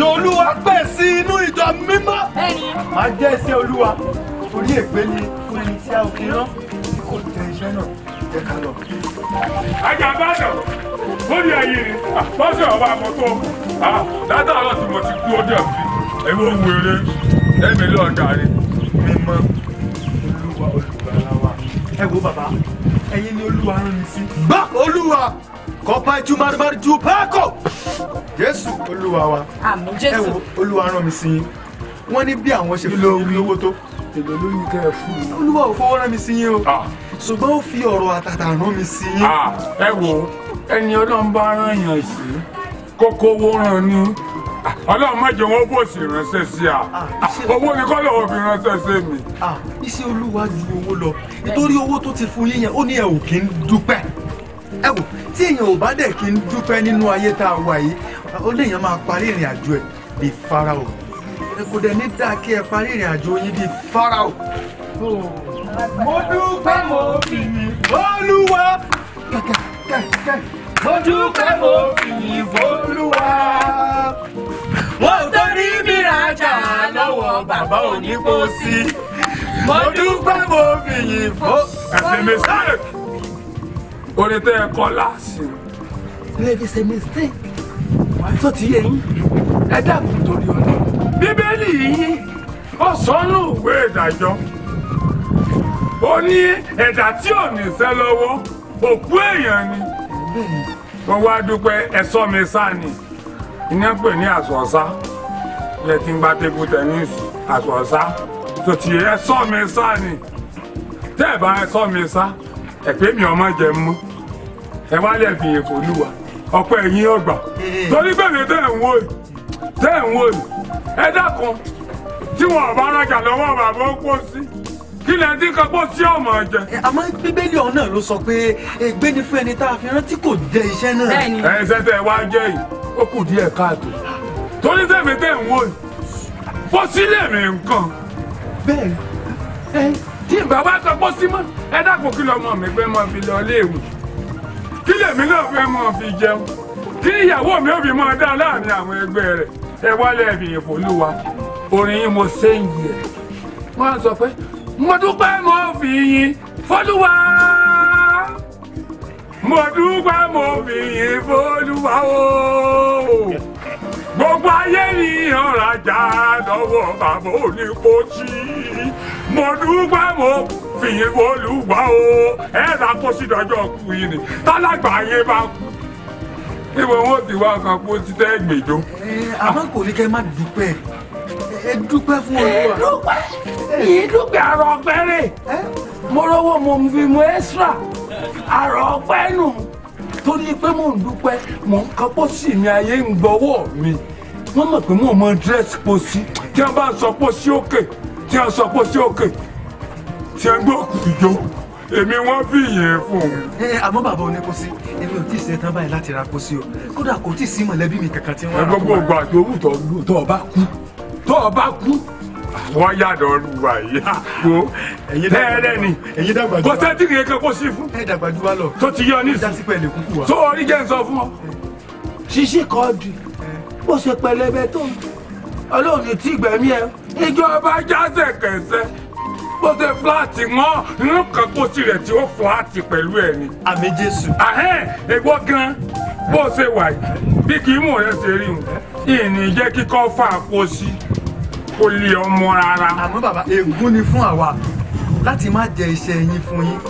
yòlúwa pẹ̀ sí inú ìjọ mímọ́ máa jẹ́ iṣẹ́ olúwa torí ègbé ni fún ẹni tí a ò kí rán tí kò tẹ iṣẹ́ náà jẹ́ ká lọ. ajabadọ lórí ayé àpọ́sẹ̀ ọba àmọ́tò látàárọ̀ tí mo ti kú ọdẹ àbí ẹ̀wọ̀n wèrè ẹ̀mí lọ́ọ̀dà rẹ̀ mímọ́ olúwa olùgbàlà wa ẹ wo bàbá ẹ̀yin ni olúwa rán mi sí. bá olúwa kọ́pá jùmọ̀rìmọ̀rì jù pákó jésù olúwa wa ẹ wo olúwa rán mi sí yín wọ́n ní bí àwọn ṣe fún mi lówó tó èlò olúwa ò fowó rán mi sí yín o ah. ṣùgbọ́n ó fi ọ̀rọ̀ àtàtà rán mi sí yín. Ah. ẹ wo ẹni ọlọ́run bá rán yàn sí kókó owó rán ni ah, ọlọ́run má jẹ́ wọ́n bò sí ránṣẹ́ sí a owó ni kọ́ lọ́wọ́ fi ránṣẹ́ sí mi. iṣẹ́ olúwa ju owó lọ nítorí owó tó ti fún yín yẹn ó ní ẹ ò kí ń dúpẹ́ ẹ wò tí èèyàn ò bá dẹ̀ kí ń dúpẹ́ nínú ayé tá a wà yìí ó léèyàn máa parí ìrìn àjò ẹ̀ bíi farao ẹ kò dẹ̀ ní dáa kí ẹ parí ìrìn àjò yín bíi farao. mo dúpẹ́ mo fi olúwa mo dúpẹ́ mo fi olúwa mo torí mi rajà lọ́wọ́ bàbá onípò sí mo dúpẹ́ mo fi yìn fún. ẹsẹ̀ mi sáré orin tẹ́ ẹ kọ́ láàsì. lè fi ṣe mistake tó ti yé yín ẹ dákun torí ọ̀nà. bíbélì yín ó sọnù ìwé ìdájọ́ ó ní ẹ̀dá tí ò ní sẹ́ lọ́wọ́ òkú èèyàn ni wọ́n wá dúpẹ́ ẹ̀sọ́ mi sá ni iná pè ní àsọ̀ọ́sá lẹ́tí ń gbá tébù tẹ́nísì àsọ̀ọ́sá tó ti yé ẹ̀sọ́ mi sá ni tẹ́ ẹ̀ bá ẹ̀sọ́ mi sá ẹ̀ pé mi ọmọ jẹ mú ẹ wá lẹ́ fi èkó lù wá ọ̀pọ̀ ẹ̀yìn ọgbà eh. torí bèrè tẹ̀ ń wò yìí tẹ̀ ń wò yìí ẹ dákun tí wọn bá rajà lọ́wọ́ bàbá ó pọ̀ sí kí lẹ dín kan pọ̀ sí ọmọ jẹ. Eh, àmọ́ bíbélì ọ̀hún náà ló sọ pé ègbé ni fún ẹni tá a fi rántí kò jẹ iṣẹ́ náà. ẹ ṣẹ̀ṣẹ̀ wá jẹ yìí ó kù díẹ̀ káàtó torí tẹ̀mí tẹ̀ ń wò yìí pọ̀ sílẹ̀ mi nǹkan. bẹ́ẹ̀ ẹ eh, tí bàbá sọ pọ̀ sí mọ́ ẹ dákun kí lọ́mọ mi fẹ́ mọ́ fi lọ léèwé kí lèmi náà fẹ́ mọ́ fi jẹun kí ìyàwó mi ò fi mọ́ dá láàrin àwọn ẹgbẹ́ rẹ̀ ẹ wálé ẹ̀bì ìfòlúwa orin yín mo ṣe ń yẹ. wọ́n á sọ pé mo mo fi yìn fọ́lúwa mo mo fi yìn fọ́lúwa o gbogbo ayé ni ọ̀rajà lọ́wọ́ bàbá onípojì mo dúpẹ́ mo fìyìn olùgbà o ẹ̀rà kó sì dọ́jọ́ kú yìí ni tálágbà ayé bá kú ìwọ wọn ti wá kan kó ti tẹ́ gbèjọ. àmọ́ kò ní kẹ́ má dúpẹ́ ẹ dúpẹ́ fún olúwa. dúpẹ́ yìí dúpẹ́ àrò ọ̀pẹ́rẹ́ mo rówó mo fi mu extra àrò ọ̀pẹ́ nù torí pé mò ń dúpẹ́ mò ń kapọ́ sí mi ayé ń gbọ́wọ́ mi wọ́n mọ̀ pé wọ́n mọ dírẹ́sì pósí tí wọ́n bá ń sọ pósí òkè tí wọ́n sọ pósí òkè tí wọ́n gbọ́ òkùnjó èmi wọ́n fi yẹn fún un. ẹ àmọ́ bàbá oní kó sí èmi ò tí ì ṣe tán báyìí láti ra kó sí o kódà kò tí ì sí mọ̀lẹ́bí mi kankan tí wọ́n rà fún wa. ẹ gbogbo ìgbà tó wù tó lù tó ọba kú tó ọba kú wọ́n yàdọ̀ ọlùwà yìí wo tẹ́ẹ̀rẹ́ ni kò sẹ́ńtì kìí kó sí fún. ẹ dàgbàjú wa lọ tó ti yọ ní ìsìn tó orí jẹ́ ń sọ fún ọ. ṣíṣí kọ́ọ̀dù bó ṣe pẹlẹbẹ tó ọlọ́run ní tí ìgbẹ̀mí ẹ ìjọba jásẹ̀ kẹsẹ̀ bó ṣe fúláàtì mọ́ nǹkan kó tirẹ̀ tí ó fúláàtì pẹ̀lú ẹ̀ ni. àmì jésù. ahẹ́n ègbọ́ gan bó ṣe wà yìí bí kì í mú rẹ ṣe rí wọn ìní jẹ́ kíkọ́ fà kó sí kó lé ọmọ rárá. àmọ́ bàbá ègún ni fún àwa láti má jẹ iṣẹ́ yín fún yín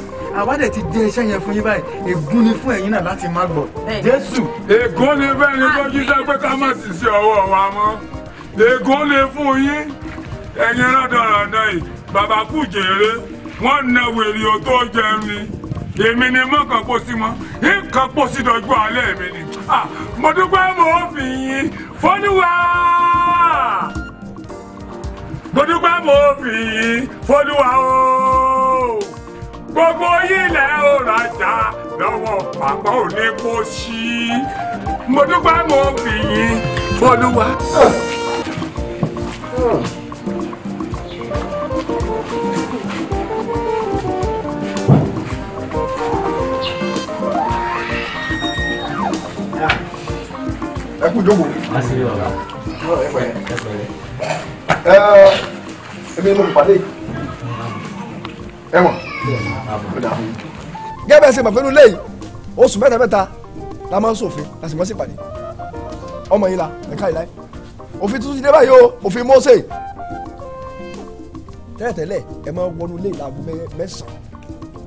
àwa dẹ̀ ti jẹ iṣẹ́ yẹn fún yín báyìí ègún ni fún ẹ̀yin náà láti má gbọ́ jésù. ègún ni bẹ́ẹ̀ ni lójú sẹ́ pé ká má sì ṣe ọwọ́ wa mọ́ ègún ni fún yín ẹ̀yin rọ̀dọ̀rọ̀dọ̀ yìí bàbá kù jèrè wọ́n na wèrè o tó jẹ mi èmi ni mọ́ kan kó sí mọ́ nǹkan pọ̀ sí dọ́jú alẹ́ mi ni mo dúpẹ́ mo fi yín fọ́nùwà mo dúpẹ́ mo fi yín fọ́nùwà ooo gbogbo ilẹ̀ ò lọ́wọ́ bàbá òní kò sí mo dúpẹ́ mo fi yín fọlúwa. ẹ kú jókòó. ẹ ẹ èmi ni mo pàdé yìí ẹ̀wọ̀n gẹ́gẹ́ bẹ́ẹ̀ ṣe mọ̀ fẹ́nu léyìí oṣù mẹ́ta mẹ́ta la máa ń ṣòfin la sì mọ́ sí pàdé ọmọ yìí la ẹ̀ka ìlà òfin tuntun ti dé báyìí o òfin Mósè tẹ́lẹ̀tẹ́lẹ̀ ẹ máa wọnú léyìí láago mẹ́sàn-án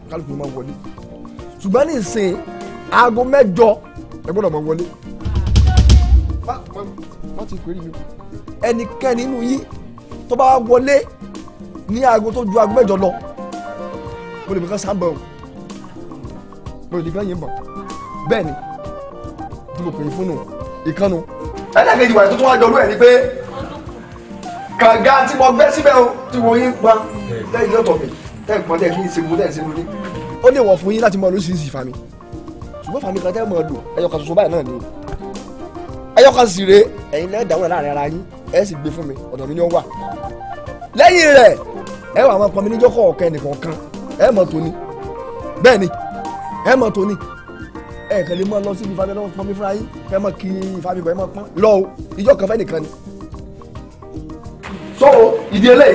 kálukú máa wọlé ṣùgbọ́n ní ìsìn aago mẹ́jọ ẹ gbọ́dọ̀ máa wọlé wọ́n ti pèrè mi ẹnikẹ́ni nínú yín tó bá wọlé ní aago tó ju aago mẹ́jọ lọ mo lè fi kán sábà o mo lè fi kán yìnbọn bẹ́ẹ̀ ni tí mo pè é fóònù ìkànnù. ẹlẹ́kẹ̀jì wà tó tún wá jọ lóyè ni pé kànga tí mo gbẹ́ síbẹ̀ o tí mo yín pa lẹ́yìn lọ́tọ̀ mi tẹ́ẹ̀ pọ́n tẹ́ẹ̀ kí n ṣe mo tẹ́ẹ̀ ṣe mo ní. ó lè wọ̀ fún yín láti mọ oríṣiríṣi ìfàmì ṣùgbọ́n fàmì kan tẹ́ẹ̀ mọ̀ lò ẹyọ kan ṣoṣo báyìí náà ni ẹyọ kan sì rèé ẹ̀yin lẹ́ẹ̀ dáwọ́ láàrin ara yín ẹ sì gbé fún mi ọ̀dọ̀ mi ni ó wà lẹ́yìn rẹ̀ ẹ wà máa pọn mi níjọ́ kọ̀ọ̀kan ẹnìkọ̀ọ̀kan ẹ mọ̀ tóní bẹ́ẹ̀ ni ẹ mọ̀ tóní ẹ kàn lè mọ lọ síbi ìfami lọ́wọ́ pọ́nmi fúnra yín ẹ mọ̀ kí ìfami kan ẹ mọ̀ pọ́n lọ o ìjọ kan fẹ́ nìkan ni. so ìdílé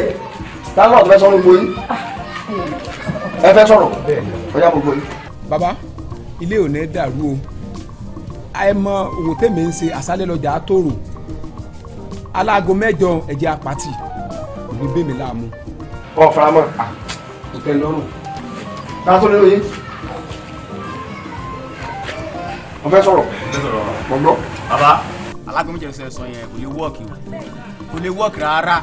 táwọn ọ̀gbẹ́ sọ̀rọ̀ gbogbo yín ẹ fẹ́ sọ̀rọ̀ ọjà gbogbo yín. baba ilé ò ní dàrú o àìmọ òwò tèmi ń ṣe àṣálẹ́ lọ́jà àtòrò aláago mẹ́jọ ẹ̀jẹ̀ apàtì òní bèmí láàmú. ọ̀ faramọ́ tẹ́ lọ́rùn ká tó lérò yín wọ́n fẹ́ sọ̀rọ̀ wọ́n gbọ́. bàbá alágbèmíjẹ sọ sọ yẹn kò lè wọ́ọ̀kì o kò lè wọ́ọ̀kì rárá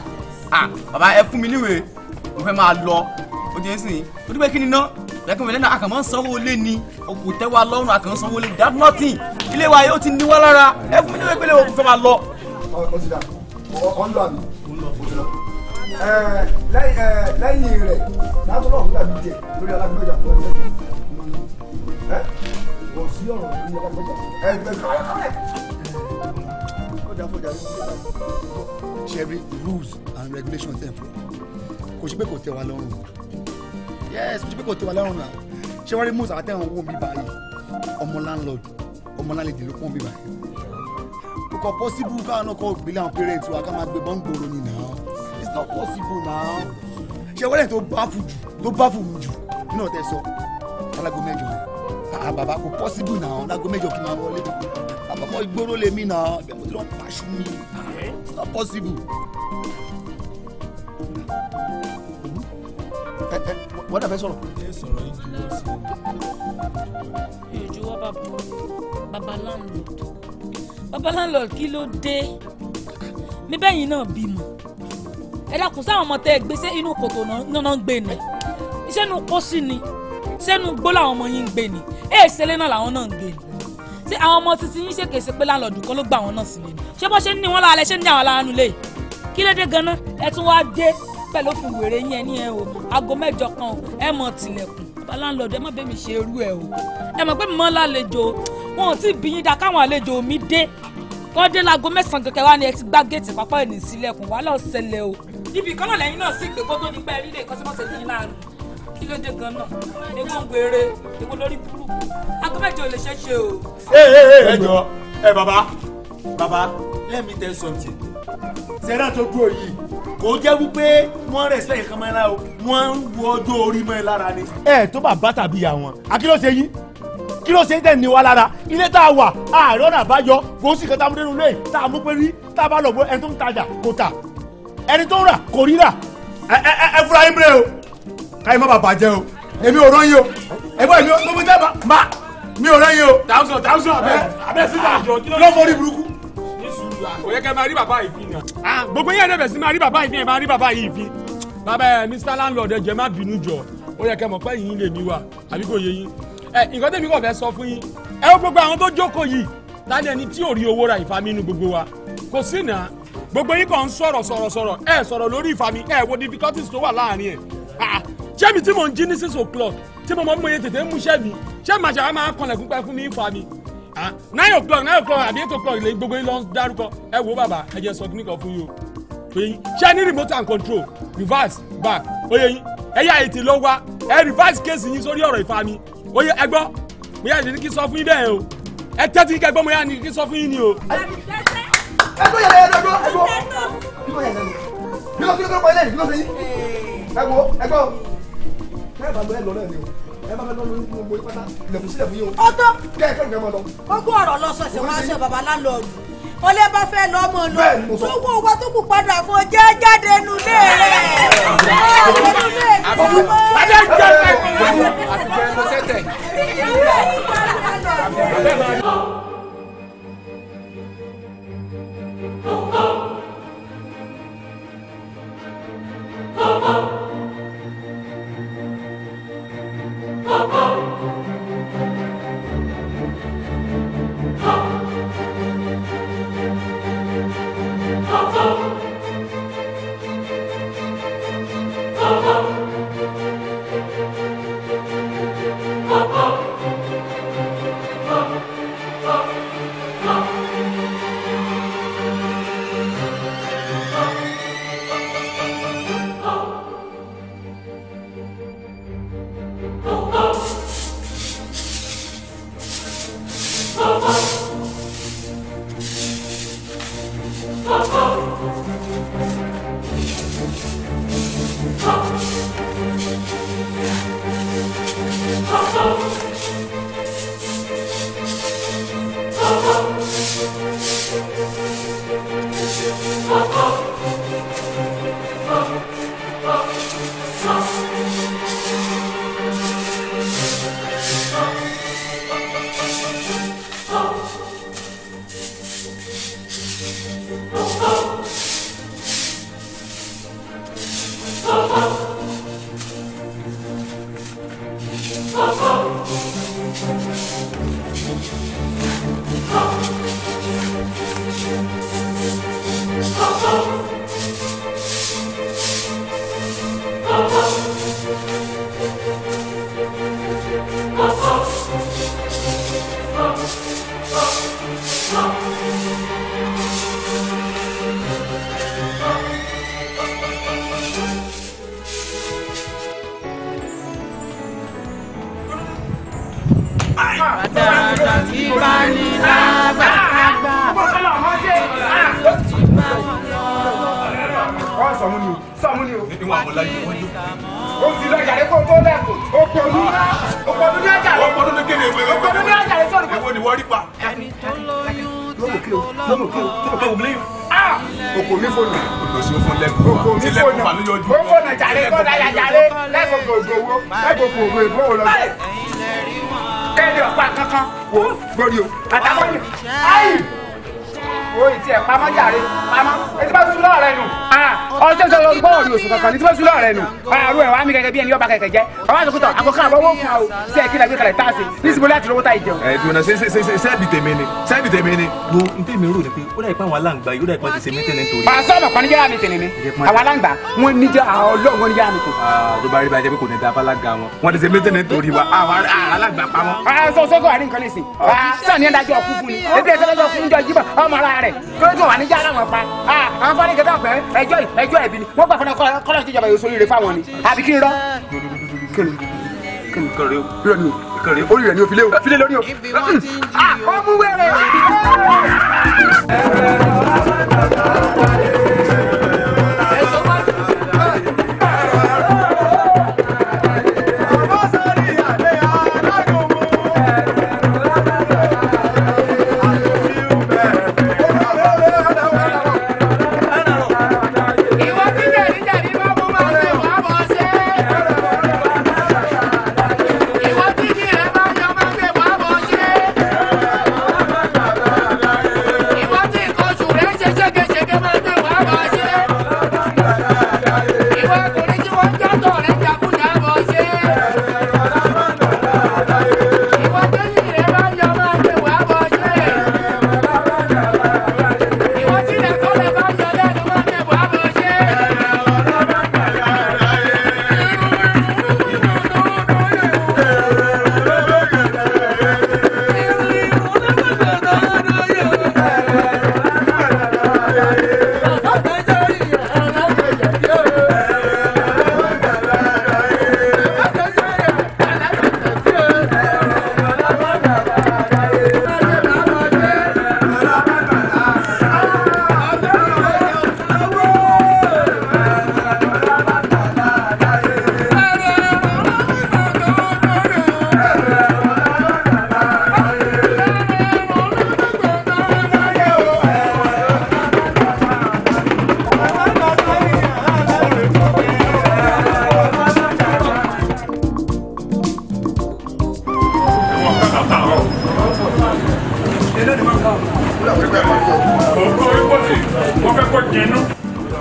bàbá ẹ fún mi níwèé mo fẹ́ máa lọ ó jẹ́ sìn ó dúpẹ́ kí ni ná lẹ́kùn mi lẹ́nu àkàmọ́ sanwó lé ni òkú tẹ́wà lọ́rùn àkàmọ́ sanwó lé that nothing ilé wa yóò ti ní lára ẹ fún mi níwèé pé lè o fẹ́ máa lọ. ọ̀ ọ̀ ti dà ọ̀ ọ̀ ń lọ àná lẹ́yìn rẹ̀ látọ̀rọ̀ ọ̀hún dàbí jẹ lórí alágbèjà fún ẹgbẹ́ bọ̀ sí ọ̀rọ̀ lórí alágbèjà ẹgbẹ́ kọjá kọjá rules and regulations ẹ̀ fún kò sí pé kò tẹ́ wa lọ́rùn yes kò sí pé kò tẹ́ wa lọ́rùn náà ṣé wọ́n rí mú sàtẹ́wọ̀n owó mi báyìí ọmọ landlord ọmọ landlady ló pọ́n mi báyìí kò possible káwọn náà kọ́ gbélé àwọn parents wa ká máa gbé bọ́ǹgbòrò nìyẹn it's not possible now. ṣe wẹ́rẹ́ tó báfù jù tó báfù jù nínú ọ̀tẹ̀ sọ alágo mẹ́jọ ah, ah bàbá kò possible now alágo mẹ́jọ kì í máa wọlé bàbá kò gbóró lè mí now bẹ́ẹ̀ mo ti lọ́ọ́ pàṣẹ mi it's not possible. wọ́n dàbẹ́ sọ̀rọ̀. ìjọba bàbá bàbá landlord bàbá landlord kí ló dé mi bẹ́yìn náà bímọ ẹ dákun sáwọn ọmọ tẹ gbé sí inú kòtò náà ń gbé ni sẹ́nu kó sí ni sẹ́nu gbó làwọn ọmọ yín gbé ni èèṣẹ́lẹ̀ náà làwọn náà ń gbé ni ṣé àwọn ọmọ títí yín ṣe kèsì pé láńlọ́ọ̀dù kan ló gba àwọn náà sílẹ̀ ni ṣé bó ṣe ń ní wọn lálẹ́ ṣé ń ní àwọn aláàánú lé kí ló dé ganan ẹ tún wá dé pẹ̀lú òfin wèrè yín ẹ ní ẹ o aago mẹ́jọ kan o ẹ mọ̀ tilẹ̀kùn bàbá láńlọ́ọ̀dù ẹ má bẹ́ẹ̀ mi ṣe irú ẹ o ẹ mọ̀ pé mi mọ́ lálejò wọn ò tí ì bí yín dá káwọn àlejò mi dé kọ́ dé láago mẹ́sàn-án kẹ̀kẹ́ wá ni ẹ ti gbá géètì pápá ẹ̀ ní sílẹ̀kùn wàhálà ọ̀sẹ̀lẹ̀ o ibi kan náà lẹ́yìn náà sì gbé kótó nípa ẹrí lè kọ́símọ́sẹ̀ yìí láàrin kí ló dé gan náà ewu ń gbèrè ewu lórí burúkú agbẹ́jọ lè ṣe ṣe o. ẹ jọ ẹ bàbá bàbá let me tell something sẹ́dá tó dúró yìí kò jẹ́ wípé wọ́n respect kan mọ́ra o wọ́n ń wo ọjọ́ orí mọ́ ẹ lára ni. ẹ tó bàbá tàbí ìyá wọn àkìlọ̀ ṣe yín kí ló ṣe ń tẹ̀lé wa lára ilé tá a wà àárọ̀ náà bá yọ kò sí kan tá a mú dénú lé tá a mú pé rí tá a bá lọ bó ẹni tó ń tajà kò tà ẹni tó ń rà kò ríra ẹ fúra yín bẹ́ẹ̀ o káyọ̀ má bàa bàjẹ́ o èmi ò rán yín o ẹgbẹ́ mi ò mo jẹ́ ma mi ò rán yín o. tàùsàn tàùsàn abẹ abẹ sísá lọ́mọ orí burúkú. ó yẹ kẹ́ máa rí bàbá yìí fi nà. gbogbo yẹn dẹ̀bẹ̀ sí máa rí bàbá yìí fi ẹ̀ máa rí bàbá yìí fi. bàbá ẹ Mr landlord ẹ jẹ́ má bínú jọ ó yẹ kẹ́ mọ̀ pé yìnyín lè mi wà àbí kò yé yín. ẹ nǹkan tẹ̀mí kò fẹ́ sọ fún yín ẹ gbogbo àwọn tó jókòó yìí tani ẹni tí ò rí owó ra ìfamínú gbogbo wa kò sí náà gbogbo yín kàn ń sọ̀rọ̀ sọ̀rọ̀ sọ̀rọ̀ ẹ sọ̀rọ̀ lórí ìfami ẹ wo difficulties tó wà láàrin ẹ̀ ah, ṣé mi tí mò ń jí ní six o'clock tí mo mọ bí mo yẹ tètè ń mú ṣẹ́ mi ṣé màá ṣàwọn máa kànlẹ̀ fún pẹ́ fún mi ìfami ah, nine o'clock nine o'clock àbí eight o'clock lè gbogbo yín lọ dárúkọ ẹ wo bàbá ẹ jẹ́ sọ kíníkan fún yín o tó yín ṣé ní remote and control reverse back ó yẹ yín ẹ yá ètè lọ wá ẹ reverse case yín sórí ọ̀rọ̀ ìfami ó yẹ ẹ gbọ́ mo yá ní kí sọ fún yín bẹ́ẹ̀ o ẹ tẹ́tí kẹgbọ́n mo yá ní kí sọ fún yín ni o ẹdọ yẹlẹ ẹdọ ẹdọ ẹdọ kí yẹ lẹ́nu kí ló kí ló kí ló pọn lẹ́nu kí ló ṣe yín ẹgbọ ẹgbọ ẹ bá lọ ẹ lọ náà ni o ẹ bá fẹ́ lọ lórí gbogbo pátá ilẹ̀kùn sílẹ̀ fún yín o. ọtọ kẹ ẹ kẹrìnkẹ máa lọ. gbogbo ọ̀rọ̀ lọ sọsẹ wá olè bá fẹ́ lọ ọmọ lọ gbogbo owó tó kù padà fún ọ jẹ jáde nu lé rẹ jáde nu lé rẹ. adé ń jẹ ẹgbẹ́ mi. àtùkọ ẹ̀ mọ́sẹ̀ tẹ̀. oh, oh. yọ bá kẹ̀kẹ́ jẹ́ ọwọ́ àtúntò àkọ́kọ́ àbọ̀ wọ́n fún wa o sí ẹ̀kí làgbé kalẹ̀ tá a sè ní sìnkú láti lọ́wọ́ tá a jẹun. ẹ tùmọ̀ náà sẹ́ẹ̀bì tèmi ni sẹ́ẹ̀bì tèmi ni. wo n tẹ́ mi rò ni pé ó dàbí pé àwọn aláǹgbá yìí ó dàbí pé wọ́n ti ṣe mí tẹ́lẹ̀ nítorí. màá sọ̀rọ̀ kan níjẹ́ àmì tèmi mi àwọn aláǹgbá wọn níjẹ́ àwọn ọlọ́run níjẹ́ àmì tèmi. tó bá rí bá jẹ́ pé kò ní da abálága wọn wọ́n ti ṣe mí tẹ́lẹ̀ nítorí wa àwọn aláǹgbá pa wọn. sọ sọ́kọ̀ àrí nǹkan lè sìn sọ ní ẹ̀dájọ́ ọkùn fún ni ebi ẹ̀sẹ̀ lọ́jọ́ fún jọ jíbọ̀ ọmọ ara rẹ̀ tó ló tún wà níjà aláwọ̀ pa àwọn fọ́nrẹ́gẹ́dọ̀ ọ̀pẹ́ ẹjọ́ ẹ̀bí ni wọ́n gbà fọ́nrẹ́ kọ́lọ́ ìjọba yóò sórí rẹ̀ fáwọn ni àbí kí n rọ́ kíni kíni kàn rèé o irọ́ ni o kàn rèé o orí rẹ̀ ni o file o file lórí o. ibi wọn ti ń jí o. ọmú wẹrẹ. òkú orí pósì wọ́n fẹ́ kó jẹnu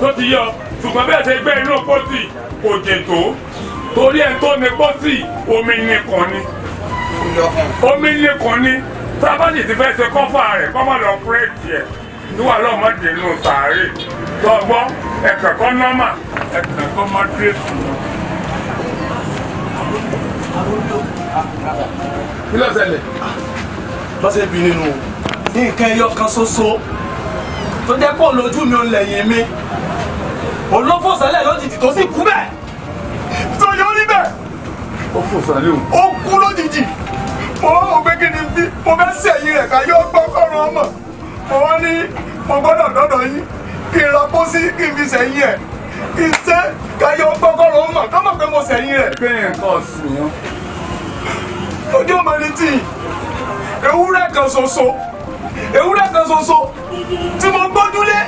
tó ti yọ ṣùgbọ́n bẹ́ẹ̀ ṣe gbé inú pósì kò jẹ tó torí ẹ̀ tó ní pósì omi nìkan ni omi nìkan ni tábàjì ti fẹ́ ṣe kọ́fà rẹ̀ kọ́mọ lọ pírẹ́tì ẹ̀ níwà lọ́mọdé nù sàárè tọ́gbọ́ ẹ̀kẹ̀kọ́ nọ́mà ẹ̀kẹ̀kọ́ mọ́tírẹ́tì kí ló ṣẹlẹ̀ bọ́sẹ̀ bí nínú nǹkan ẹyọ kan ṣoṣo tó jẹ́ pọ̀ lójú mi ò lẹ́yìn mi olófòsálẹ̀ lójijì tó sì kú bẹ́ẹ̀ tó yọ ọ́ níbẹ̀ ó fòsálẹ̀ o ó kú lójijì mo wá wò pé kí ni bí mo fẹ́ sẹ̀yìn rẹ̀ ká yọ ọgbọ́n kọ́rọ̀ ọmọ mo wá ní mo gbọ́dọ̀ dọ́dọ̀ yín kí n ra pósí kí n fi sẹ̀yìn ẹ̀ kí n ṣe ká yọ ọgbọ́n kọ́rọ̀ ọmọ kọ́mọ̀ pé mo sẹ̀yìn rẹ̀. bẹ́ẹ̀ kọ́ sùn yán. ojú ọmọ ni tíì ewúrẹ́ kan ṣoṣo ewúrẹ́ kan ṣoṣo tí mo gbójúlé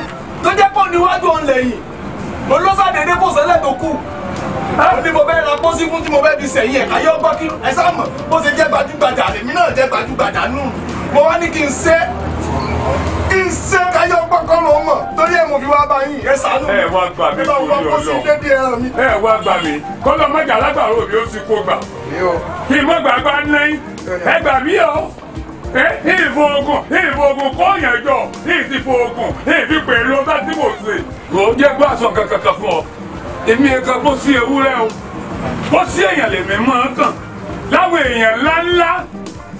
tó jẹ́ pọ̀ níwájú ọ̀nlẹ̀ yìí mo ló sàdédé bò sẹ́lẹ̀ tó kù ní mo bẹ́ẹ̀ la pósí fún tí mo bẹ́ẹ̀ fi sẹ̀yìn ẹ̀ka yọ gbọ́ kí ẹ sáàmù bó ṣe jẹ́ gbajúgbajà lèmi náà jẹ́ gbajúgbajà nù mo wá ní kí n ṣe kí n ṣe káyọ̀ gbọ́kọ́ ló mọ̀ torí ẹ̀ mo fi wá bá yín ẹ ṣàánú mi ẹ wá gbà mí kó rí ọlọ ẹ mi ó ti kó gbà kí mọ́gbà gbá náà ẹ gbà mí o ìfowógùn ìfowógùn kọ́ọ̀yàn jọ ìfowógùn ìfipè ló bá tí kò sí. kò jẹ́ gbọ́ àṣọ kankan fún ọ èmi kan kó sí ewúrẹ́ o kó sí èèyàn lèmi máa kàn láwọn èèyàn ńláńlá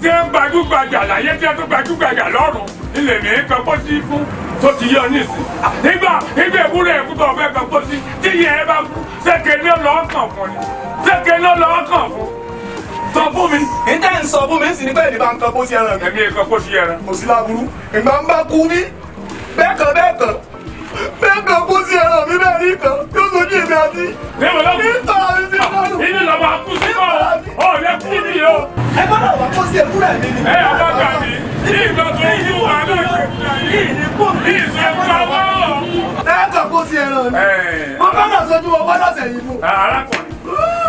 tí ń gbajúgbajà láyé tí ń gbajúgbajà lọ́rùn ilẹ̀ mi kan kó sí fún tó ti yọ nísìn. nígbà nígbà ewúrẹ́ ìkútọ̀ ọ̀fẹ́ kan kó sí tí ìyẹn bá kú ṣé kéde lọ́ọ̀kàn fún ni ṣé kéde lọ́ọ̀kàn fún kan fún mi níta ń sọ fún mi sì ní bẹ́ẹ̀ ní bá ń kan kó sí ẹran. ẹ̀mí kan kó sí ẹran. kò sí láburú ìgbà ń bá kú ní bẹ́ẹ̀ kan bẹ́ẹ̀ kan bẹ́ẹ̀ kan kó sí ẹran mi bẹ́ẹ̀ ní kan yóò sojú èmi àti. níta mi ti ah, lọ́dún. ilé lọ́ba kú sí kọ́ ọ rẹ kú ní o. ẹ gbọ́dọ̀ wá kó sí ewúrẹ́ mi ni. ẹ ọba gbà mí ní ìgbà tó yí wà lóye ní ìsìnkú àwọn. ẹ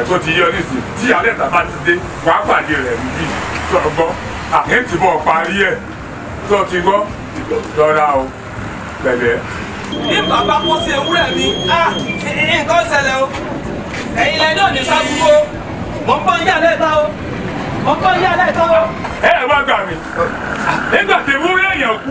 ẹ̀tọ́ ti yọ nísìn tí alẹ́ tàbá ti dé wàá pàdé rẹ̀ níbí sọ̀rọ̀ gbọ́ àhín ti bọ̀ parí ẹ̀ tó ti gbọ́ lọ́ra o pẹ̀lẹ́. bí bàbá mo ṣe ewúrẹ́ mi ah, nǹkan ṣẹlẹ̀ o ẹ̀yin lẹ́ni ò ní sábúgbó mọ̀ ń bọ́ ní alẹ́ ta o mọ̀ ń bọ́ ní alẹ́ ta o. ẹ ẹ wá gbà mí nígbà tí ewúrẹ́ yẹn kú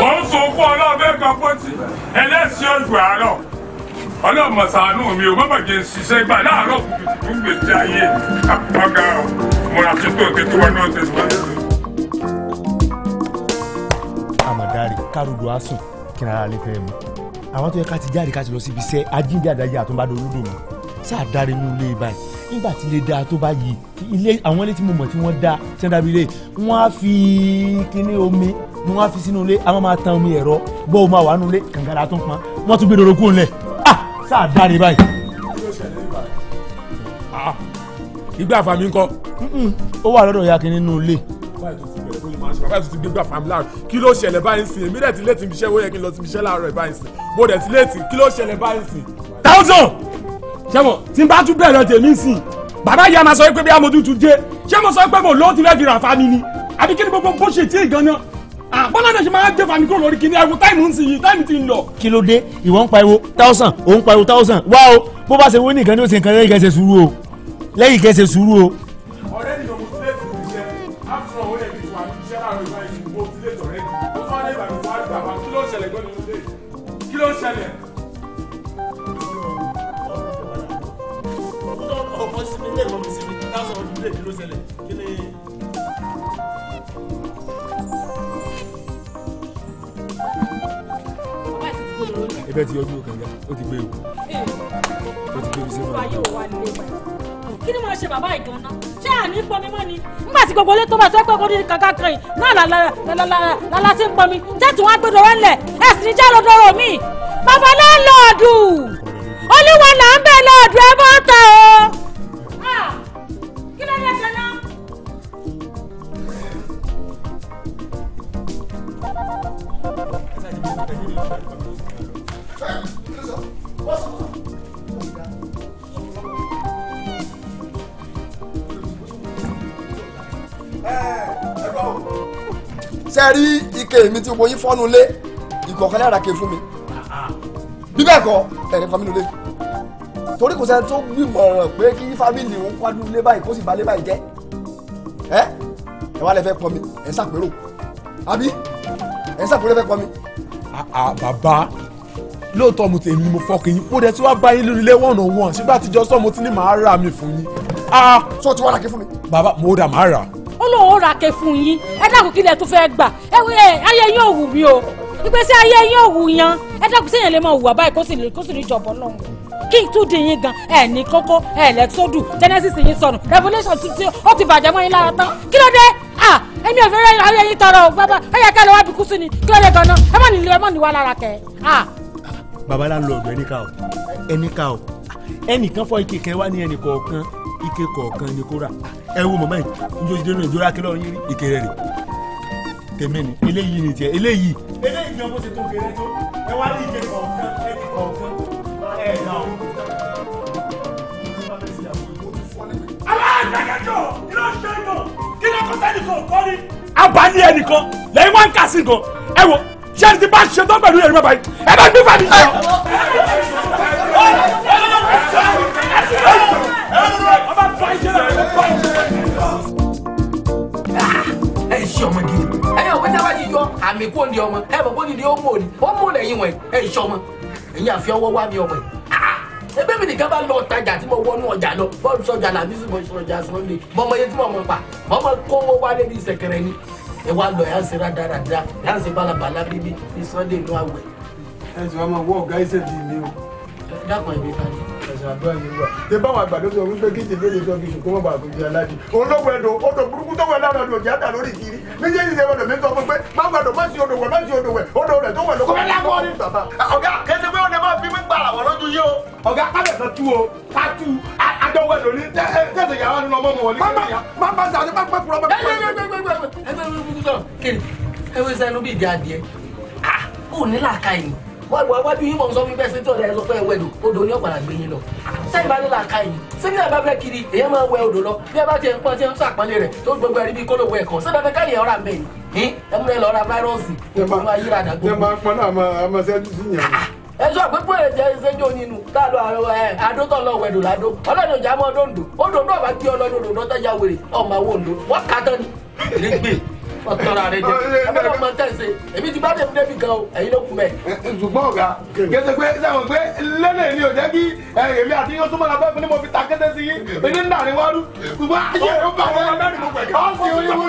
wọ́n ń sọ fún ọlọ́ọ̀bẹ kan pọ́tì ẹlẹ́sìn ọ̀gbìn àárọ̀ ọlọ́mọ̀sánú mi ò mọ̀mọ̀jẹ̀ ń ṣiṣẹ́ gbà láàárọ̀ kùtùkùtù ń gbèsè ayé àpọ̀gà ọmọràn àtúntò tètè wọn náà tẹ̀sí wọn. àmọ̀dárì kárùdù àsùn kí n ara lè fẹ́ mu àwọn tó yẹ ká ti jáde ká ti lọ síbi iṣẹ́ ajínigbé àdáyé àtúnbádọ́ olódò mi sáà dárí inú ilé báyìí nígbà tí ilé dáa tó bá yìí ilé àwọn ilé tí mo mọ̀ tí wọ́n dá tí wọ́n dábìlẹ̀ wọ́n á fi kíní omi ni wọ́n á fi sínú ilé àwọn máa tan omi ẹ̀rọ bọ́ ọ máa wà nínú ilé kàngàrà tó ń pọn wọ́n tún gbé dòdò lẹ̀ ah sáà dáre báyìí. Ah! ìgbà àfàmì ńkọ́. ó wà lọ́dọ̀ ya kíní nínú ilé báyìí tó ti gbégbá fàmì láàrú kí ló ṣẹlẹ̀ báyìí sìn èmi rẹ̀ ti léètì mi ṣẹ́ wọ́n yẹ kí n lọ sí mi ṣẹ́ láàárọ̀ báyìí sìn mo rẹ̀ ti léètì kí ló ṣẹlẹ̀ báyìí sìn. thousand sẹ́wọ̀n tí n bá tún bẹ̀rẹ̀ tèmi sìn bàbá yìí a máa sọ pé bí amójútu jẹ ṣé mo sọ pé mo lóun ti fẹ́ fi ràn fa mi ni àbí kí ni gbogbo bó ṣe tí ì gan náà àbọ̀nà náà ṣe máa jẹ́ fami kúrò lórí kíní ẹ̀wù táìmù ń sìn yìí táìmù ti ń lọ. kí ló dé ìwọ ń pariwo thousand òun pariwo thousand wá o bó bá ṣe wó nìkan ni ó ṣe nǹkan lẹ́yìn kẹsẹ̀ sùúrù o lẹ́yìn kẹsẹ̀ sùúrù o lè dúró ṣẹlẹ̀ kí ni. ẹbẹ ti yọjú òkè ya ó ti gbé ewu ó ti gbé ewu sínú mo ṣe bàbá ìgbọ̀n náà ṣé àní pọnmi mọ́ ni nígbà tí gbogbo ilé tó bá ṣe pé kó ní kan yìí náà lálá ti ń pọnmi jẹ́ tí wọ́n á lẹ̀ ẹ̀sìn ní jẹ́ lọ́dọ̀ọ̀rọ̀ mi bàbá lọ́ọ̀dù olúwa là ń bẹ̀ lọ́ọ̀dù ẹ bọ́ ta o. ṣe rí ike mi tí gbogbo yín fọ́nu lé ìkọ̀kan lára ke fún mi bí bẹ́ẹ̀ kọ́ ẹ̀rẹ́ fami lulẹ̀ torí kò sẹ́ni tó gbìmọ̀ràn pé kí fámìlì òun kwádùn lé báyìí kó sì bá lé báyìí jẹ́ ẹ ẹ wá lẹ fẹ́ pọ̀ mi ẹ̀ ń sàpérò àbí ẹ̀ ń sàpérò fẹ́ pọ̀ mi Ah, ah, bàbá lóòótọ́ mo tèmi ni mo fọkàn yín mo dẹ̀ tí wàá bá yín lórí ilé one on one ṣùgbọ́n àtijọ́ sọ mo ti ní màá rà mí fún yín. sọ ah, ti wá ràkẹ́ fún mi. bàbá mo dà màá rà. ó lóun ràkẹ́ fún yín ẹ dákun kílẹ̀ tó fẹ́ gbà ẹ ayé yín ò wù mí o ìgbésí ayé yín ò wù yan ẹ dákun séèyàn lè máa hùwà báyìí kó sì rí jọ̀bọ̀ lọ́hùn kí n tún di yín gan ẹ ní kókó ẹ lẹ́tọ́dù genesis yín sọnù revolution tuntun ó ti bàjẹ́ mọ́ yín lára tán kí ló dé à èmi ò fẹ́ rẹ́ ayé yín tọrọ o bàbá ẹ yẹ wá bí sí ni kí ló dé gan-an ẹ mọ̀ nílé ẹ mọ̀ níwá lára kẹ. bàbá la ń lọ ọ̀dọ̀ ẹnìkà o ẹnìkà o ẹnìkan fọ ike kẹ wá ní ẹnì kọ̀ọ̀kan ike kọ̀ọ̀kan ni kó rà ẹ wo mọ̀mọ́ yìí njó ti dénú ìjọra kí yín ike rẹ̀ rè tèmi ni eléyìí ni tiẹ̀ eléyìí eléyìí ni ọmọ ṣe tó kéré tó ẹ wá ní ike kọ̀ọ̀kan ẹnì kọ̀ọ̀kan ẹ̀ náà. aláàjájọ iná ṣe é mọ̀ kí ló kọ́ sẹ́nìkan kọ́ ni. abàní ẹnìkan lẹ́yìn wá ń kà sí nǹkan ẹ wo ṣé ẹni tí bá ṣe tán pẹ̀lú ẹ̀rọ báyìí ẹ bá gbé fàdí jọ. Ah, ẹ ṣe ọmọ gidi ẹyìn ọ̀pẹ tí a bá ti yọ àmì kó ń di ọmọ ẹ bọ̀ kó ń di ọmọ òní ó mú lẹ́yìn wọn ẹ ṣe ọmọ ẹ̀yìn àfi ọwọ́ wá mi ọmọ yìí ṣé bẹ́ẹ̀ mi nìkan bá lọ ọ̀tajà tí mo wọnú ọjà lọ bọ́ọ̀lù sọjà làbí sí mo sọjà sunday mọmọ iye tí mo mọ pa mọmọ kówó wálé bíi sẹ̀kẹ̀rẹ̀ ni ẹ wá lọ yánsẹ rádaràda yánsẹ balabala bíbí ní sunday inú àwẹ̀. ẹ ti wá máa wọ ọgá iṣẹ́ bíi mi o. dákun ẹ̀mí ká ní. ẹ̀sìn àdúrà ni wà ṣé báwọn àgbàdo sọ wípé kí ìdílé lè sọ kí ṣùkú mọ̀ bàbá ìdí aládì òun ló wẹ do odò burúkú tó wẹ lára odò ìjà dà lórí kiri méjèèjì ṣe odò mi sọ fún pé má gbàdọ̀ má sí odò wẹ̀ má sí odò wẹ̀ odò rẹ̀ tó wẹ̀ ló kọ́ fi mí gbàrà wọ́n lójú yìí o ọ̀gá kábẹ̀sẹ̀ tú o ká tú àjọwọ́ ẹ̀ lónìí tẹ̀sẹ̀ yàrá nínú ọmọ wọn ní kí máa bá sàdé máa pẹ́ kúrọ́ bẹ́ẹ̀. ẹ wẹ́n sẹ́nu bíi ìdí adìẹ kò ní làákà yìí wọ́n ìwà wájú yín mọ̀ ń sọ fún bẹ́ẹ̀ sétí ọ̀dà ẹ sọ pé ẹ wẹ̀ lò odò ní ọ̀pàdà gbé yín lọ. sẹ́yìn bá ní làákà yìí sẹ́yìn náà bá fẹ́ kiri èèyàn máa wẹ odò lọ bí ẹ bá tiẹ̀ ń pọ́n tí ẹ ń sàpọ́nlé rẹ̀ tó gbogbo ẹ̀rí bíi kóló wẹ̀ kọ́ sẹ́yìn bá fẹ́ káyọ̀ ọ̀rà mẹ́yìn ẹ̀mú rẹ̀ lọ́ra fáírọ́ọ̀sì ìwà yíradàgbò. ẹ máa ń pọn náà àmọ́ àmọ́ sẹ́yìn ẹ sọ pé pèrè jẹ ìṣẹjọ nínú tá a lọ àrọ ẹ adótọ lọ wẹdò ládó Ọlọ́run ìjà mọ dòndò odò náà kí Ọlọ́run odò tẹjá wèrè ọmọ àwọn òǹdó wọn kà ni. ní gbè ọtọra rẹ jẹ ẹ bá wọn tẹsẹ èmi ti bá tẹmí débi gan o ẹ̀yin ló kù mẹ. ṣùgbọ́n ọ̀gá gẹ́gẹ́ pé sẹ́wọ̀n pé lẹ́lẹ̀ ni ò jẹ́ kí èmi àti yín súnmọ́ làbẹ́ fún mi mo fi ta kété sí yín èmi ń dàrí wárú. ṣùgbọ́n ayé ẹ̀rọ bá wọn lọ́dún mo pẹ̀lú. ọ̀sìn oníwúrí.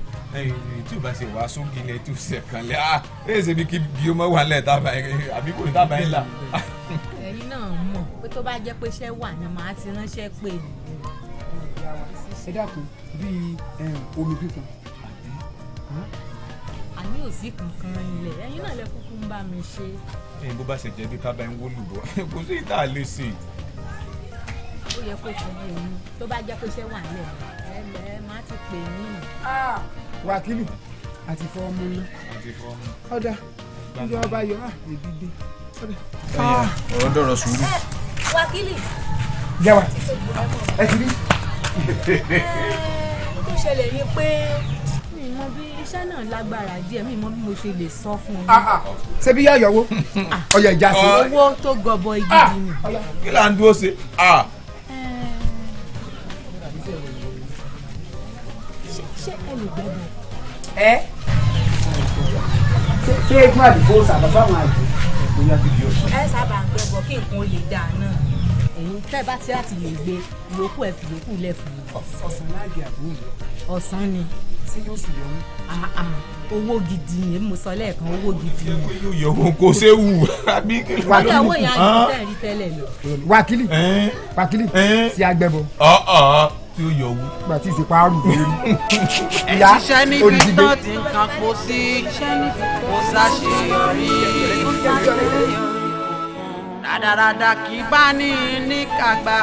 tí o bá ṣe wá sókè ilẹ̀ tí o ṣe kàn lẹ́ ah ẹ ṣe bí kí bí o mọ̀ wà lẹ̀ tábà yẹn àbí kò tábà yẹn là. ẹ̀yin náà mọ̀ pé tó bá jẹ́ pé iṣẹ́ wà ni màá ti ránṣẹ́ pé. ẹ dákun bíi omi pípọn. àní ò kankan ilẹ̀ ẹ̀yin náà lẹ kúkú ń bá mi ṣe. ẹyin bó bá ṣe jẹ́ bí kábà ń wólù bọ́ kò sí ìta lè ṣe. ó yẹ kó tún yé tó bá jẹ́ pé iṣẹ́ wà lẹ̀ ẹ lẹ́ẹ̀ má ti pè yín. Ah! wákìlì àti fọ́ọ̀mù ńlá ọ̀dà ìjọ ọba yọ á ah, èbí dé ọ̀dà. ẹyà ah. ọ̀rọ̀ dọ̀rọ̀ sùúrù. Eh, Wakili. yàwá ẹ ti rí. tó eh, ṣẹlẹ̀ ni pé mi mọ bí iṣẹ́ náà lágbára díẹ̀ mi mọ bí mo ṣe lè sọ fún un. Ah, ṣé bí yá yọwọ́ ọyọ ìjà sí. owó tó gọbọ igi ni. kí là ń dúró ṣe. Eh, ṣé ẹ lè gbẹ́bọ̀ ẹ. ṣé egun àdìgbò sábà fáwọn àjò ìpínlẹ̀ àdìgbò ọ̀sán. ẹ sábà ń gbẹ bọ kí nǹkan ó lè dáa náà. ẹ̀yin tẹ́ bá ti láti lè gbé ìyókù ẹ̀ fi ìyókù lẹ̀ fún mi. ọ̀sán láàgì àbúrò rẹ̀. ọ̀sán ni. ṣé yóò sì yọ owó gidi yẹn mo sọ lẹ́ẹ̀kan owó gidi yẹn. yóò yọ ohun kò ṣe wù àbí kí ló ń lò. wákìlì wákìlì sí agbẹ́bọ tí ó yọ owó. nígbà tí ìsèpá àrùn lórí. ìyá olùdíje. ẹ̀ṣẹ̀ ní nǹkan kó sí kó ṣàṣeyọrí. rádaràda kì í bá ní ní kàgbà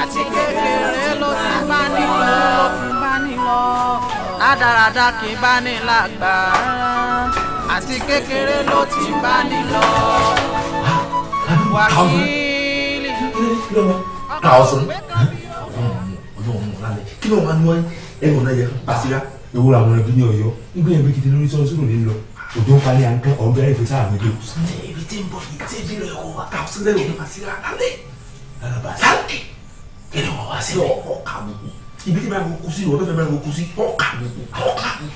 àti kékeré ló ti bá ní lọ ló ti bá ní lọ. rádaràda kì í bá ní làgbà àti kékeré ló ti bá ní lọ. wákìlì. thousand kí ló máa ń wáyé ẹnu ọ̀nà yẹ àṣírá ewu àwọn ẹbí ní Ọ̀yọ́ nígbà yẹn bí kìtì lórí sọ̀rọ̀ sọ̀rọ̀ lè lọ òjò ń palẹ̀ àǹkà ọ̀gbẹ́ ẹ̀fẹ̀ sáà mi dé. ibi tí ń bọ̀ yìí tí ìdílé ẹ̀kọ́ wa ta ọ̀sẹ̀ lẹ́yìn ọ̀nà àṣírá lálẹ́ lálẹ́ kí ni wọ́n wá sí ọkà àbùkù ibi tí báyìí kú sí ọ̀dọ́fẹ́ báyìí kú sí ọkà àbùkù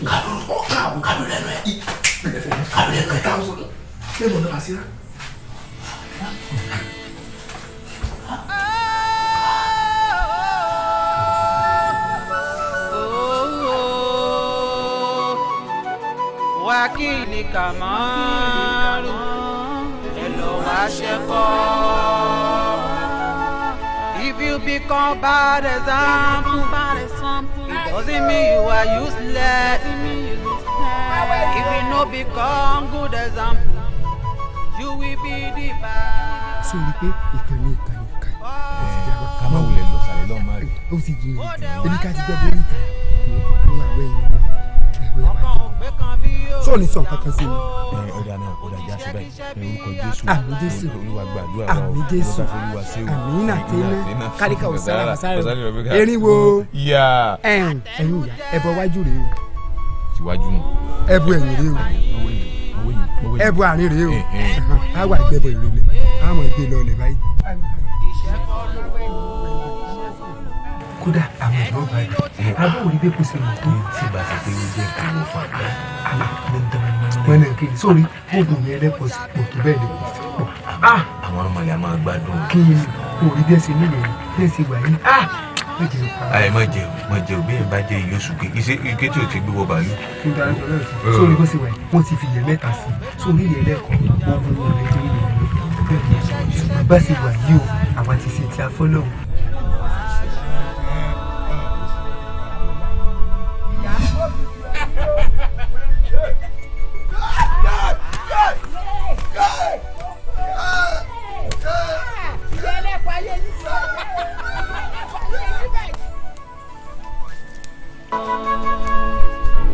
ọkà àbùkù kàdúrà ẹ̀nu ẹ̀ kàdúrà ẹ̀nu ẹ̀ Akili Kamaru ẹ lọ wá ṣẹkọ. If you become bad example, it doesn't mean you are useless. If you no become good example, you will be the bad. Sori pe ìkànnì ìkànnì ìkànnì. Oh. Ká má wulẹ̀ lọ sàlẹ̀ lọ́ọ́ má Ó ti jẹ́ èmi ká ti jẹ́ borí ìtàn ní àwẹ̀ yìí sọ ní sọ kankan sí mi. ẹ ọ̀dà náà ọ̀dà já sí báyìí orúkọ jésù àmì jésù olúwa gbàdúrà wa àmì jésù àmì nàtẹ́nà káríkà ọ̀sára ọ̀sára erinwo ẹ̀hún ẹ̀yìn ìyá ẹ̀bọ wájú rèé o. tiwájú nù. ẹ̀bù ẹ̀yìn rèé o ẹ̀bù àárín rèé o àwa ìgbẹ́bọ̀ ìrẹ̀lẹ̀ àmọ̀ ìgbẹ́ lọ́ọ̀lẹ̀ báyìí kódà àwọn ìlú ọba rẹ abáwo ni bí kò ṣe lò tó. tí bá ti pé oúnjẹ kan ló fà á àmà ní dáná. wọn ní kí sórí oògùn mi ẹlẹ́pọ̀ sí pò tó bẹ́ẹ̀ lè pọ̀ sí ah! pọ̀. Ah! àwọn ọmọlẹ́ a máa gbádùn. kí ni orí bí ẹ ṣe nílò yìí bí ẹ ṣe wà yìí ayi ah! ma jẹ o ma jẹ o bí ẹ bá jẹ iye oṣù ké ise ike tí o ti gbéwọ bàálù. sórí bó ṣe wà yìí wọ́n ti fi yẹ mẹ́ta i sórí yẹ lẹ́kọ̀ọ́ ogun ọ̀rẹ́ tó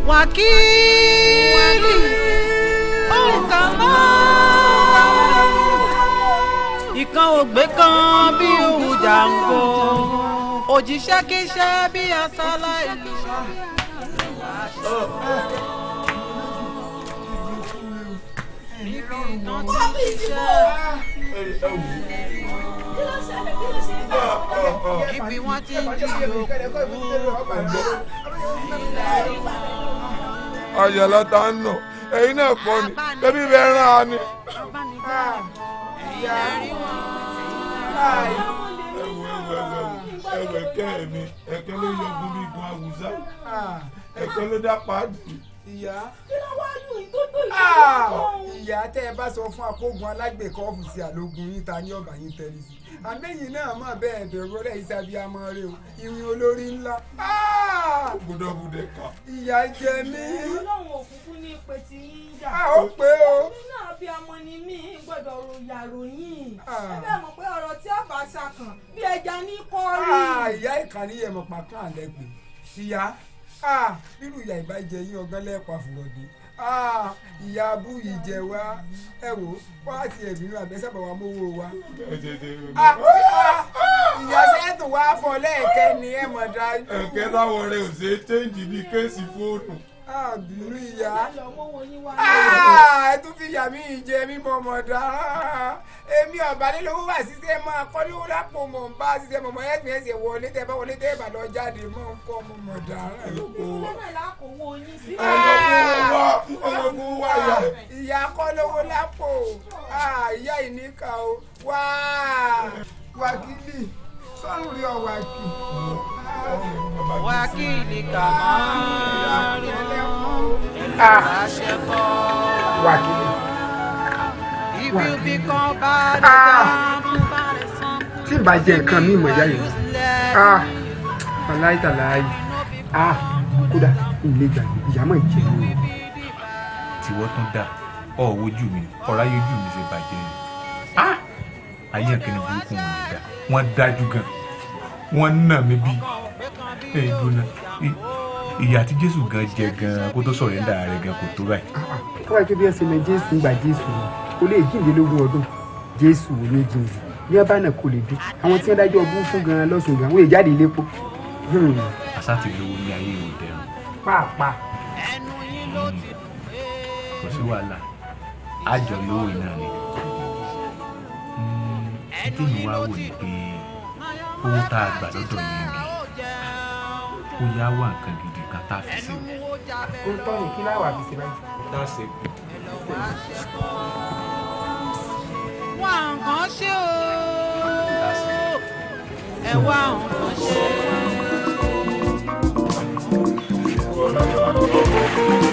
wákìlì òǹkà máa ìkan ògbé kan bí òun jàǹgbó òjíṣẹ́ kíṣẹ́ bí asálà ìlú. ibi wọn ti ń di òkú. ayọ̀lá ta ń nà ẹ̀yin náà pọ̀ ni bẹ́bí bẹ́ẹ̀ rán a ni. ẹ̀wẹ̀ kẹ́ ẹ̀ mi ẹ̀kẹ́ ló yọgun bí igun awùsá ẹ̀kẹ́ ló dá pàdùn ìyá ìyá tẹ́ ẹ bá sọ fún akógun alágbèkọ́ ọ̀fùsì àlógun yín ta ní ọ̀bà yín tẹ́lẹ̀ sí àmẹ́yìn náà máa bẹ́ẹ̀ bẹ̀rù rẹ̀ ìsàbí amọ̀ọ́rẹ́ o ìrìn olórí ńlá. gbúdọ̀gbúdẹ̀ ah! kan. ìyá jẹ mí. ọlọ́run òkùnkùn ní ìpè tí yín jà. a ó pé o. èmi náà bí ọmọ ni mí gbọ́dọ̀ ròyà ròyìn. Ah. ẹgbẹ́ mọ̀ pé ọ̀rọ̀ tí àbá ṣàkàn Ah, nínú ìyá ìbàjẹ́ yín ọgbọ́n lẹ́ẹ̀pà fùrọ̀dé ah, ìyá abú ìjẹ wa ẹ wò wá àti ẹ̀mínú àbẹ́sàbà wa mówó ah, wa. ìyá sẹ́tù wa fọ lẹ́ẹ̀kẹ́ ni ẹ mọ̀ dájú. ẹ̀kẹ́ táwọn ọ̀rẹ́ ò ṣe é chẹ́ǹjì ní kéèsì fóònù àbínú ìyá ah, ẹ tún fi ìyá mi ìjẹ mi mọ̀mọ̀ dáràn èmi ọ̀bánilówó wà ṣiṣẹ́ mọ́ akọ́lówó lápò mọ̀ ń bá ṣiṣẹ́ mọ̀mọ́ ẹ̀sìn ẹ̀sìn wọlé tẹ bá wọlé tẹ bá lọ jáde mọ́ ń kọ́ mọ̀mọ̀ dáràn. ọmọkùn wà yà. ìyá akọ́lówó lápò ah, ìyá ìníkà o wá wákìlì sọ́run rí ọ̀wà kì í wákìlì kàmárùn ah. àṣẹkọ. wákìlì. ibi bí kan bá lè dààmú ah. bá lè sàn. tí ìbá nǹkan mi ìmọ̀ ah. ìyá yìí aláìtàláyì kódà ilé gbàgbé ìyàmọ̀ ìjẹ́ mi tiwọ́ tún dà ọ̀ wojú mi ọ̀rá yójú mi ṣe bàjẹ́ ni ayé ẹ̀kẹ́ni burúkú wọn ò dá wọn dájú gan wọn nà mí bíi ẹ ìdùnnà ìyà tí jésù gan jẹ gan kó tó sọ̀rọ̀ ẹ̀ńdà rẹ̀ gan kò tó báyìí. káwá ah, ah. ike bí ẹsẹ̀ mẹ jésù ń gbà jésù kò lè jíǹdínlógún ọdún jésù ò ní jìnnì ní ọba náà kò lè bí àwọn tí wọn dájọ́ ọbú fún gan lọsùn gan wọn ìjáde ilé po. Hmm. àṣà ti lówó ní ayé ìwò dẹrùn. pàápàá. kò sí wàhálà àjọ lówó iná ni títí hmm, mi wá wò ní pé owó tá a gbà lọ́dọ̀ yìí kó yá wà nǹkan gidi kan tá a fi sí i. ó tọ́ ní kí láwà fi ṣe báyìí. tá ṣe wà nǹkan ṣe o ẹ wá nǹkan ṣe. Thank you.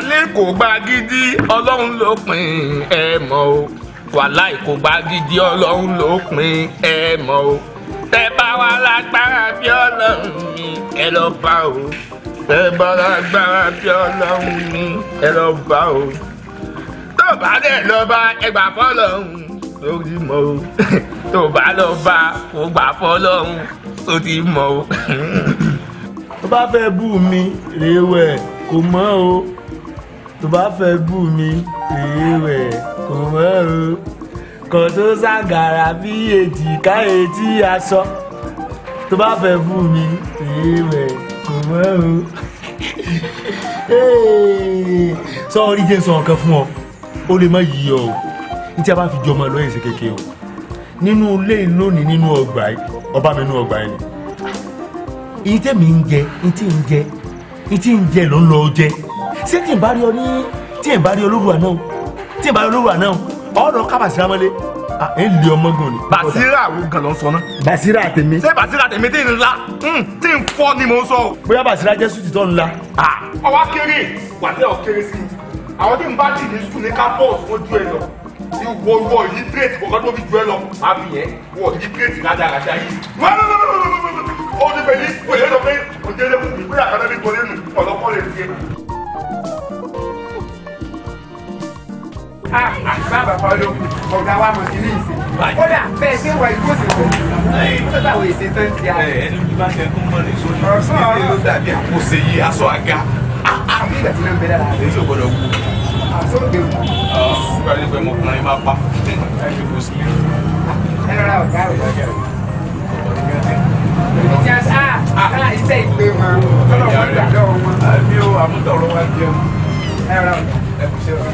alẹ́ kò gba gidi ọlọ́run ló pin ẹ mọ̀ o wàláì kò gba gidi ọlọ́run ló pin ẹ mọ̀ o tẹ bá wà lágbára bí ọlọ́run mi ẹ lọ bá o tẹ bá lágbára bí ọlọ́run mi ẹ lọ bá o tó bá dẹ̀ lọ bá ẹgbà fọlọ́run lórí mọ́ o tó bá lọ bá kò gbà fọlọ́run ó ti mọ́ o. tó bá fẹ́ bú mi rèé wẹ̀ kò mọ́ o tó bá fẹ́ bù mí rèé wẹ̀ kò mọ́ o kàn tó ṣàgàrà bí èjìká etí aṣọ tó bá fẹ́ bù mí rèé wẹ̀ kò mọ́ o. sọ orí jẹ́ sọ ọ̀kan fún ọ ó lè má yí ọ o ní tí a bá fi jọmọ lọ́yẹ̀ sí kékeré o nínú ilé lónìí nínú ọgbà ọba mi nínú ọgbà yìí ni. ìyí tẹ̀mí ń jẹ ìyí tí ń jẹ ìyí tí ń jẹ ló ń lọ jẹ ṣé tí n bá rí ọ ní tí n bá rí olórí àná tí n bá rí olórí àná ọ̀rọ̀ kábàsírà mọ́lé ẹ ń lé ni. Basira wo gan ló ń sọ náà. Basira tèmi. ṣé Basira tèmi tí ń la hmm, tí ń fọ́ ni mò ń sọ. bóyá Basira jẹ́ sùtì tó ń la. ọwọ́ kéré wàdí ọ̀ kéré sí i àwọn tí n bá dì ní sùn ní kápọ́ọ̀sì wọ́n ju ẹ lọ ìwọ ìwọ yìí tírètì kọ̀ọ̀kan tó fi ju ẹ lọ àbí yẹn wọ yìí tírètì rádaràda yìí. ó ní bẹ́ẹ̀ ni òye lọ pé òjèlè kùn mí pé àkàtà mi kọ́ ọ̀lọ́kọ́ lè tiẹ̀. Ah, kan ah, ló ọ̀gá wa mọ̀ sí ní ìsìn kódà bẹ́ẹ̀ ṣé wà ìgbó sì kò tó báwo èsì tó ń ti a. ẹ ẹni bí bá ṣe kún mọ́ ní sórí títí ló Ah, àkóso yìí aṣọ àga. Ah, ah. àbí ìgbà tí ló ń bẹ dára. Ah, ló gbọdọ̀ wú. àṣọ òde wù. ọ gbàdúgbò ọmọkùnrin máa pa ẹni kò sí. ẹ rọra ọ̀gá ọ̀gá ọ̀gá ibi tí a sá àkàlà iṣẹ́ ìgbé wọn tọ́lọ̀ wọn gbà lọ́wọ́ wọn. àbí o àmútọ̀rọ̀ wa jẹun. ẹ rà o. ẹ kò ṣe wọn.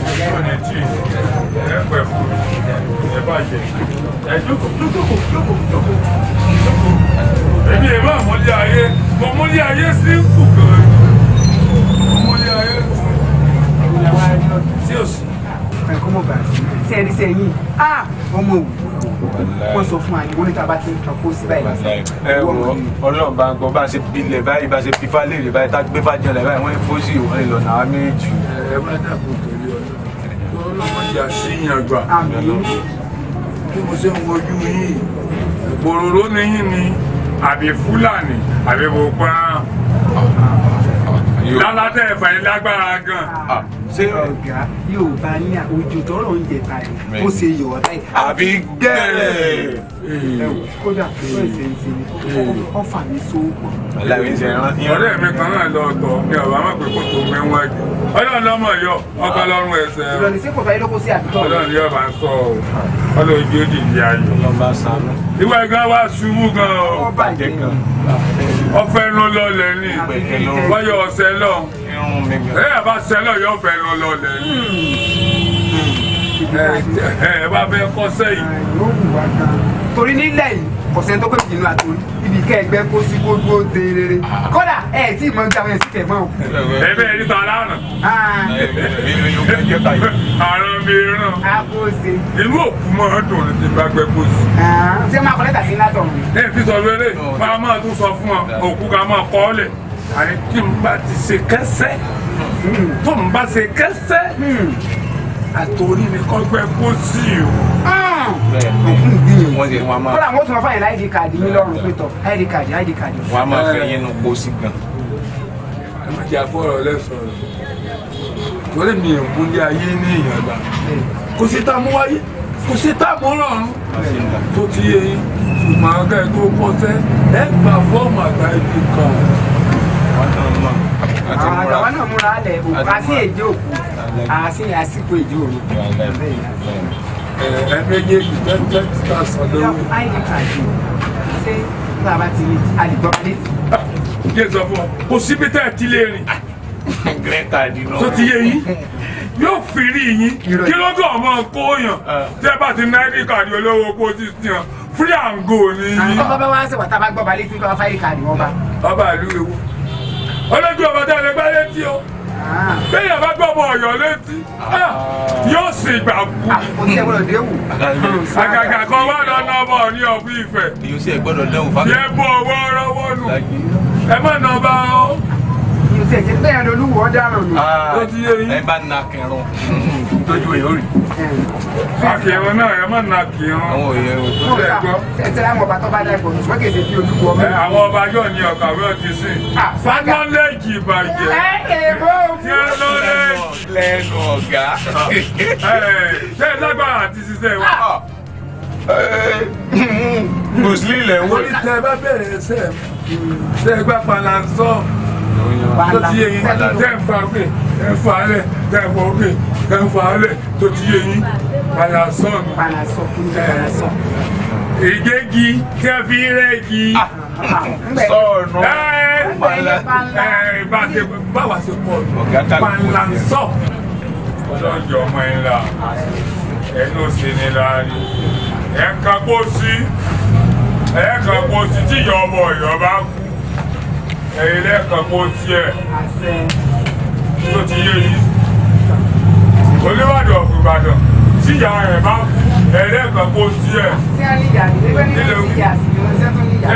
ẹ tí ẹ pẹ fún mi ẹ bá jẹ ẹ jókòó jókòó jókòó jókòó. èmi ẹ máa mọ́lé ayé mo mọ́lé ayé sí kùkùrù mo mọ́lé ayé sí òsì. ẹ kọ́ mọ̀ bàtí sẹ́ẹ̀rí sẹ́yìn ọmọ òwú wọ́n sọ fún àyè wọ́n ní tàbá ti ń tàn kó sí báyìí lásán. ẹ wo ọlọ́run bá ń gbọ́ bá ṣe bilẹ̀ báyìí bá ṣe fífa léèrè báyìí tá gbé fàjẹ́ rẹ̀ báyìí wọ́n ń fọ́sì wọ́n lè lọ nàá méjì. ẹ má dàbò tẹ̀lé ọ̀nà ọlọ́mọdé àṣìyàn gbà bí mo ṣe ń wojú yìí òpòròró ni yín ni àbí fúlàní àbí bòpá lálá tẹ ẹ̀fà yìí gan. ṣé ọ̀gá yóò bá ní àwùjọ tọrọ oúnjẹ ta yìí ó ṣe yọ̀ ọ́ báyìí. àbí gẹ́rẹ́. kódà tó ẹsẹ̀ ń sinmi ọ̀fà mi sóògùn. ọ̀rẹ́ mi kan náà lọ tọ̀ ní ọ̀bá má pé kó tó mẹ́wọ́n ẹ̀jẹ̀. ọlọ́run lọ́mọ yọ ọkọ lọ́rùn ẹsẹ̀. ìrọ̀lẹ́ sí kò fẹ́ lóko sí àdúgbò. ọlọ́run yóò bá ń sọ ọ́ ọlọ́run yóò dìde ayọ̀. ìwà ìgbà wa ṣubú gan-an. ọ ọfẹ nu lọlẹ ni wáyọ ọsẹ lọ ẹ yà bá sẹlọ yọ ọfẹ nu lọlẹ ni hmm. ẹ bá fẹ kọsẹ yìí torí nílẹ̀ yìí kò sẹ́ni tó pè mí nínú àtòrí ibi ìkẹ́ ẹgbẹ́ kó sí kó dúró de rere kódà ẹ ẹ tí ì mọ ju àwọn ẹ̀sìn kẹ̀mọ́ o. ẹ bẹ́ẹ̀ ní ta lánàá. Ah. àrùn mi ràn. àbòsè. ìlú òkú mọ́ ọ́n tòun ti bá gbẹ bóṣù. Ah. ṣé máa kọ́ lẹ́tà sí ńlá tọ̀hún. ẹ ti sọ lóore oh. máa máa tún sọ fún ọ òkú ká máa kọ́ ọ lẹ̀ àyè tí n bá ti ṣe kẹsẹ́ hmm. tó n bá ṣe kẹsẹ́. Hmm àtòrí mi kọ́ gbẹ kó sí o. Ah! kọ́lá wọn tún máa fàyè láìdí káàdì yín lọ́rùn pé tọ̀ láìdí káàdì láìdí káàdì. wọn a máa fẹ́ eh. yín nu pósí gan. ẹ má jẹ́ àfọ̀rọ̀ lẹ́sọ̀rọ̀ torí mi ò mú ní ayé ní ìyàgbá kò sí tá a mú wáyé kò sí tá a mú rọrùn tó ti yé yín ṣùgbọ́n ọ̀gá ẹ̀ tó kọ́ sẹ́ ẹ gbà fọ́ọ̀mù àgbà ibi kan. àtàwọn náà múra lẹ̀ òkú àti èdè òkú àṣẹ àsìkò ìjọ òru. ẹ méjèèjì tẹ́tẹ́ tà sọ́dọ̀. ìyá àìdí kàdí ṣé tá a bá ti lè àdìgbọ́ adé. kí ẹ sọ fún ọ kò síbi tá a ti lè rìn. gírẹ́tà di náà. tó ti yé yín yóò fìrí yín kí ló dùn ọmọ kóyàn ah. tẹ bá ti náírà kàdí olówó kó ti sàn free and go ni. ọba bá wá ń sèwọ́n tá a bá gbọ́ balẹ̀ fún bá fáyé kàdí wọn bá. ọba ìlú ewu ọlọ́jú ọba tá a lè gbálẹ̀ tí o bẹ́ẹ̀ bá gbọ́ ọmọ ọ̀yọ́ létí yóò sì gbà kú. Ah, àgàgà kan wà lọ́nà ọmọ ní ọ̀bí ìfẹ́. èyí ó owó rọwọ́ nù ẹ má nà ọba o tiẹ̀ jẹ́ bẹ́ẹ̀ ni olúwo ọ̀daràn ni. ó ti yé yín. ẹ bá na kẹrun tójú èyí ó rí. akẹrun náà ẹ má na kẹrun. àwọn òye o tó lẹ gbọ́. ẹsẹ̀ àwọn ọba tó bá dá ẹ̀kọ́ ṣùgbọ́n ṣe bí olúwo àwọn ọba yóò ní ọkà wíwọ́n ti sìn. sanálẹ́jì ìbàjẹ́. ẹ ẹ bó lẹ́nu ọ̀gá. ṣé lágbára àti ṣiṣẹ́ wa. Bruce Lee lẹ̀ ń bá bẹ̀rẹ̀ ẹsẹ̀ tẹ́ ẹ gbá tó ti yé yín tẹ́ ń fa òkè tẹ́ ń fa alẹ̀ tẹ́ ń fa tó ti yé yín panasọ́n eh. ìgégi tẹ́ fi rẹ́gi ah, ah, ah. sọ̀nù eh, eh, báwa ṣe ọmọ ẹ̀ la ẹnu sí ni ẹ̀ka kó sí ẹ̀ka kó sí tíyọ̀ Ọ̀yọ́ bá kú ẹ̀yin lẹ́ẹ̀kan kó tiẹ̀ tó ti yé yìí Olúbàdàn Ògbàdàn tíyà rẹ̀ bá ẹ̀yin lẹ́ẹ̀kan kó tiẹ̀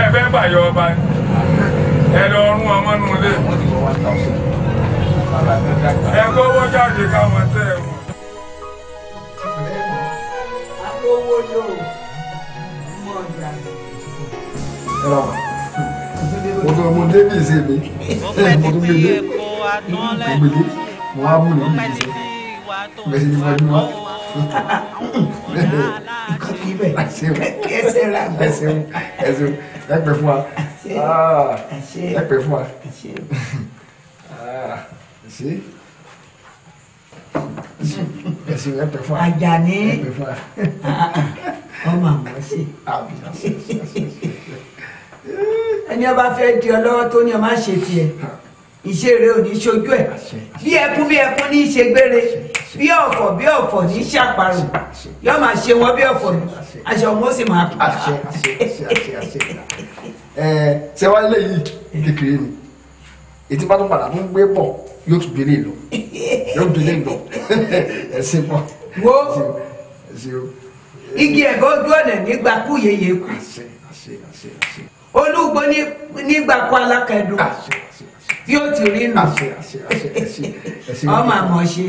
ẹ fẹ́ bàyọ̀ ọba ẹ lọ rún ọmọ nù lé ẹ kówó jáde káwọn tẹ ẹ wọn. Hello. mo mon mo ah, c'est bíi sèmi ẹ̀ mo tún gbélé mais c'est. c'est ah, ah, c'est Ah, C'est Ah, oh, c'est. ẹni ọba fẹ́ di ọlọ́wọ́ tó ní ọmọ ṣe tiẹ̀ ìṣeré ò ní ṣojú ẹ̀ bí ẹkún bí ẹkún ní í ṣe gbére bí ọ̀fọ̀ bí ọ̀fọ̀ ní í ṣàparò yóò máa ṣe wọn bí ọ̀fọ̀ aṣọ wọn ó sì máa pa. ṣé wàá lè yí kékeré ni ètí bá tún padà tún gbé bọ̀ yóò tún gbélé lọ yóò gbélé lọ ẹ ṣe pọ. wo igi ẹ̀gọ́ ojú ọ̀nà nígbà kú yeye kù olúgbó nígbàkú alákẹ́dùn tí ah, ó ti rí nù ọmọ àmọ́ ṣe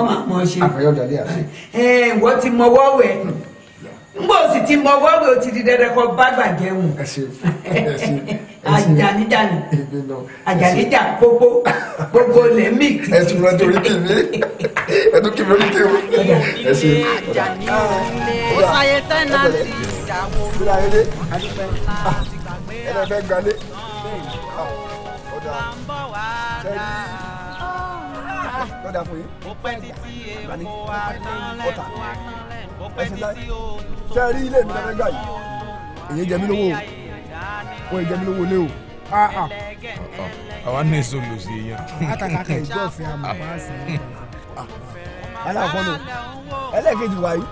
ọmọ àmọ́ ṣe ẹ wọ́n ti mọwọ́ wẹ̀. Hmm n bò sì ti mọ wọ́ọ̀rù o ti di dandan kọ bá gbàjẹ́ mu. àjàníjàní àjàníjà gbogbo gbogbo lè mí kì í. ẹ tún lọ torí kì mí ẹ tún kì mí orí kéwù. ó sáyé tẹ́nàtì ìyàwó rẹ̀ ẹlẹ́fẹ́ gbalẹ̀ ọ̀dà lọ́dà fún yín ẹsẹ̀ láì ṣe rí ilé mi lọ́dẹ́gbà yìí èyí jẹ mí lówó o èyí jẹ mí lówó lé o ah, ah. Ah, àwa ní èso lò sí èèyàn. látàkàkà ìjọ òfin àmọ́ àṣẹ. aláàfọ́nù ẹlẹ́ẹ̀kejì wáyé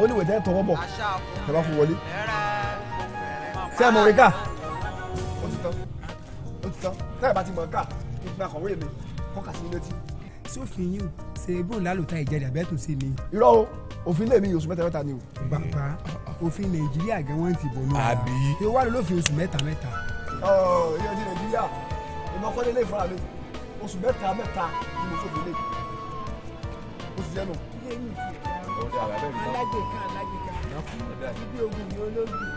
ó ní ìwẹ̀tẹ́ tọwọ́ bọ̀ tẹ bá fún wọlé. ṣé ẹ mọ̀ wí ká? ó ti tán ó ti tán táyà bá ti mọ̀ ká kí n fi akọ̀wé mi kọ́ka sí létí. sófin yìí ṣe bóun lálùtà ìjẹ́jà bẹ́ẹ̀ tún sí mi. irọ́ o òfin lè mi oṣù mẹ́ta mẹ́ta ni o. bàbá òfin nàìjíríà gan wọn ti bọ̀ náà. àbí. yóò wá lófin oṣù mẹ́ta mẹ́ta. ọ ilé ti nàìjíríà ìmọ̀kọ́lé lè fara mi oṣù mẹ́ta mẹ́ta ni mo sófin lè oṣù jẹ́nu. alágbèéká alágbèéká ibi ogun ni olóògùn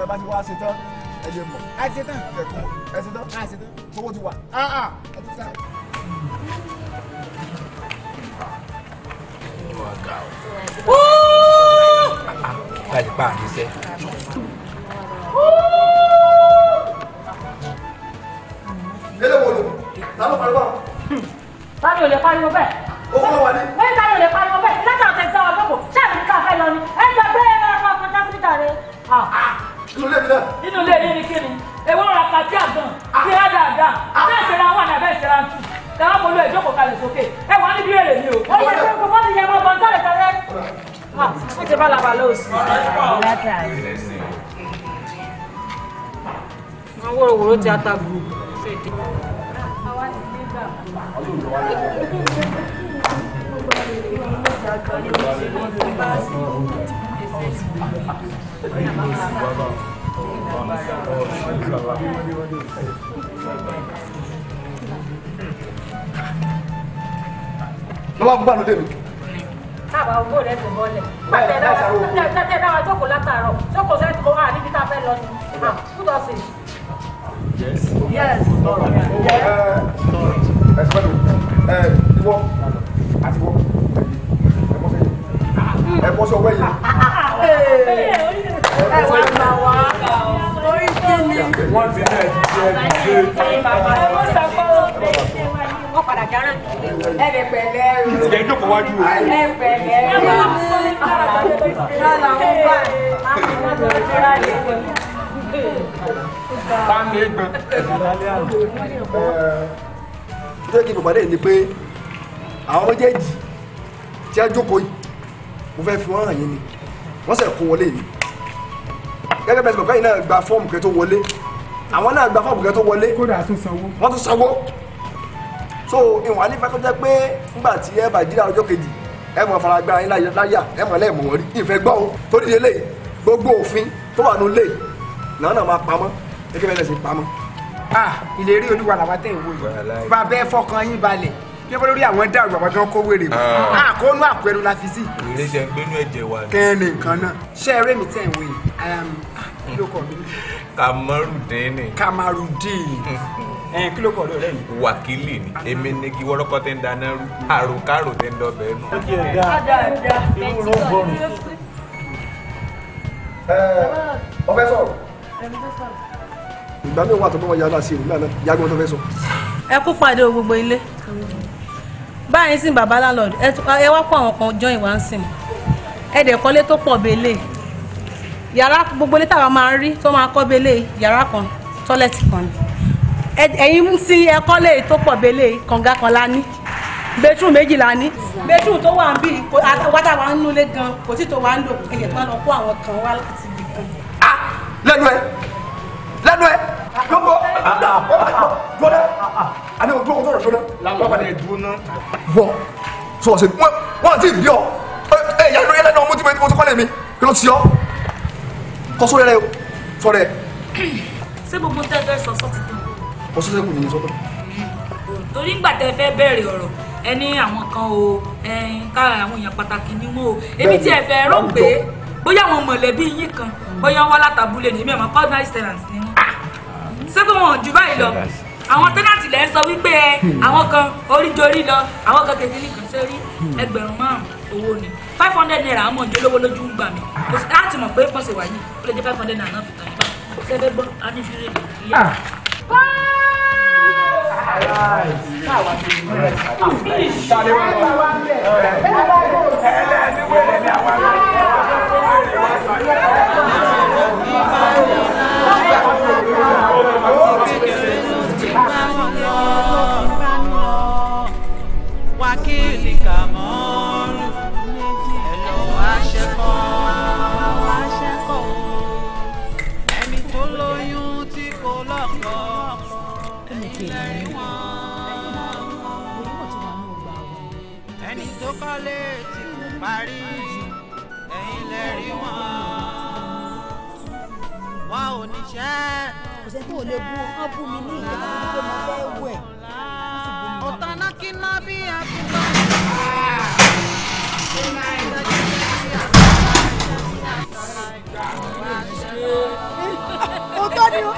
ẹ bá ti wá ṣe tán ẹ lè mọ. a ti tán. ẹ kún tán. a ti tán. owó ti wà. Ah, ah. ẹ ti tán láti pa àrùn iṣẹ́. Délé wo lò? Ta ló pariwo? Báyọ̀ ò lè pariwo bẹ́ẹ̀. Owó ló wà ní. Bẹ́ẹ̀ báyọ̀ ò lè pariwo bẹ́ẹ̀. Lẹ́tà ọ̀tẹ̀ ìjọba gbogbo. Ṣé àmì kíkà fẹ́ lọ ni? Ẹ jọ bẹ́ẹ̀ lọ fún ọkọ̀ dásítà rẹ. Inú ilé mi náà. Inú ilé yín ni kí ni? Èwo ra pàtí àgbọn? Bí ẹ dáadáa. Bẹ́ẹ̀ ṣe ra wọn àbẹ́ ṣe ra tù káwọn mọlú ẹ jókòó kalẹ̀ sókè ẹ wà níbi èrè mi o ó yẹ kó kó bọ́ọ̀lù yẹn mọ bọ́ọ̀lù tẹ́lẹ̀ tẹ́lẹ̀ ha ẹ ti bá làbà lóòsì. wọn wúro wúro ti ata gbù. Thank you. lọ́wọ́ gbogbo àlódé mi. tábà ògbó rẹ tó bọ́lẹ̀ pàtẹ́ náà jókòó látàárọ̀ jókòó sẹ́ni kò wá níbi tá a fẹ́ lọ ni ah, two thousand. yes yes tọrọ ẹ ẹ ìwọ àti ìwọ ẹ bọ́ sọ wẹ́yìn. ẹ wá gbà wá orí kí ni. wọ́n ti ní ẹ̀jẹ̀ ẹ̀jẹ̀ ẹ̀jẹ̀. ẹ má sọ fún ọ padà dáná. ẹ lè pẹ̀lẹ́ o. ìjẹ́ ìjókòó wájú o. ẹ pẹ̀lẹ́ o. lọ́la ń bá a. báńkì gbọ́n. tó yẹ kí bàbá dẹ̀ ni pé àwọn méjèèjì tí a jókòó yìí mo fẹ́ fi wọ́n hàn yín ni wọ́n sẹ̀ kó wọlé mi gẹ́gẹ́ bẹ́ẹ̀ sọ̀rọ̀ káyìn náà gba fọ́ọ̀mù kẹ́ tó wọlé àwọn náà gba fọ́ọ̀mù kẹ́ tó wọlé kódà tún sanwó wọ́n tún sanwó so ìwọ̀n anífẹ́ tó jẹ́ pé nígbà tí ẹ bá jíra ọjọ́ kejì ẹ mọ̀ faragbá yín láyà ẹ mọ̀ lẹ́ẹ̀mọ̀ wọ́n rí ìfẹ́ gbọ́ o torí ilé gbogbo òfin tó wà nínú ilé lọ́nà máa pamọ́ gẹ́gẹ́ bẹ́ẹ̀ lẹ́sìn pamọ́. ìlérí olúwa làwọn tẹ̀ wò yìí bàbá ẹ fọkàn yín balẹ̀ bí wọ́n lórí àwọn dàrú àwọn tó ń kó wèrè wò ah. àkóónú àpẹẹrù la fi sí. ìrèlè jẹ náà ṣé kí ló kọ̀ lóore yìí. wákìlì ni èmi ni kí wọ́rọ́kọ́ tẹ́ ń dáná rú àròkárò tẹ́ ń dọ́bẹ̀ nù. ó ti ẹ̀dá irú ló ń bọ̀rùn. ó fẹ́ sọ̀rọ̀. ìgbà mi wà tó bọ́ wọn yàrá sí ìlú náà yàgbọ́n tó fẹ́ sọ. ẹ kú pàdé gbogbo ilé báyìí sìn bàbá lálọ́ọ̀dù ẹ wá kó àwọn kan jọ ìwà ń sìn ẹ dẹ̀ kọ́lé tó pọ̀ bẹ́lẹ̀ yàrá gbogbo ilé táwa máa ń rí tó máa kọ́ bẹ́lẹ̀ yàrá kan tọ́lẹ̀tì kan ni ẹ̀yin tí ẹ kọ́lé tó pọ̀ bẹ́lẹ̀ kànga kan la ní bẹ́tù méjì la ní bẹ́tù tó wà ń bí wátà wà ń nulẹ̀ gan kò tí tó wà ń lò ẹ̀yẹ̀ tó lọ kó àwọn kan wá láti ibì kan. a ah, lẹ́nu ẹ lẹ́nu ẹ lọ́kọ́ gbọ́dọ̀ àní ojú ọkọ̀ sọ̀rọ̀ sọ́dọ̀ làwọn bá dẹ̀ dúró náà. wọ́n sọ wọ́n ṣe wọ́n ti bí ọ ẹ ìyá ìlú ẹlẹ́nu ọmọ tí mo ti kọ́lé mi kí ló ti yọ kọ́ sórí ẹ sọ rẹ. ṣé gbogbo tẹ́ fẹ́ sọ sọ́ ti tán ọsọsẹkù ni mo sọ pé. torí ńgbà tẹ fẹ́ bẹ̀rẹ̀ ọ̀rọ̀ ẹ àwọn kan o kára àwọn èèyàn pàtàkì ni wọn o èmi tí ẹ fẹ́ pé bóyá àwọn mọ̀lẹ́bí yín kan bóyá wọn látàbúlé ni èmi ẹ̀ mọ̀ pọ́ńdà ìsẹ̀rànsì ni ah! ṣé kò wọ́n jù báyìí lọ àwọn tẹ́nàtì lẹ́ sọ wípé hmm. àwọn kan oríjorí lọ àwọn kan kékeré kan sórí hmm. ẹgbẹ̀rún márùn owó ni five hundred naira àwọn ọmọdé olówó lójú ń gbà mí láti ah! mọ̀ pé pọ̀sẹ̀ wáyé ó lè jẹ́ five hundred naira náà fi kàn yín bá ṣẹ́fẹ́ gbọ́ anífírè lè fi yá. Ah! Ẹ wá bẹ̀. Ẹ wá bẹ̀. parí ẹ̀yin lè rí wọn wọn ò níṣẹ́. kò sẹ́ni tó lè bú wọn bú mi ní ìyá tó máa fẹ́ wẹ̀. ọ̀tá nákínná bí akúgbà. òótọ́ ni ó.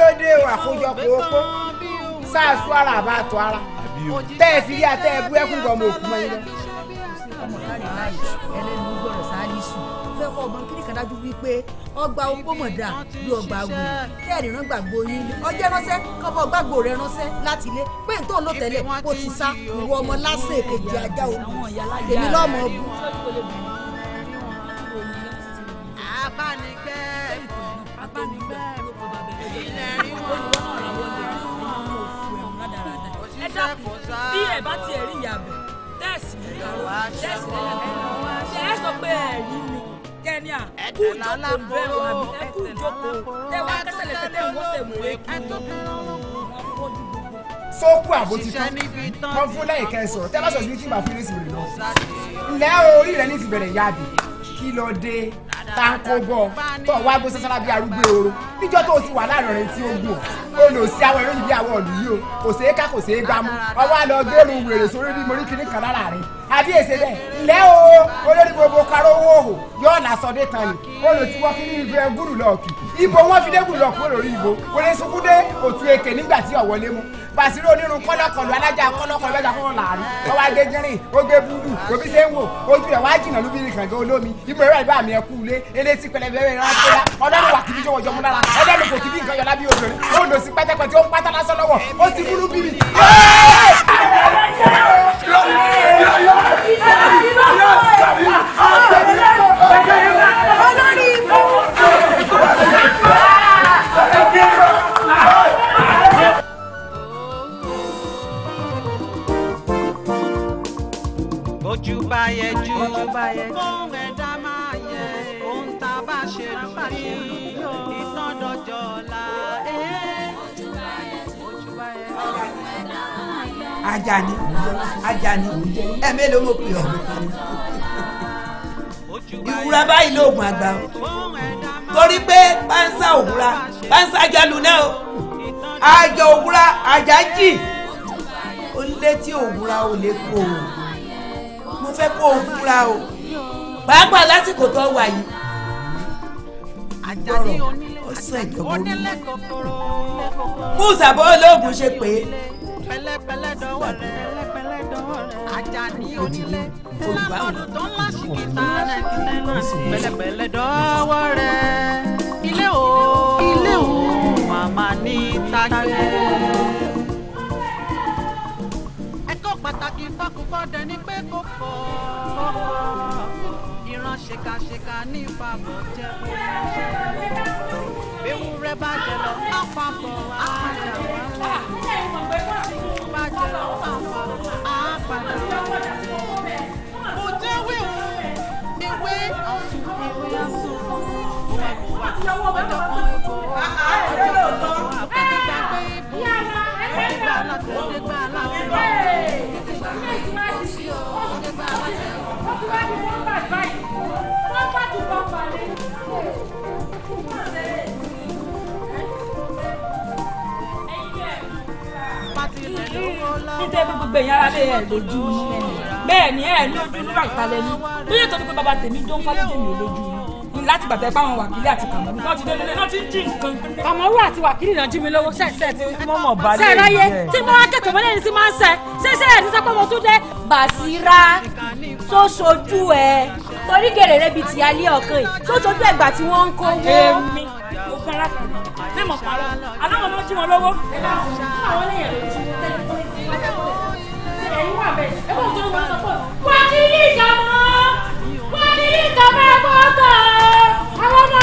ló dé àkójọpọ̀ opó sars wàrà àbá ara tẹ́ ẹ fi rí àtẹ́ ẹ bú ẹkún gan mọ òkú mọ́ yín ọmọ kí nìkan dájú wípé ọgbà opó mọ̀dà bí ọgbà wò tẹ́ ẹ̀rì gbàgbọ́ yín ọjọ́ ránṣẹ́ kọ́bọ̀ gbàgbọ́ rẹ ránṣẹ́ láti ilé pé n tó ń lò tẹ́lẹ̀ kó ti sá ìwọ ọmọ lásán èkejì ajá òkú èmi lọ́mọ ọbú. abánigbẹ́ abánigbẹ́ olùwọ́ náà ra wọlé àwọn ọmọ òfu ẹ̀hún ládàradà ẹ dákun bí ẹ bá tiẹ̀ rí ìyá bẹ̀ tẹ́ẹ̀sì mi kàwé tẹ́ẹ̀sì mi lẹ́nu ṣe é àbótí tán wọn fún lẹ́yìn kẹsàn tẹ bá sọ tí màá fi ní ìsìnkú rẹ lọ ńlẹ orí rẹ ní ìsìnkú rẹ yáàbì kí ló dé tá à ń kó bọ̀ tó wá gbé sọ́sọ́lá bí arúgbó ehoro níjọ́ tó o ti wà láàrin tí ó gùn ó lò sí àwọn eré ìbí àwọn ọ̀lú yìí o kò ṣeé ká kò ṣeé gbámú ọwọ́ àlọ́ gbèrú wèrè sórí bí morí kìnnì kan lára rẹ̀ àbí èsè bẹ́ẹ̀ lẹ́ o olórí gbogbo karó owó òhò yóò làsọdé tán ni ó lò ti wọ́n kí ní ibi gúrù lọ́ọ̀kì ibo wọn fi dé gùn lọ́ọ̀kì ó lórí ibo kò lè sunkún dé òtún èkè nígbà tí ọ̀wọ́lé mú Bàṣírí onírun kọ́lọ́kọ̀lù alájà kọ́lọ́kọ̀lù alájà kọ́lọ́ làánú ọwọ́ adé jẹ́rìn ó gbé búlù òbí ṣe ń wò ojú rẹ̀ wá jìnnà lóbi nìkan gan olómi ìmọ̀ ẹ̀rọ ìbá mi ẹ̀kú ilé elétí pẹlẹbẹrẹ ránṣẹ́lá ọlọ́run wà kíbi jọ̀wọ́ jọmú lára ọlọ́run kò kíbi nǹkan yọlá bí obìnrin ó lò sí pẹ́tẹ́pẹ́ tí ó ń pátá lásán lọ́wọ́ ó sì búlú bíbí. Thank you. yẹ kí. ẹ̀dá máa yẹ ohun tá bá ṣe lórí ìtọ́dọ̀jọ́ la. Ajani Ajani ẹ mélòó mo pè ọ́ ìwúra báyìí lóògùn àgbà o torí pé pánsá òwúra pánsá ajalu náà o àjọ òwúra àjájì ó létí òwúra ò lè kó o mo fẹ́ kó o fúnra o pàápàá lásìkò tó wà yìí. àjàdí onílé àjàdí onílé kòkòrò. mú ìsàbọ̀ ṣe pé. pẹ̀lẹ́pẹ̀lẹ́ dọwọ rẹ ilé o ilé ní tájẹ́. pàtàkì fọkùnfọdẹ ní pé kò fọ ìran ṣèkàṣèkà ní ìfàbọ̀ jẹ́ kó ṣe ewúrẹ́ bàjẹ́ lọ àpapọ̀ àjà wá bàjẹ́ lọ àpapọ̀ àpàdà wá mo jẹ́ wíwú ìwé ọ̀sùn ìwé ọ̀sùn ọ̀dọ̀ kan ìbò ọ̀dọ̀ kan títẹ́ pé gbogbo ẹ̀yìn aráalé ẹ̀ lójú bẹ́ẹ̀ ni ẹ̀ lójú nígbà ìtàlẹ́nu bóyá tó ní pé bàbá tèmi dó ń fálẹ́ jù mí lójú láti gbàtẹ́ báwọn wàkìlì àti kàmọ́rù náà ti délé náà ti ń jí nǹkan. kàmọ́rù àti wàkìlì náà jí mi lọ́wọ́ ṣẹ́ẹ̀ṣẹ́ ti mọ́mọ́ balẹ̀ jẹ́ ṣẹ́ẹ̀ráyé tí mo wá kẹ́kọ̀ọ́ mọ́lẹ́ ní sí máa ń sẹ́ ṣẹ́ṣẹ́ ẹ̀ ti sọ pé mo tún dé Bàṣírá tó ṣojú ẹ̀ torí gèrè rẹ̀ ti alẹ́ ọ̀kan yìí tó ṣojú ẹ̀gbà tí wọ́n ń kówó. èmi ò fara kan ní mọ̀ pàrọ̀ aláwọ̀ ló ló jí wọn tẹ́lẹ̀ tẹ́lẹ̀ tẹ́lẹ̀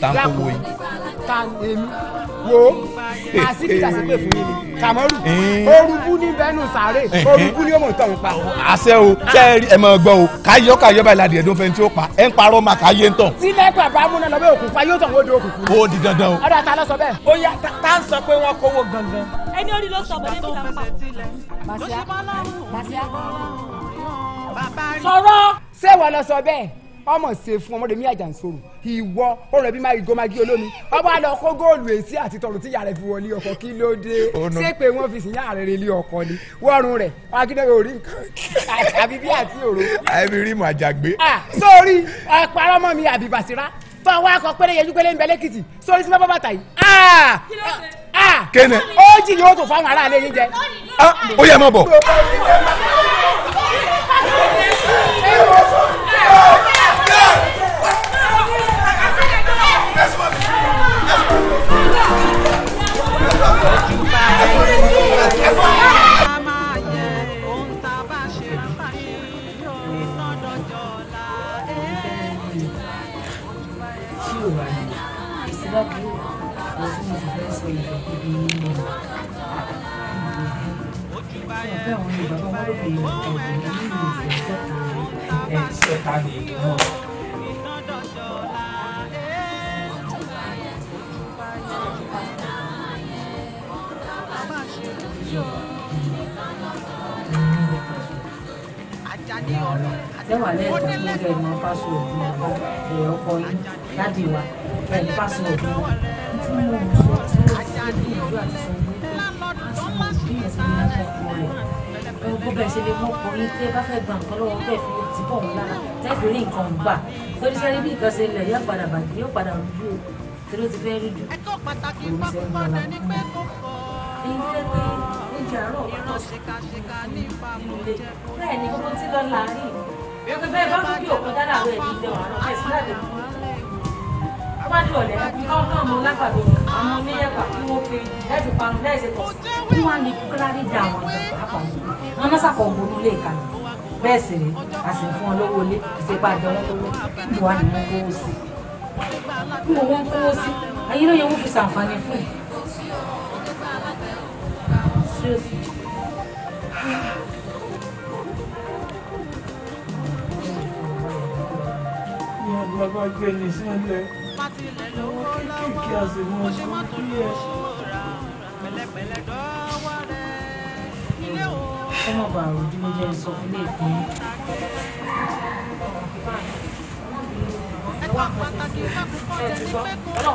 tankowo yìí. tan èmi wo àsìkí àsìkè fún yín ni kàmọ́rù eh. orúkú ní bẹ́ẹ̀nù sáré eh. orúkú ní òmò tọ̀hún pa. àṣẹ o ṣe ẹ mọ̀ gbọ́ o káyọ̀ káyọ̀ báyìí ládìí ẹ̀dùn fẹ́ tí ó pa ẹ̀ ń parọ́ ma káyé ń tàn. sílẹ̀ pàpà múná lọ́bẹ̀ òkú pa yóò tàn ó di òkùnkùn. ó di dandan o. ọ̀dà ta ló sọ bẹ́ẹ̀. ó yá tá ń sọ pé wọ́n kówó gangan. ẹni orí ló sọ bọ́dé fúnra pa. sọ̀rọ̀ ṣé wọ́n lọ sọ bẹ́ẹ̀ ọmọ ṣe fún ọmọdémi àjànsoro ìwọ ọ̀rọ̀ ẹbí máa igbó máa gé olómi ọba àlọ kó góòlù èsì àti tọrùn tí yàrá fi wọlé ọkọ kí ló dé ṣé pé wọn fi sìn yàrá rẹ lé ọkọ ni wọrùn rẹ akíndéwé orí nǹkan àbí bí àti òru. àbí rí mu àjàgbé. sórí ọ̀pọ̀-ọmọ mi àbí bàṣírá fún àwọn akọ péré yẹjú péré ń bẹ lẹ́kìtì sórí sí bábá bàtà yìí. kéne. ó jì yóò tó fáwọn aráàlú yín jẹ. ó yẹ mọ bọ. ta ni èmi náà. lẹ́wà lẹ́ẹ̀tọ́ fún ọjọ́ ìmọ̀ password mi ẹ̀rọ ọkọ yín láti wà ẹ̀ password mi tí mo mú sọ tí mo sì ń gbìyànjú àti sọ pé kí n máa sọ bí ìsinmi lásán fún ọ rẹ̀ gbogbo bẹ́ẹ̀ ṣe lè mú ọkùnrin tí ẹ bá fẹ́ gba nǹkan lọ́wọ́ bẹ́ẹ̀ fi ti bọ̀ wọn lára tẹ́ẹ̀fì rí nǹkan gbà torí sẹ́rí bí nǹkan ṣe lẹ̀ yóò padà bàjẹ́ yóò padà rújú o tí ló ti fẹ́ rújú. ẹ̀kọ́ pàtàkì pápá ẹni pé kò kọ́ ìran ṣèkàṣèkà ní ìpamọ́ jẹ́ kó. bẹ́ẹ̀ ni kókó tí lọ́la rí i. bí o pé bẹ́ẹ̀ bá dúdú òkú dáadáa rẹ̀ ní ìdẹ̀wọ̀n àná fájú ọ̀lẹ́ káwọn ọmọ lágbàdo àwọn oníyẹ̀pà tí wọ́n pe lẹ́sẹ̀ panu lẹ́sẹ̀ pọ̀ kí wọ́n á lè kú kíláàdì dá àwọn àpapọ̀ wọn náà sàkọ̀ ògbónú lè kà bẹ́ẹ̀ sì rè a sì fún ọ lówó ilé ìṣèpá àjọ wọn lówó kí wọ́n á ní wọn kówó sí kí wọ́n wọ́n kówó sí ayé ló yẹ wọ́n fi ṣàǹfààní fún yìí. Ìyá àgbàgbà gbé ní sílẹ̀ pátílẹ̀ lówó lọ́wọ́ mo ṣe mọ́tò lóṣù rà pẹ̀lẹ́pẹ̀lẹ́ dọ́wọ́ rẹ̀ ilé o. ẹ má bàa mo jẹ́ sọ fún èkó. ẹ̀ka pàtàkì ló dẹ̀ tún sùn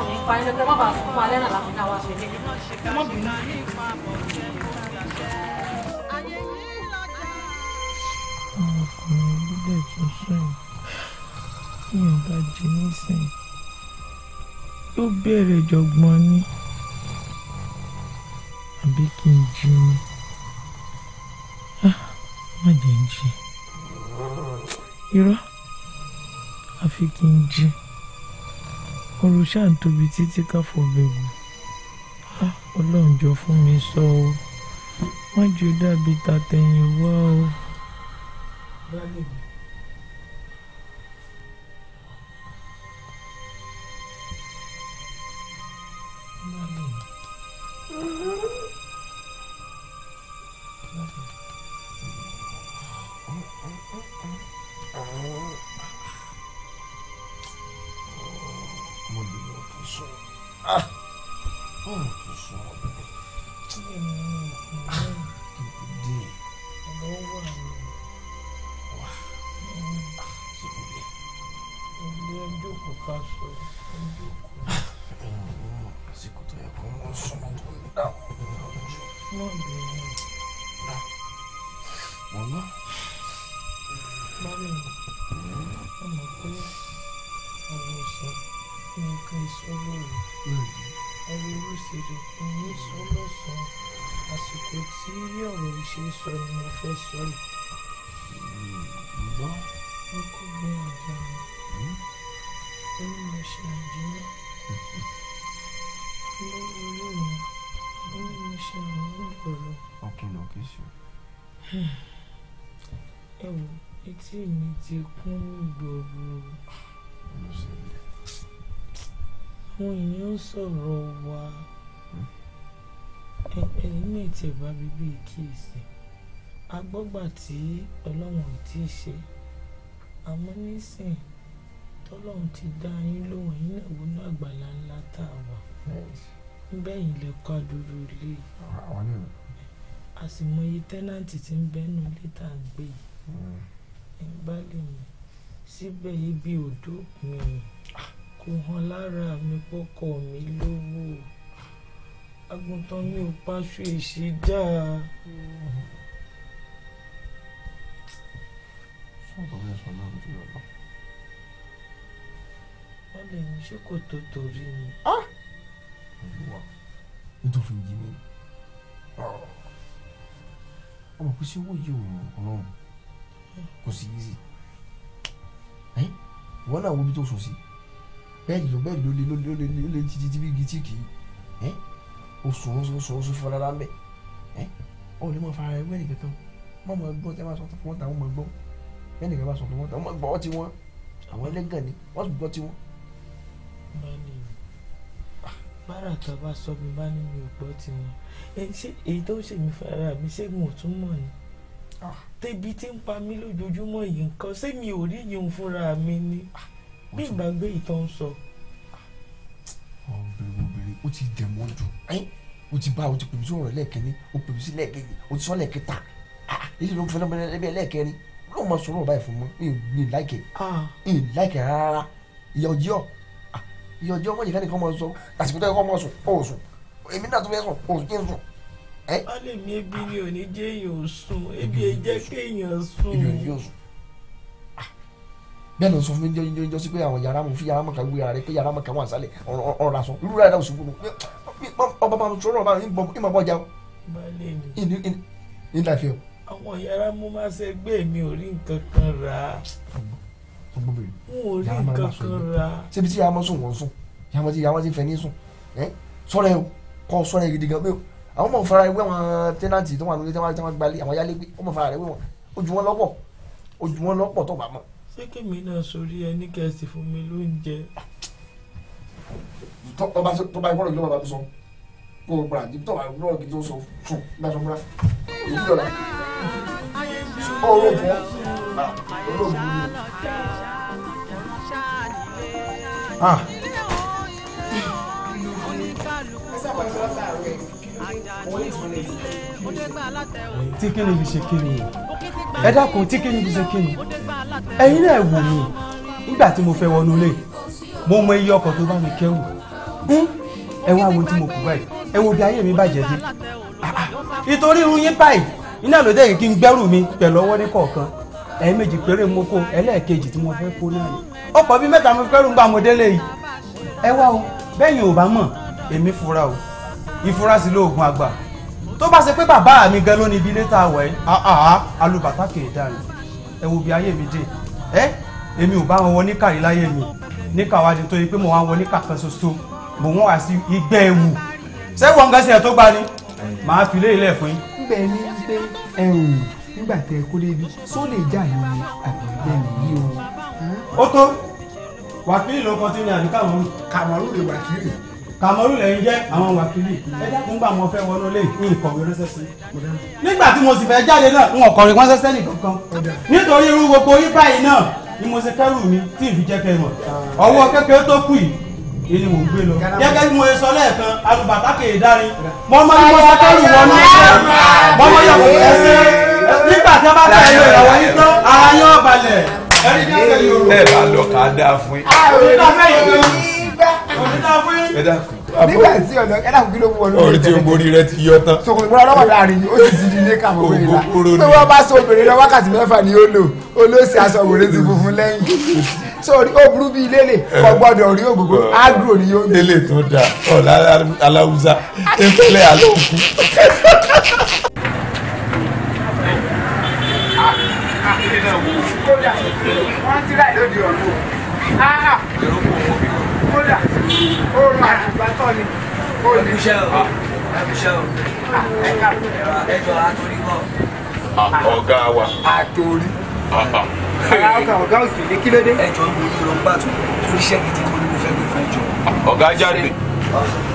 yìí ìyọ̀nba jì nísìnyí tó bẹ̀rẹ̀ jọ̀gbọ́n ni àbí kí n jí ni ah, má jẹ́ ń jí irọ́ àfi kí n jí oru ṣáà ń tóbi títí káfọ́ bẹ̀rù ah, ọlọ́run jọ fún mi sọ o má jù dàbí tàtẹ̀yìn wá o. Báyìí. akúngbòrò àwọn èèyàn sọ̀rọ̀ wa ẹ̀yìn náà ti bá bíbí kíyèsí agbọ́gbà tí ọlọ́run ò tí ì ṣe àmọ́ nísìn tọ́lọ́run ti dá yín lóhùn yín náà wọnú àgbàlá ńlá tá a wà níbẹ̀ yìí lè kọ́ àdúró ilé a sì mọ iye tẹ́nàntì tí ń bẹ́nu lítà ń gbé yìí. Hmm balẹ̀ mi síbẹ̀ ibi òdó mi ah, kò hàn lára mi pọ́kọ mi lówó àgùntàn mi ò paṣọ èsì dáa. sọ́dọ̀ ẹ̀sán náà ti rọ̀ lọ. wọ́n lè ní ṣókò tó torí ni. Ah! olúwa nítorí yìí ni ọmọ kò sí owó yìí òun ọlọ́run kò sí easy ìwọ náà wo ibi tó sùn sí bẹ́ẹ̀dì ló bẹ́ẹ̀dì ló lé ló lé ló lé títí tí bí igi tí kì í o sùn o sùn o sùn o sùn fún ọlọ́lá mẹ́ ọ lè mọ fara ẹgbẹ́ nìkan kan mọ mọ gbọ́n tẹ́ máa sọ fún wọn tàwọn mọ gbọ́n bẹ́ẹ̀ nìkan bá sọ fún wọn tàwọn mọ gbọ́ ọtí wọn àwọn ẹlẹ́gàn ni wọ́n sì gbọ́ ọtí wọn. bára tá a bá sọ mi bá ní mi ò gbọ́ tiwọn ṣé èyí tó ṣèmi fara mi ṣé mo tún mọ̀ ni. Ah, tẹbi tí ń pa mí lójoojúmọ́ yìí nǹkan sẹ́mi ò rí yìí ń fúnra mi ni ah, bí ìgbàgbé ìtàn sọ. Ah, obìnrin obìnrin ó ti dẹ̀ mọ́ jù ó ti bá ó ti pèmí sí ọ̀rọ̀ lẹ́ẹ̀kẹ́ni ó pèmí sí lẹ́ẹ̀kejì ó ti sọ lẹ́ẹ̀kẹta èyí ló ń fẹ́ràn bẹ́ẹ̀ lẹ́bẹ̀ẹ́ lẹ́ẹ̀kẹrin ló máa sọ̀rọ̀ báyìí fún mọ́ ní láìkẹ́ ní láìkẹ́ rárá ìyọ̀jọ́ ìyọ̀jọ́ wọ́n yìí ká nìkan máa sọ àsìkò tó yẹ kó máa sùn ó sùn èmi náà tó fẹ́ sùn ó sùn kí n sùn wọ́n lè mi ebi ni ò jẹ́ èèyàn sùn ebi ẹ jẹ́ kéèyàn sùn. ebi ò ní jẹ́ sùn ah. bẹ́ẹ̀ ló sọ fún mi jọ jọ sí pé àwọn yàrá mo fi yàrá mọ̀ká gbéra rẹ pé yàrá mọ̀ká wà sálẹ̀ ọ̀rọ̀ àṣọ irú rẹ̀ dáhùn ọba máa sọ ọ̀rọ̀ báyìí ìmọ̀ bọ́jà o ní láìpẹ́ o. àwọn yàrá mo máa ṣe gbé mi ò rí nǹkan kan rà á n àwọn ọmọ òfara ẹgbẹ́ wọn tẹ́nàtì tó wà lórí tẹ́wọ́n tẹ́wọ́n gbalẹ̀ àwọn yálégbé ọmọ òfara ẹgbẹ́ wọn ojú wọn lọ́pọ̀ ojú wọn lọ́pọ̀ tó bá mọ̀. ṣé kèmí náà sórí ẹni kẹsì fún mi lóúnjẹ. tọ́ba ìwọ́rọ̀ ìjọba tó sọ kó o gbà jíjọ́ tọ́ba ìwọ́rọ̀ gidi tó sọ sùn gbàsọ múra èyí lọ́la ọ̀rọ̀ ah. bọ́ ọ̀rọ̀ bọ́. Ah tí kíni fi ṣe kíni ẹ dákun tí kíni fi ṣe kíni ẹ̀yin náà wò mí nígbà tí mo fẹ́ wọnú lé mo mọ iye ọkọ̀ tó bá mi kẹ́rù ẹ wá wo tí mo kù báyìí ẹ wo bí ayé mi bàjẹ́ dé ìtorí irun yín báyìí iná ló dé kí n gbẹ́rù mi pẹ̀lú ọwọ́ ní kọ̀ọ̀kan ẹ̀ẹ́mẹ̀jì péré mo kó ẹlẹ́ẹ̀kejì tí mo fẹ́ kó náà ni ọkọ̀ bíi mẹ́ta mo fẹ́ rú gbà mo délé yìí ẹ wá o bẹ́yìn ò bá mọ̀ èmi fura o ìfurasí lóògùn àgbà tó bá ṣe pé bàbá mi gan ló ní ibi ilé tá a wọ̀ ẹ́ àhà alùbàtà kè é dànù ẹ wo bí ayé mi dé ẹ èmi ò bá wọn wọ níkà rí láyé mi níkà wa di torí pé mo wá wọ níkà kan ṣoṣo mò ń wà sí igbẹ́ ewu sẹ́wọ̀n nǹkan sí ẹ̀ tó gbani màá fi lé ilẹ̀ fún yín. ń bẹ̀ ní pé ẹ̀rùn nígbà tẹ kó débi só lè jà ní omi àbí ìgbẹ́ mi yí o. ó tó wàkílì ló kọtí ní àbí kàmọ́rù. kàmọ́rù lè wàkílì kàmọ́rù lẹ́yìn jẹ́ àwọn wákìlì ẹ̀dá kún gbà mo fẹ́ wọnú lé ìkọ̀wé ránṣẹ́ sí i. nígbà tí mo sì fẹ́ jáde náà n ò kọ̀wé ránṣẹ́ sẹ́nì kankan nítorí irú gbogbo yí báyìí náà ni mo ṣe kẹ́rù mi tí ì fi jẹ́ kẹ́ mọ̀ ọwọ́ kékeré tó kù yìí ni mò ń gbé lọ. gẹ́gẹ́ bí mo ṣe sọ lẹ́ẹ̀kan alùbàtà kè é dárí mo mọ ní mo ṣe kẹ́rù wọnú mo mọ yọ̀ nígbà tí ọ̀nà ẹ̀dá kúkú ló mú wọn lórí tẹ̀lé. ọ̀rẹ́tí ogbórí rẹ ti yọ tán. sọkùnrin gbọ́dọ̀ lọ́wọ́ láàrin ni ó sì ti di ilé kàmọ́ wẹ̀rẹ̀ la pé wọ́n bá so obìnrin lọ wákàtí mẹ́fà ni ó lò olóòsì aṣọ wèrè ti funfun lẹ́yìn. sórí ó burú bíi lélè kò gbọ́dọ̀ rí ògógó agro ni yóò ní. lélè tó dáa ọ̀la aláwùsá ẹ̀fẹ́lẹ́ alóòkú. wọ́n ti kódà oorun àtùgbà tọ̀ ni. ẹbí iṣẹ́ o ah. ẹbí iṣẹ́ o ah, ẹjọ́ àtòrí bọ̀. Ah, ọ̀gá wa. àtòrí. ọ̀gá òsì ní kílódé. ẹjọ́ ń bo ìlú lọ gbà oríṣẹ́ gidi kan ní mo fẹ́ gbé fún ẹjọ́. ọ̀gá jáde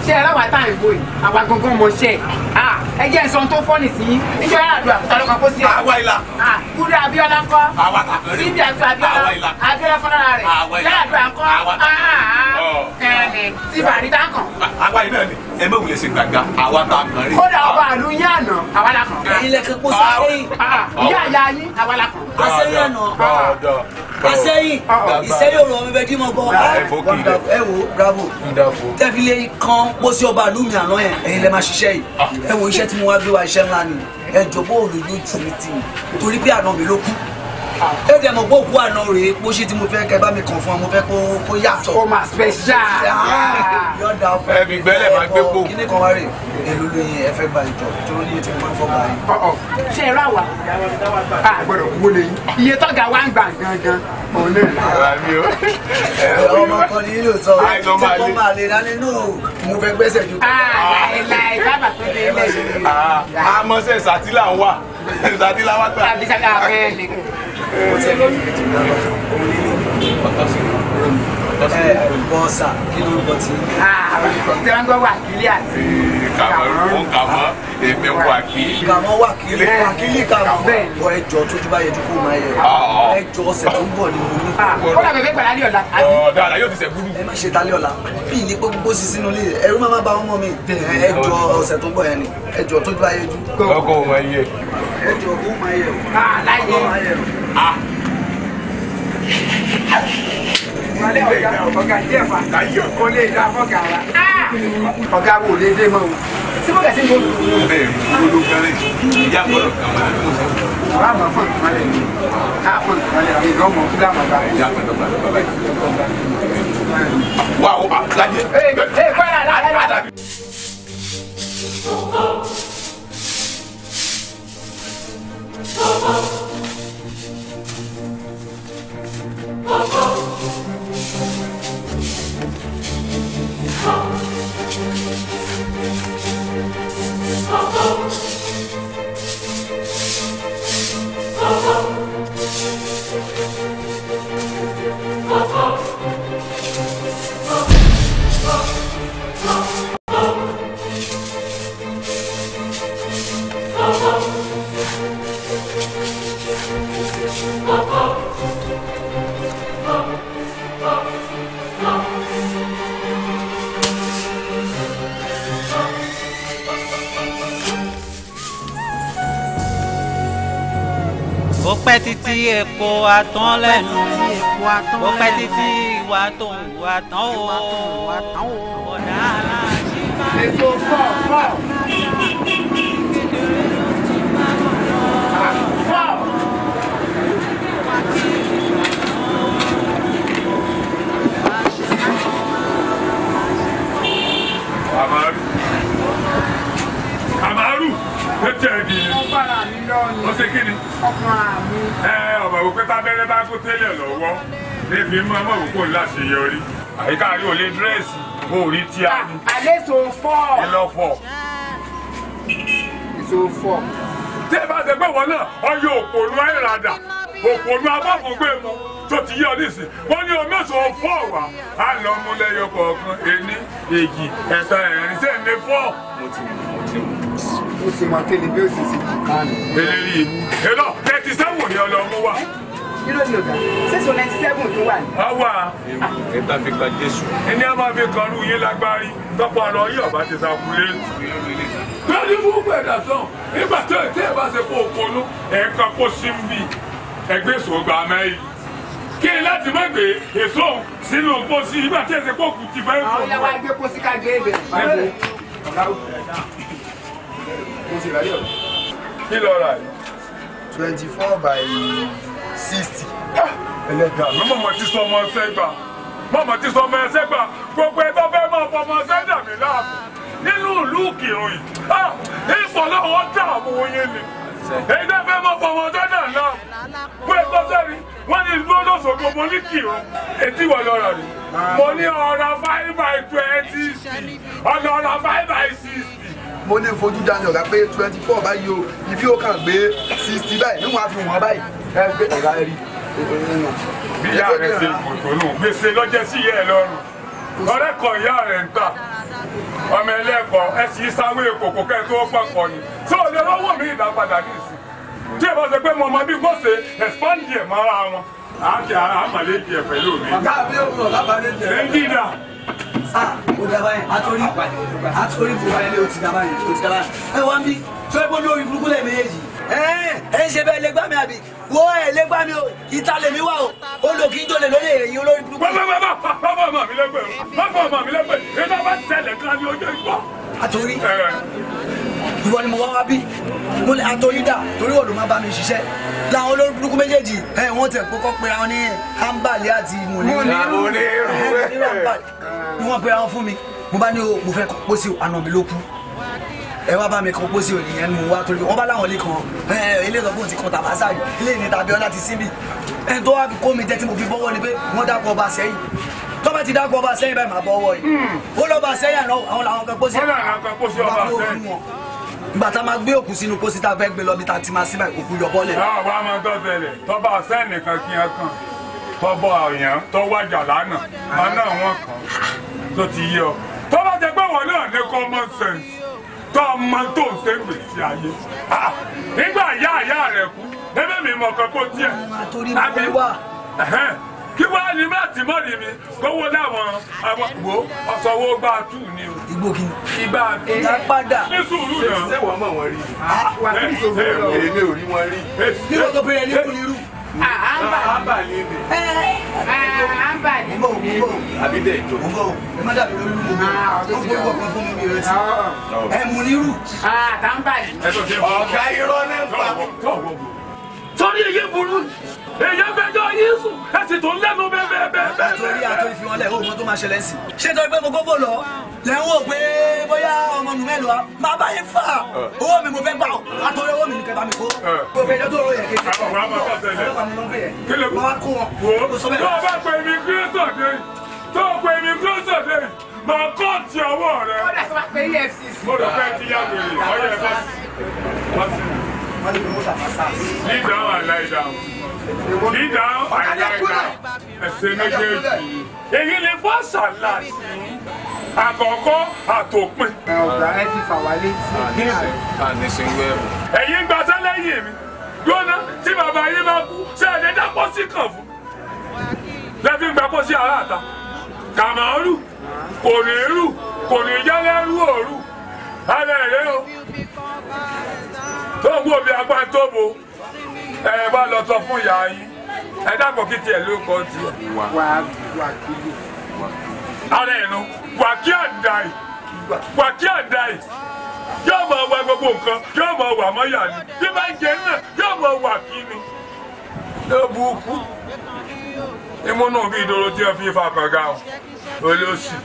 ṣé ẹ ráwa tá à ń gbò yìí àwa gangan mọ ṣe ẹ jẹ́ ìsọ̀n tó fọ́ọ̀nì sí níjọ́ àdúrà tálọ́ kan kó sí ẹ. àwa ìlà. kúrẹ́ Abíọ́lá ńkọ́. àwa tàbẹ̀rẹ̀. síbi àti Abíọ́lá Abíọ́lá fúnra rẹ̀. àwa ìlà. yàrá àdúrà ńkọ́. àwa tàbẹ̀rẹ̀. ẹ̀ẹ́dẹ̀ tí bàrí bá kàn. àwa ìlà ni ẹ mọ̀ wulẹ̀ sí gbàgbà àwa ta kàn rí. kódà ọba àlù yín àná àwa la kàn. ẹ̀yin lẹ kan kó ah, sẹ́yìn. Ah, ah. ìyá àyà yín àwa la kàn. àṣẹyìn àná àṣẹyìn ìṣẹyìn òrò ọmọ ibẹ dí mọ ẹ wo bravo tẹfilẹ kan kó sí ọba àlù mi àná yẹn ẹ̀yin lẹ máa ṣiṣẹ́ yìí ẹ wo iṣẹ́ tí mo wá gbé wa iṣẹ́ ńlá ni ẹ jọ bó olùdójú mi tì mí torí pé àná mi ló kú ẹ dẹ̀ mọ̀ pé òkú àná rèé bó ṣe tí mo fẹ́ kẹ́ bá mi kàn fún ọ mo fẹ́ kó kó yàtọ̀. ó máa special. yọ̀dà ọkọ ẹbí gbẹ́lẹ̀ máa gbé pò. kíní kan wá rè èlò lóyún ẹ fẹ́ gba ìjọ tó ní eight point four báyìí. ṣe é rà wá. a gbọ́dọ̀ wo lè iye tọ́ga wa ń gbà gangan òun náà. ọmọ kan ní ilé òtọ́ tí kò máa lè dání nù mo fẹ́ gbẹ́sẹ̀ ju. láìláì bábà tó dé ilé. àmọ́ sẹ́ sàtìlà wà sàtìlà wà gbà ó tẹ̀lé òun nílé bọ́sà kí lórúkọ ti. Ah, tí wọ́n gbọ́ wákìlì àti. kàmọ́ kàmọ́ èmi wákìlì. kàmọ́ wákìlì wákìlì kàmọ́ bọ́ ẹjọ́ tó ti bá yẹ dúkú máa yẹ ah, ah. ẹjọ́ ọ̀sẹ̀ tó ń bọ̀ ni mo ní. ó dàbí ẹgbẹ́ gbàlá ní ọ̀la. yóò ti sẹ̀ gbúdú. ẹ má ṣe talé bí ní gbogbo sísí nulẹ̀ ẹ̀rú má má ba ọmọ mi ẹjọ́ ọ̀sẹ̀ tó ń bọ̀ yẹn ni ẹjọ́ tó ti bá yẹ dú. ọkọ̀ ò máa yẹ ìmọ̀lẹ́ ọ̀gá wo lè dé mọ́ o tí mo kẹ́sí mo. bẹ́ẹ̀ mo ló fẹ́rẹ̀ ìyá gbọ́dọ̀ kan wọ́n lè mú sọ. bàbá àmọ́ fún ìmọ̀lẹ́ mi káà fún ìmọ̀lẹ́ mi ìdánwò fúlà màbá. ìyá gbọ́dọ̀ gbọ́dọ̀ bàbá yìí. wà ó àtàjẹ. ee kọ́ra láàárọ̀ àdàbí. Oh, oh. títí epo atán lẹ́nu ó pẹ́ títí ìwà tó ń wà tán o ọ̀dà aláṣẹ máa ń bọ̀ fọ́. Amaru. Amaru tẹ́tẹ́ bí. ọgbàrà mi lọ́ọ̀ni. ó ṣe kí ni. ọkùnrin mi. ẹ ọ̀bà wò pé tábẹ́rẹ́ bá kó tẹ́lẹ̀ lọ́wọ́ ebi mú ọmọ òkú láṣeyọrí àyíká rí olè dírẹ́sì kó rí tí a ní. Ah, àlejò fọ́. ẹ lọ fọ. èso fọ. tí ẹ bá ṣe pé wọn náà ọyọ òpònú àìràdà òpònú abáfọgbé mu tó ti yọ nísìn wọn ní omi èso fọ wá á lọ mú lẹ́yọ kọ̀ọ̀kan ení èjì ẹ̀ta ẹ̀rin sẹ́ni fọ. mo ti mú ó sì mọ kí ni bí ó sì ṣe jìkà rẹ̀. eléyìí ibú èlò thirty seven ni ọlọ́mú wa. irú ni ọ̀gá sísun ninety seven tó wà ní. a wà. ẹ̀ta fi kan jésù. ẹni a máa fi kan lu yín lágbárí tọ́pọ̀ ọ̀rọ̀ yìí ọ̀bá ti sàkúlé. tọ́lú mú gbẹ̀dà sàn nígbà tó ètè ẹ̀ bá láti má gbé èso sínú pósí nígbà tí èsè pọ̀ kù ti fẹ́ fọ́. àwọn ìyàwó agbé pósí ká gbé ebè mo sì ráyè ọ̀dọ̀ kí lọ rà ti ah! sọ ọmọ ẹsẹ̀ gbà mọ̀mọ́ ti sọ ọmọ ẹsẹ̀ gbà gbogbo ẹ tó fẹ́ máa fọ ọmọ ẹsẹ̀ dà mí láàbù nínú ìlú kìrùn yìí ìfọ̀lọ́wọ́ ah! dààmú yín ni èyí tẹ́ fẹ́ máa fọ ọmọ ẹsẹ̀ dà láàbù fún ẹ̀kọ́ sẹ́ni wọ́n ní lọ́dọ̀sọ̀ gbogbo ní kìrún etí wọ̀ lọ́rọ̀ rẹ̀ mo ní ọ̀rọ̀ five by twenty ọ̀nà ọ̀rọ̀ five by sixty mo ní fojú dání ọ̀gá pé twenty four báyìí o ibi ó kàn gbé sixty báyìí níwọ̀n á fi wọ̀n báyìí ẹ gbé ọ̀gá rí bí ìyá rẹ ṣe ìbòtò nù gbèsè lọ́jẹ́ sí ìyá ẹ lọ́rùn ọ̀rẹ́ kọ ìyá rẹ̀ ń tà ọmọ ẹlẹ́kọ̀ọ́ ẹ sì sáwé kòkò kẹ́ ẹ tó pàpọ̀ ni tí ò lè rówó mi ìdápadà ní ìsìn tí ìbọn ṣe pé mo mọ bí gbọ́sẹ̀ expand ẹ̀ mọ́ra wọn àti àmàlẹ́jì ẹ̀ pẹ̀lú mi. ọ̀gá àbí òun ọ̀gá àbálẹ́jì ẹ̀. Ah, ó daba yẹn àtòrí àtòrí bùbá yẹn lé o ti daba yẹn o ti daba yẹn ẹ wá mi tó ẹ bójú orí burúkú lẹ méjèèjì ẹ ẹ ṣe bẹ́ẹ̀ lè gbá mi àbí wo ẹ lè gbá mi o ìta lèmi wà o ó lò kí n jòlè lórí èrè yìí olórí burúkú. pápá ọmọ mi lẹ́gbẹ̀ẹ́ pápá ọmọ mi lẹ́gbẹ̀ẹ́ àtòrí ìwọ ni mo wá wá bí mo lè àtòrí dà torí òòlù máa bá mi ṣiṣẹ́ làwọn olórí burúkú méjèèjì ẹ wọn tẹ kókó pera wọn ní hambali àti mòníru ni wọn pera wọn fún mi mo bá ní o mo fẹ́ kọ pósí àná mi ló kú ẹ wá bá mi kan pósí òní yẹn mú wá torí wọn bá láwọn ilé kan ilé ìsọfún ti kan tàbá sáàyè ilé ìní tàbí ọlá ti síbì ẹni tó wá fi kó mi jẹ tí mo fi bọ́wọ́ ni pé wọ́n dákọ̀ ọba sẹ́yìn tọ́ba ti dákọ̀ ọba sẹ́yìn báyìí máa bọ́ ọwọ́ yìí hmm. ó lọ́ba sẹ́yìn àná àwọn làwọn kan pósí ọba sẹ́yìn ìgbà tá a máa gbé òkú sínú pósí tá a fẹ́ gbé lọ bí ta ti máa síbẹ̀ òkú yọ bọ́lẹ̀. báwo a máa tọ́ tẹ̀lẹ̀ tọ́ba sẹ́yìn nìkan kí ẹ kàn tọ́bọ̀ àyàn tó wájà lánàá àná wọn kan tó ti yé ọ tọ́ba jẹ pé wọn náà ní common sense tó ọmọ tó ń ṣe gbèsè ayé ah, nígbà kí wàá ní má tì mọ́rì mi gbowó láwọn àwọn wo ọ̀sọ̀wọ́ gba tù ní o. igbó kí ni. ibà tó ta padà. ní sùúrù náà. ṣé wọ́n mọ̀ wọ́n rí. Ah, wà á ní sòfò lọ. èmi ò rí wọn rí. nígbà tó bẹ̀rẹ̀ ní kúni irú. àhámbà ah, ni mi. àhámbà eh, eh, eh. ah, ni mi. mo bò àbí bẹ́ẹ̀ jọ. mo bò ẹ má dàbí lórí mo bò ó gbé ọkọ fún mi mi rẹ sí. ẹ mú ní irú. àtàǹbà ni. ọ̀gá irọ́ ní pa. torí iye burú èyàn fẹjọ́ yín sùn ẹ sì tún lẹ́nu bẹ́ẹ̀bẹ́ẹ̀bẹ́ẹ̀. àtòrí àtòrí fi wọn lẹ ohun tó máa ṣẹlẹ̀ ń sìn. ṣé tó gbé gbogbo lọ lẹ ń wò pé bóyá ọmọ nù mẹ́lò wa máa bá yín fà owó mi mo fẹ́ gbà ọ́ àtòrí owó mi nìkan bá mi kó. gbogbo ẹjọ́ tó rọ yẹ kékeré. àwọn ọmọ ọmọ ọmọ ọmọ ọmọ ọmọ ọmọ máa kọ́ ti ọwọ́ rẹ. ọ̀dà tó bá pé EFCC. mo rò pé ti yá wèrè ọ̀yẹ́ fásitì. lídà wà láì dáhùn dídá àìláìka ẹsẹ̀ méjèèjì èyí ni fún àṣàlà sí àkọ́kọ́ àtòpin. ọ̀gá ẹ ti fà wá létí. ẹ̀yin gbàtẹ́ lẹ́yìn mi gbóná tí bàbá yín bá kú ṣé ẹ̀ lè dá pósí kan fún lẹ́fí gba pósí aráàta kàmáàrú kò ní rú kò ní jẹ́lẹ́ rú òru alẹ́ rẹ o tó ń gbòbí apá tó bo ẹ wá lọ sọ fún ìyá yín ẹ dàpọ̀ kí tiẹ̀ ló kọ́ tiẹ̀. ara ẹ̀ nu wàkí àdáì wàkí àdáì yóò máa wá gbogbo nǹkan yóò máa wà mọ́yà ni bí bá ń jẹ náà yóò máa wà kí ni. ló bu kú ìmúnú bí ìdòrò tí wọ́n fi fa kànga olóṣì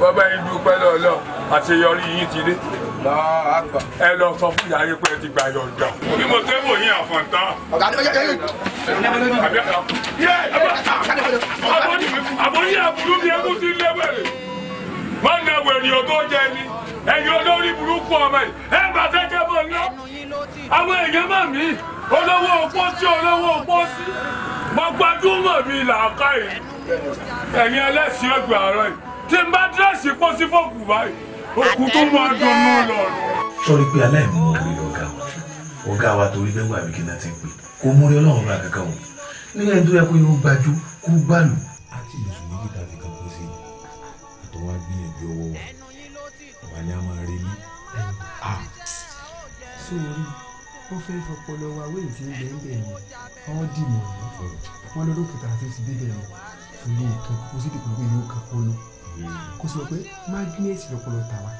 bàbá yìí dúpẹ́ lọ́lọ́ àṣeyọrí yìí ti dé ẹ lọ sọ fún ìyá yín ti gba yọ̀ǹda. bí mo ṣe yín àfọ̀ǹtán. ọ̀gá ni ó yẹ kí ẹ àbúrú ni ẹ kú sí ilé wẹ̀rẹ̀. wọ́n na wẹ̀rẹ̀ ọ̀gá ọjà ẹni ẹ̀yin olórí burúkú ọmọ yìí ẹ bá sẹ́kẹ́ bọ̀ ńlá. àwọn èèyàn mọ̀ mí olówó opó sí olówó opó sí. mo gbajúmọ̀ mi làákà yìí. ẹ̀yin ẹlẹ́sìn ọgbà àárọ̀ yìí tí n bá dírẹ́sì kó sí fòkù báyìí òkú tó máa dùnnú lọ. sọ́rí pé aláìmoore ọ̀gá wa ọ̀gá wa torí dẹ́gbà bí kíná ti ń pè kó mórí ọlọ́run bá kankan wọn nígbà tó yẹ kó yóò gbajú kó gbàlù. a ti lè sùn méjì tàbí kan kó sí i àtọwọ́ gbìyànjú ọwọ́ wa wà ní a máa rí ní. sórí wọ́n fẹ́ fọpọlọ wa wéyìí tí ń bẹ ń bẹ yẹn wọ́n dì mọ́ ẹ̀ wọ́n lọ́dún kùtà àti ti dé bẹ̀rẹ̀ torí ìtàn kó sì dìbò yóò kà pọ́lọ́ kó sọ pé magnet lọpọlọ tà wá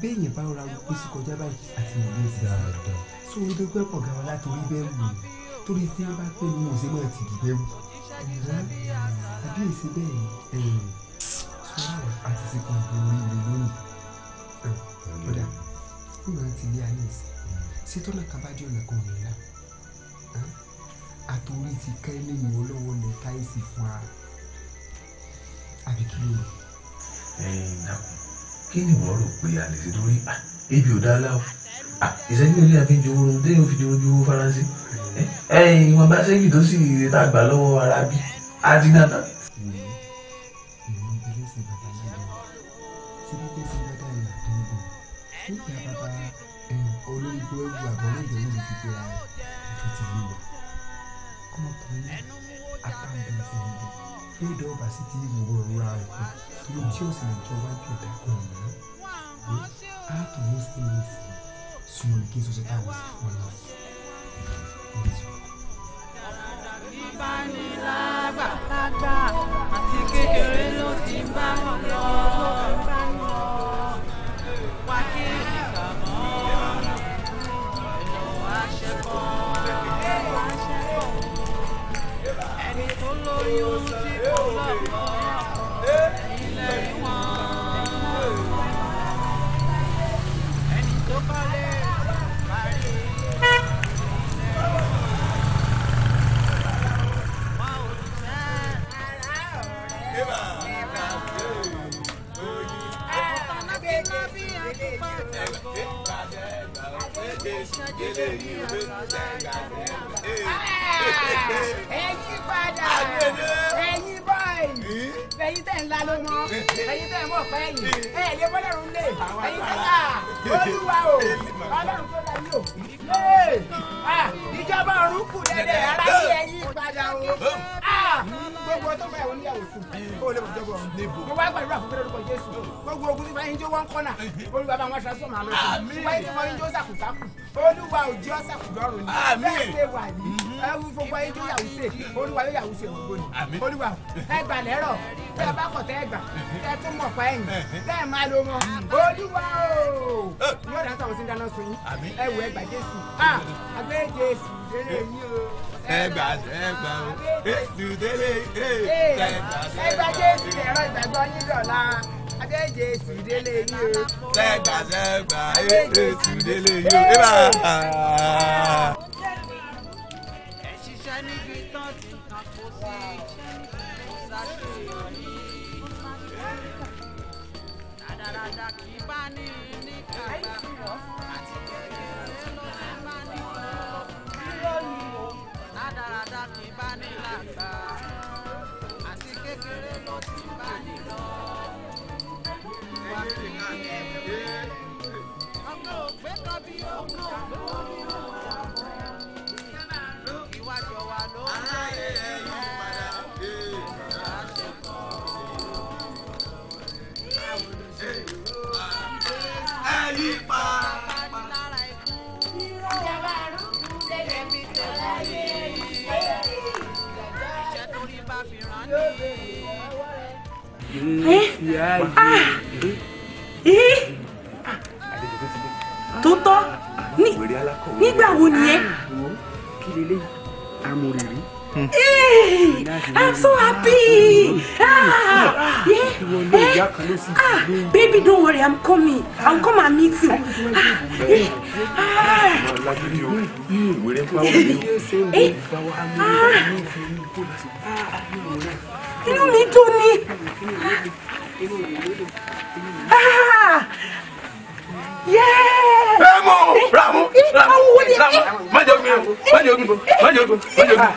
béèyàn bá rọra kó sí kọjá báyìí àti magnet dáadáa so orí tó gbẹ́pọ̀ gan wa láti orí bẹ́ẹ̀ wù torí tí wọ́n bá pè ní òsè mọ́ ti dìbẹ́ wù àbí èsì bẹ́ẹ̀ ẹ̀yìn sọ́ra àti sí kan orí ilé lónìí ọ̀dà nígbà tí ilé ayé ìsìn hmm. ṣé tọ́nà kan jẹ́ ọ̀nà kan òmìnira àtòrí ti ká eléyìí olówó lè táyé sí fún ara àbí kí ló rò ẹyin dákun kí ni wọ́n rò pé a lè ṣe torí ebi ò dáa láwù ìṣẹ́jú ilé àfi jòwòrò dé òfin jòwòrò faransé ẹyin ìwọ̀n bá ṣẹ́yìn tó sì ta gbà lọ́wọ́ ara bí a ti ná tán. ọmọkùnrin akáǹdẹ̀ẹ́sì ẹ̀dẹ̀ bá sì ti ìwúrọ̀ rúra rẹ̀ torí tí ó sì lè jọ wájú ẹ̀dá kan nìyí á tó mú sí ní ìsìn súnmọ́ ní kí n sọ sí táwọn sì fọ́ lọ. ìbánilágbà lágbà àti kékeré ló ti bá wọn lọ. eléyìí ló ń sẹ́ńgà ẹ̀yìn padà ẹ̀yìn bọ́ọ̀lì ẹ̀yìn tẹ̀ ńlá ló mọ́ ẹ̀yìn tẹ̀ mọ̀ fẹ́yìn ẹ̀yìn lé bọ́lẹ̀ rún lé ẹ̀yìn tẹ̀ ká olúwa o ọlọ́run tó dá lò ìjọba ọ̀run kù dẹ́dẹ́ ara ní ẹ̀yìn padà o gbogbo ọtọ́ báyìí wọ́n níyàwó sùn ó lè bọ̀jọ́ bọ̀ mo wá gbàdúrà fún pẹ́ẹ́rẹ́ lórúkọ Jésù gbogbo ogun tí wọ́n ń jó wọ́n kọ́nà olúwa bá wọn aṣọ sọ̀mọ́ àlọ́ sùn wọ́n ti wọ́n ń jó sàkùsàkù olúwa òjì ọ̀sàkùdọ́rùn ni bẹ́ẹ̀ ṣe wà yìí ẹwù fọpọ ẹjọ yàwù sè olúwa yóò yàwù sè gbogbo ni olúwa ẹgbà lẹrọ tẹ bá kọ tẹ gbà tẹ tún mọ pa ẹyìn tẹ máa lo mọ olúwa o yóò dá sàwọn sí ń dáná sun yín ẹwù ẹgbà jésù a àgbẹ̀ jésù délé yín o ẹgbà ẹgbà o jésù délé ẹgbà jésù ẹ̀rọ ìgbàgbọ́ yín lọ́la adéje sùdélé yìí o. sẹgbà sẹgbà adéje sùdélé yìí o. àgbà kì í tó tọ́ nígbà wo nìyẹn. kí lélẹ́yìn amòrìrí. I'm so happy. Ah, yeah. Ah, baby, don't worry. I'm coming. I'll come and meet you. Ah, yeah. Ah. Eh? Ah inú mi dùn ni ah! ramu ramu eh, ramu ramu má jẹ́ omi o má jẹ́ omi o má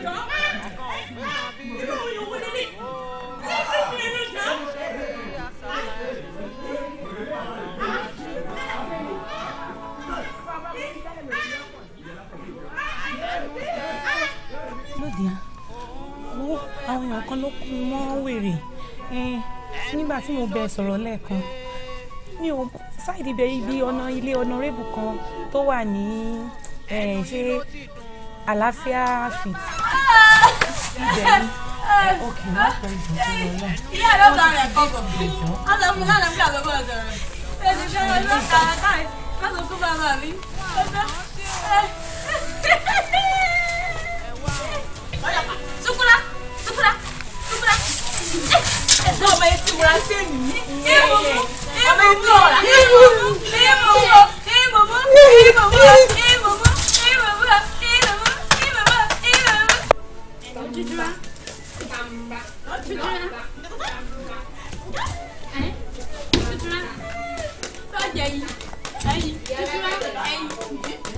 béèrè nígbà tí mo bẹ sọ̀rọ̀ lẹ́ẹ̀kan mi ò ṣáìdì bẹ ibi ọ̀nà ilé ọ̀nàrẹ́bù kan tó wà ní ṣe àlàáfíà fi Sukula, sukula, sukula. ọmọ etí múra sí èmi. ìbùkún ìbùkún ìbùkún ìbùkún ìbùkún ìbùkún ìbùkún ìbùkún ìbùkún ìbùkún. Ọjọ́ yìí, ẹ̀yin, ọ̀jẹ̀ yìí,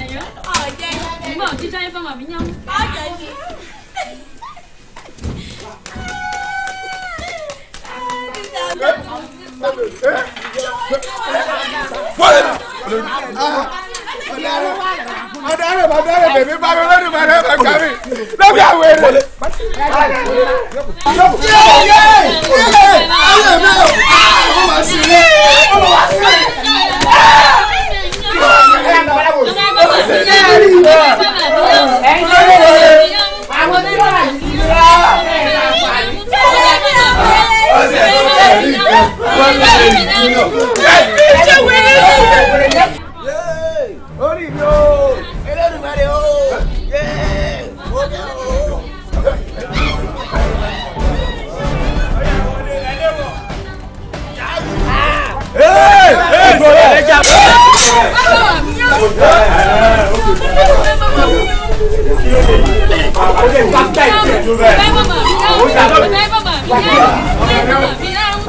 ẹ̀yin, ọ̀jẹ̀ yìí fún màmí yẹn. Ọjọ́ yìí. ọ̀daràn ọ̀daràn bèbí bá mi lọ́dún bá dẹ́gbẹ̀ gbà mí lọ́gbà wẹ̀rẹ̀. ayé mi ò ọmọ wa sí ilé ọmọ wa sí ilé. ẹ̀yin ló ń wọlé àwọn tí wọ́n wà ní ìlú rẹ̀. rí nǹkan wọ́n lọ lè jí náà. ẹ̀mí ìjọ wẹ̀rẹ̀. orí mi o Elédùmarè o mo jẹ́ o. Bye, Mama. Bye, Mama. Bye, Mama.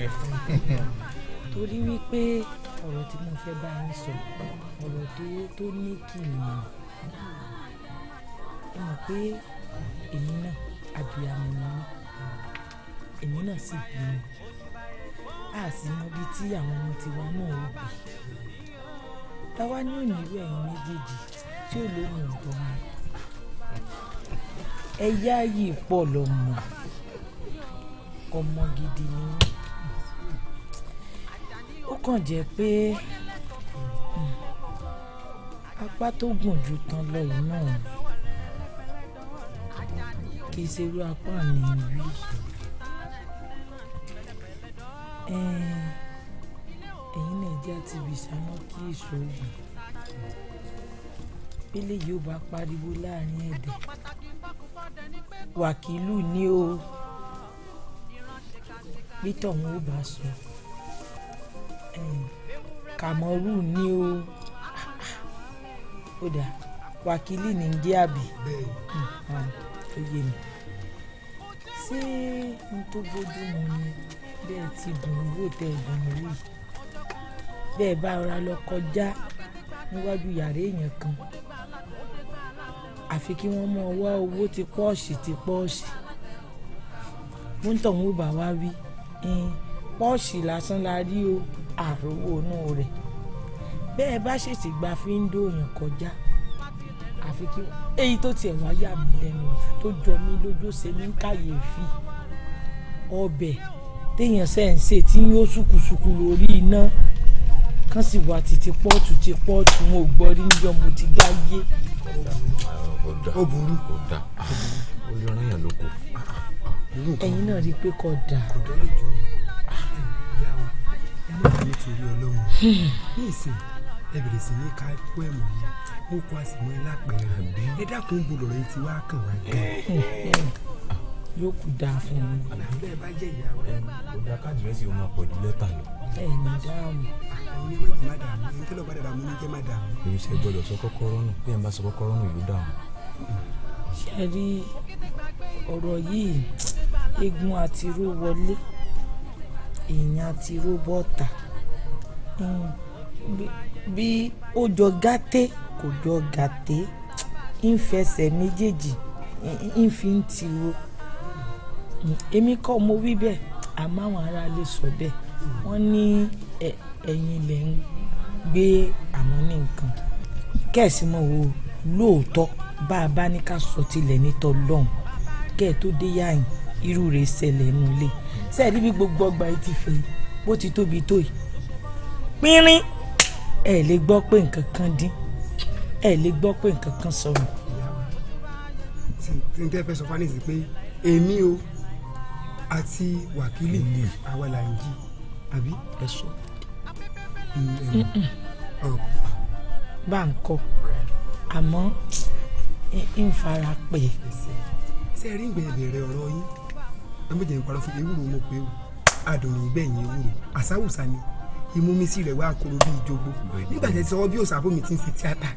torí wípé ọ̀rọ̀ tí mo fẹ́ bá yín sọ ọ̀rọ̀ tó tó ní kìlìmọ̀ ẹ mọ̀ pé èmi náà abiyamọ ni mí èmi náà sì bímọ a sì mọ ibi tí àwọn ọmọ tiwa náà ó bì táwa ní òní irú méjèèjì tí ò lóhùn ọ̀dọ́ mi ẹ yá pọ̀ lọ́mọ ọmọ gidi ni ó kàn jẹ́ pé hmm, apá tó gùn ju tán lọ yìí náà kì í ṣe irú apá mi rí ẹ̀yin nàìjíríà ti bìsámọ́ kí èso ògùn pélé yìí ò bá pariwo láàrin ẹ̀dẹ̀ wákìlù ni ó pété ọ̀hún ó bá sọ. So kàmọ́rù ni o ó dà wákìlì ní jẹ́ àbí hmm, ah, ó yé mi ṣé n tó bójú mu ni bẹ́ẹ̀ ti dùn owó tẹ̀ dùn owó yìí bẹ́ẹ̀ bá ara lọ kọjá níwájú yàrá èèyàn kan àfi kí wọ́n mọ wá owó ti pọ́ọ̀ṣì ti pọ́ọ̀ṣì múntàn ń bà wá wí pọ́ọ̀sì lásán la rí o àròwò inú rẹ̀ bẹ́ẹ̀ bá ṣèṣì gba fíńdò yẹn kọjá àfi kí èyí tó tiẹ̀ wá yà mí lẹ́nu tó jọ mí lójú ṣe mí ń kàyéfì ọbẹ̀ téèyàn ṣẹ̀ ń ṣe tí yóò ṣùkùṣùkù lórí iná kan sì wà títí pọ́ọ̀tù ti pọ́ọ̀tù wọn ò gbọ́ rí níjọ́ mo ti dáyé. ó burú ó da ó yọrọ yẹn lóko. ẹ̀yin náà rí i pé kò dáa nítorí ọlọ́run ní ìsìn ẹ bẹ̀rẹ̀ sí ní ká kó ẹ̀mọ̀ yìí ó yóò kú dáa fún un. àlàyé bá jẹ ìyá wa. ọ̀dà kádìrẹ́sì ò máa pọ̀ ju lẹ́tà lọ. ẹ dáàmú. àwọn ẹgbẹ́ má dààmú ẹni tí lọ́ba dàda mú ní jẹ́ má dààmú. èyí ṣe gbọ́dọ̀ sọ kọ́kọ́rọ́ nù bí ẹ bá sọ kọ́kọ́rọ́ nù yóò dààmú. ṣe rí ọ̀rọ̀ yìí eegun àtiró wọlé èèyàn àti róbọ́ọ̀tà hmm. bí ó jọ gàté kò jọ gàté ń fẹsẹ̀ méjèèjì ń fi ń tiro èmi kọ́ mo wí bẹ́ẹ̀ àmọ́ àwọn ará lè sọ bẹ́ẹ̀ wọ́n ní ẹ̀yìn ilẹ̀ ń gbé àwọn ní nǹkan kẹ́ẹ̀sì mọ̀ wò lóòótọ́ bá a bá ní ká sọ tilẹ̀ nítọ́ lọ́hùn kẹ́ẹ̀ tó dé yáyìn irú rẹ̀ ṣẹlẹ̀ nulẹ̀ sẹ́ẹ̀rí bí gbogbo ọgbà yìí ti fẹ̀ bó ti tóbi tó yìí pínrín ẹ lè gbọ́ pé nǹkan kan dín ẹ lè gbọ́ pé nǹkan kan sọnù. tí n tẹ́ fẹ́ sọ fún anise pé èmi o àti wákìlì àwa là ń jí àbí ẹ sọ. bá ń kọ àmọ́ ń fara pè. ṣé rí ìgbẹ́ ìbẹ̀rẹ̀ ọ̀rọ̀ yín ẹ méje ń parọ́ fún ewúro mo pé o adùnrin ìgbẹ̀yìn ewúro àsáwùsá ni ìmúmisí rẹ̀ wá kóró bí ìjogbo nígbà tí ẹ ti sọ bí òsàbò mi ti ń ṣe tíátà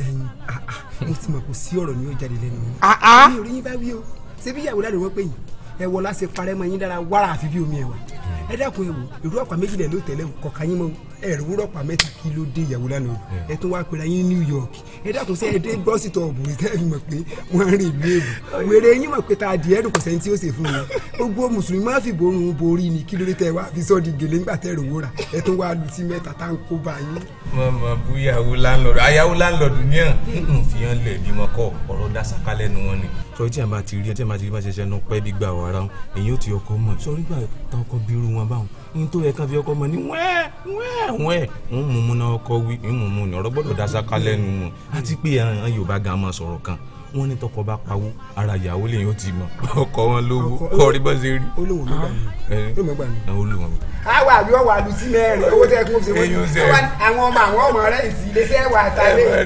ẹyin mo ti mọ̀ kò sí ọ̀rọ̀ ni yóò jáde lẹ́nu mi mi ò rí yín bá wí o ṣé bí ìyàwó láti wọ́n pè yín ẹ wọ láti parẹ́ mọ́ yín dára wàrà àfi bí omi ẹ̀wà ẹ dákun ẹ wò irú ọ̀pá méjì lẹ̀ ló tẹ̀lé kọ̀ọ̀kan yín mọ́ ẹ̀rù wúrọ̀pá mẹ́ta kí ló dé ìyàwó lánàá ẹ tún wáá pera yín New York ẹ dákun sẹ́ ẹ dé bọ́ọ̀sì tọ̀ ọ̀bùrì tẹ́ ẹ mọ̀ pé wọ́n rìn ìlú èbù wèrè yín mọ̀ pé ta adìẹ dùn kọ̀sẹ́ tí ó ṣe fún wọn gbogbo mùsùlùmí má fi borun borí ni kí lórí tẹ wá fi sọ́ di gèlè ńgbà tẹ́ ẹ̀rù wúrà ẹ tún wáá lu tí mẹ́ta tá ń kó bá yín. mama bu ìyàwó láńlọ́ọ̀dù àyàwó láńlọ́ọ̀dù ní à ń fi sọ tí a bá ti rí ẹ tí a bá ti rí bá ṣe ṣẹnu pẹ́ bí gbà wàrà wọn èyí ò ti ọkọ mọ̀ sọ nígbà tá ọkọ bí irú wọn báwọn ní tó yẹ ká fi ọkọ mọ̀ ní wẹ́ẹ́ wẹ́ẹ́ wẹ́ẹ́ ń mú mú náà ọkọ wí ń mú mú ní ọ̀rọ̀ gbọ́dọ̀ dáṣá kálẹ̀ nù mọ̀ àti pé Yorùbá gan máa sọ̀rọ̀ kan wọ́n ní tọkọ bá pawó ara ìyàwó lèyìn ó ti mọ̀ ọkọ wọn lówó kọ́ rí bá ṣe rí. olówó ló gbà mí yóò mọ̀ gbà mí. àwọn olówó mi. àwa àbí ọwọ àlù sí mẹ́rin owó tẹ kó ṣe wọlé àwọn ọmọ àwọn ọmọ rẹ ìsì iléeṣẹ́ wà tálẹ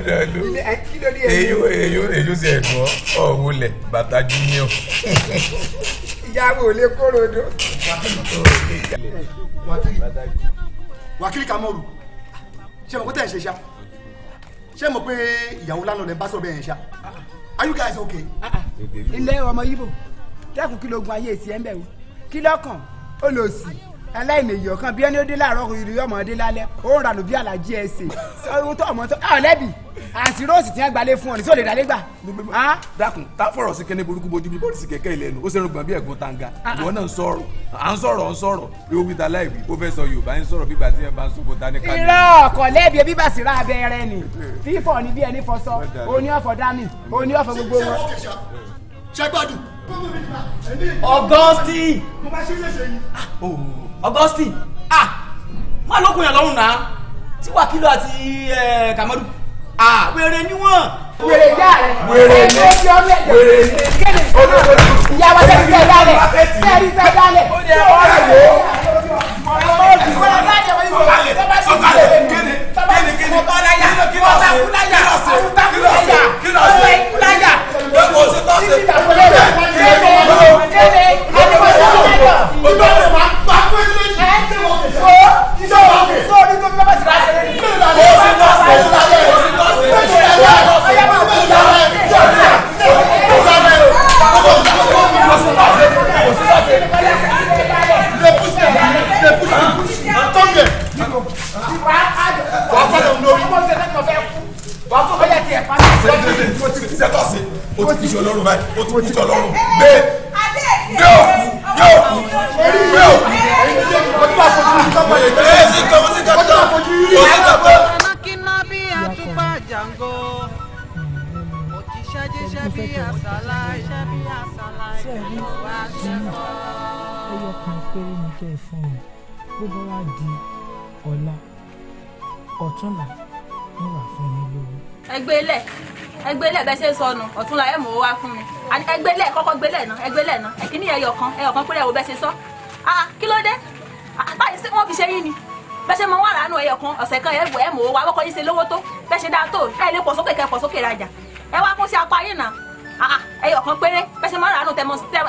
kí ló dé ẹ. èyí èyí èyí ṣe ẹ̀gbọ́n ọ̀wọ́lẹ̀ bàtà junior. ìyàwó ò lè kóró odò. wàkìlì kàmọ́rù ṣé mo kó tẹ̀ ṣe ṣá ṣé mo pé ìyàwó lánàá lẹ́ bá sọ̀rọ̀ bẹ́ẹ̀ ṣá are you guys okay. Ah, ah. ilé ọmọ yìí bò tẹ́kùn kí ló gun ayé ìsì ẹ̀ ń bẹ̀ wò kí ó lọ sí i aláìmèyí ọkàn bí ẹni ó dé láàárọ̀ kò yìí ọmọ dé lálẹ́ ó ń ranù bí alájí ẹ ṣe ohun tó ọmọ tó ọlẹ́bì àti róòsì tí wọ́n gbalẹ̀ fún ọ ní sóòlè dalẹ́ gbà. dákun tá fọ̀rọ̀ sí kẹ́ni burúkú bójú bí bọ́ọ̀lù sí kẹ̀kẹ́ ìlẹ́nu ó sẹ́nu gbọ̀n bí ẹ̀gbọ́n tanga ah, ah. ìwọ náà ń sọ̀rọ̀ à ń sọ̀rọ̀ ń sọ̀rọ̀ ewu bíi ta láì wí ó fẹ́ sọ Yorùbá ń sọ̀rọ̀ bíbá tí ẹ bá ń sọ bóta ní kájú. irọ́ ọkọ̀ lẹ́bi bíbá sì ra abẹ́rẹ́ ni fífọ̀ ni bí ẹni fọṣọ oní ọ̀fọ̀ dání oní ọ̀fọ̀ gbogbo wọn. ṣẹ́gbádùn Augustine. Augustine. ah má lókun yàn lọ́rùn náà tí wàkìlọ̀ àti Kamadu ah wèrè ni wọ́n. wèrè ìyá rẹ wèrè ni wèrè ni olóòtú ìyá wa tẹ̀sí tẹ̀ dálẹ̀ tẹ̀sí tẹ̀ dálẹ̀. ó yẹ ọ́ rẹ̀ wò ó. ọ̀rọ̀ ọ̀rọ̀ ìgbọ́dọ̀ bá jẹ́ wọ́n yìí. sọ̀kalẹ̀ sọ̀kalẹ̀ kéde oh, ti mọ tọ́ láyà ọ̀tá kú láyà ọ̀tá kú láyà ọ̀tá kú láyà títí ìdàgbọ́ lọ́wọ́ ẹ̀ẹ́dẹ́ ẹ̀ẹ́dẹ́ ẹ̀ẹ́dẹ́ ọjọ́ rẹ̀ máa ń pa pé ní ẹ̀ẹ́dẹ́ ọ̀tọ̀ ìjọ ọ̀tọ̀ sọ ní tó bẹ́ẹ̀ bá ti rà sí i. Thank you. sọ̀rọ̀ lórí. ọmọ ṣe lẹ́nu ọ̀fẹ́ kú. wàá tó bẹ́yà tiẹ̀ pa. ṣé ọ̀túnla ń wà fún mi lówó. ẹgbẹ́ ilẹ̀ ẹgbẹ́ ilẹ̀ bẹ́ẹ̀ ṣe ń sọnù ọ̀túnla ẹ̀ mọ̀ wá fún mi ẹgbẹ́ ilẹ̀ kọ́kọ́ gbélẹ̀ náà ẹgbẹ́ ilẹ̀ náà ẹ̀kíní ẹyọ kan ẹyọ kan péré ẹ̀ wò bẹ́ẹ̀ ṣe sọ. kí ló dé báyìí sí wọ́n fi ṣe yín ni bẹ́ẹ̀ ṣe mọ wà ránú ẹyọ kan ọ̀sẹ̀ kan ẹ̀wọ̀ ẹ̀ mọ̀ wá wọ́kọ́ yín ṣe lówó tó bẹ́ẹ̀ ṣe dáa tó ẹ̀ lè pọ̀ sókè kẹ́ pọ̀ sókè rajà ẹ wá kún sí apá yín náà ẹyọ kan péré bẹ́ẹ̀ ṣe mọ ránú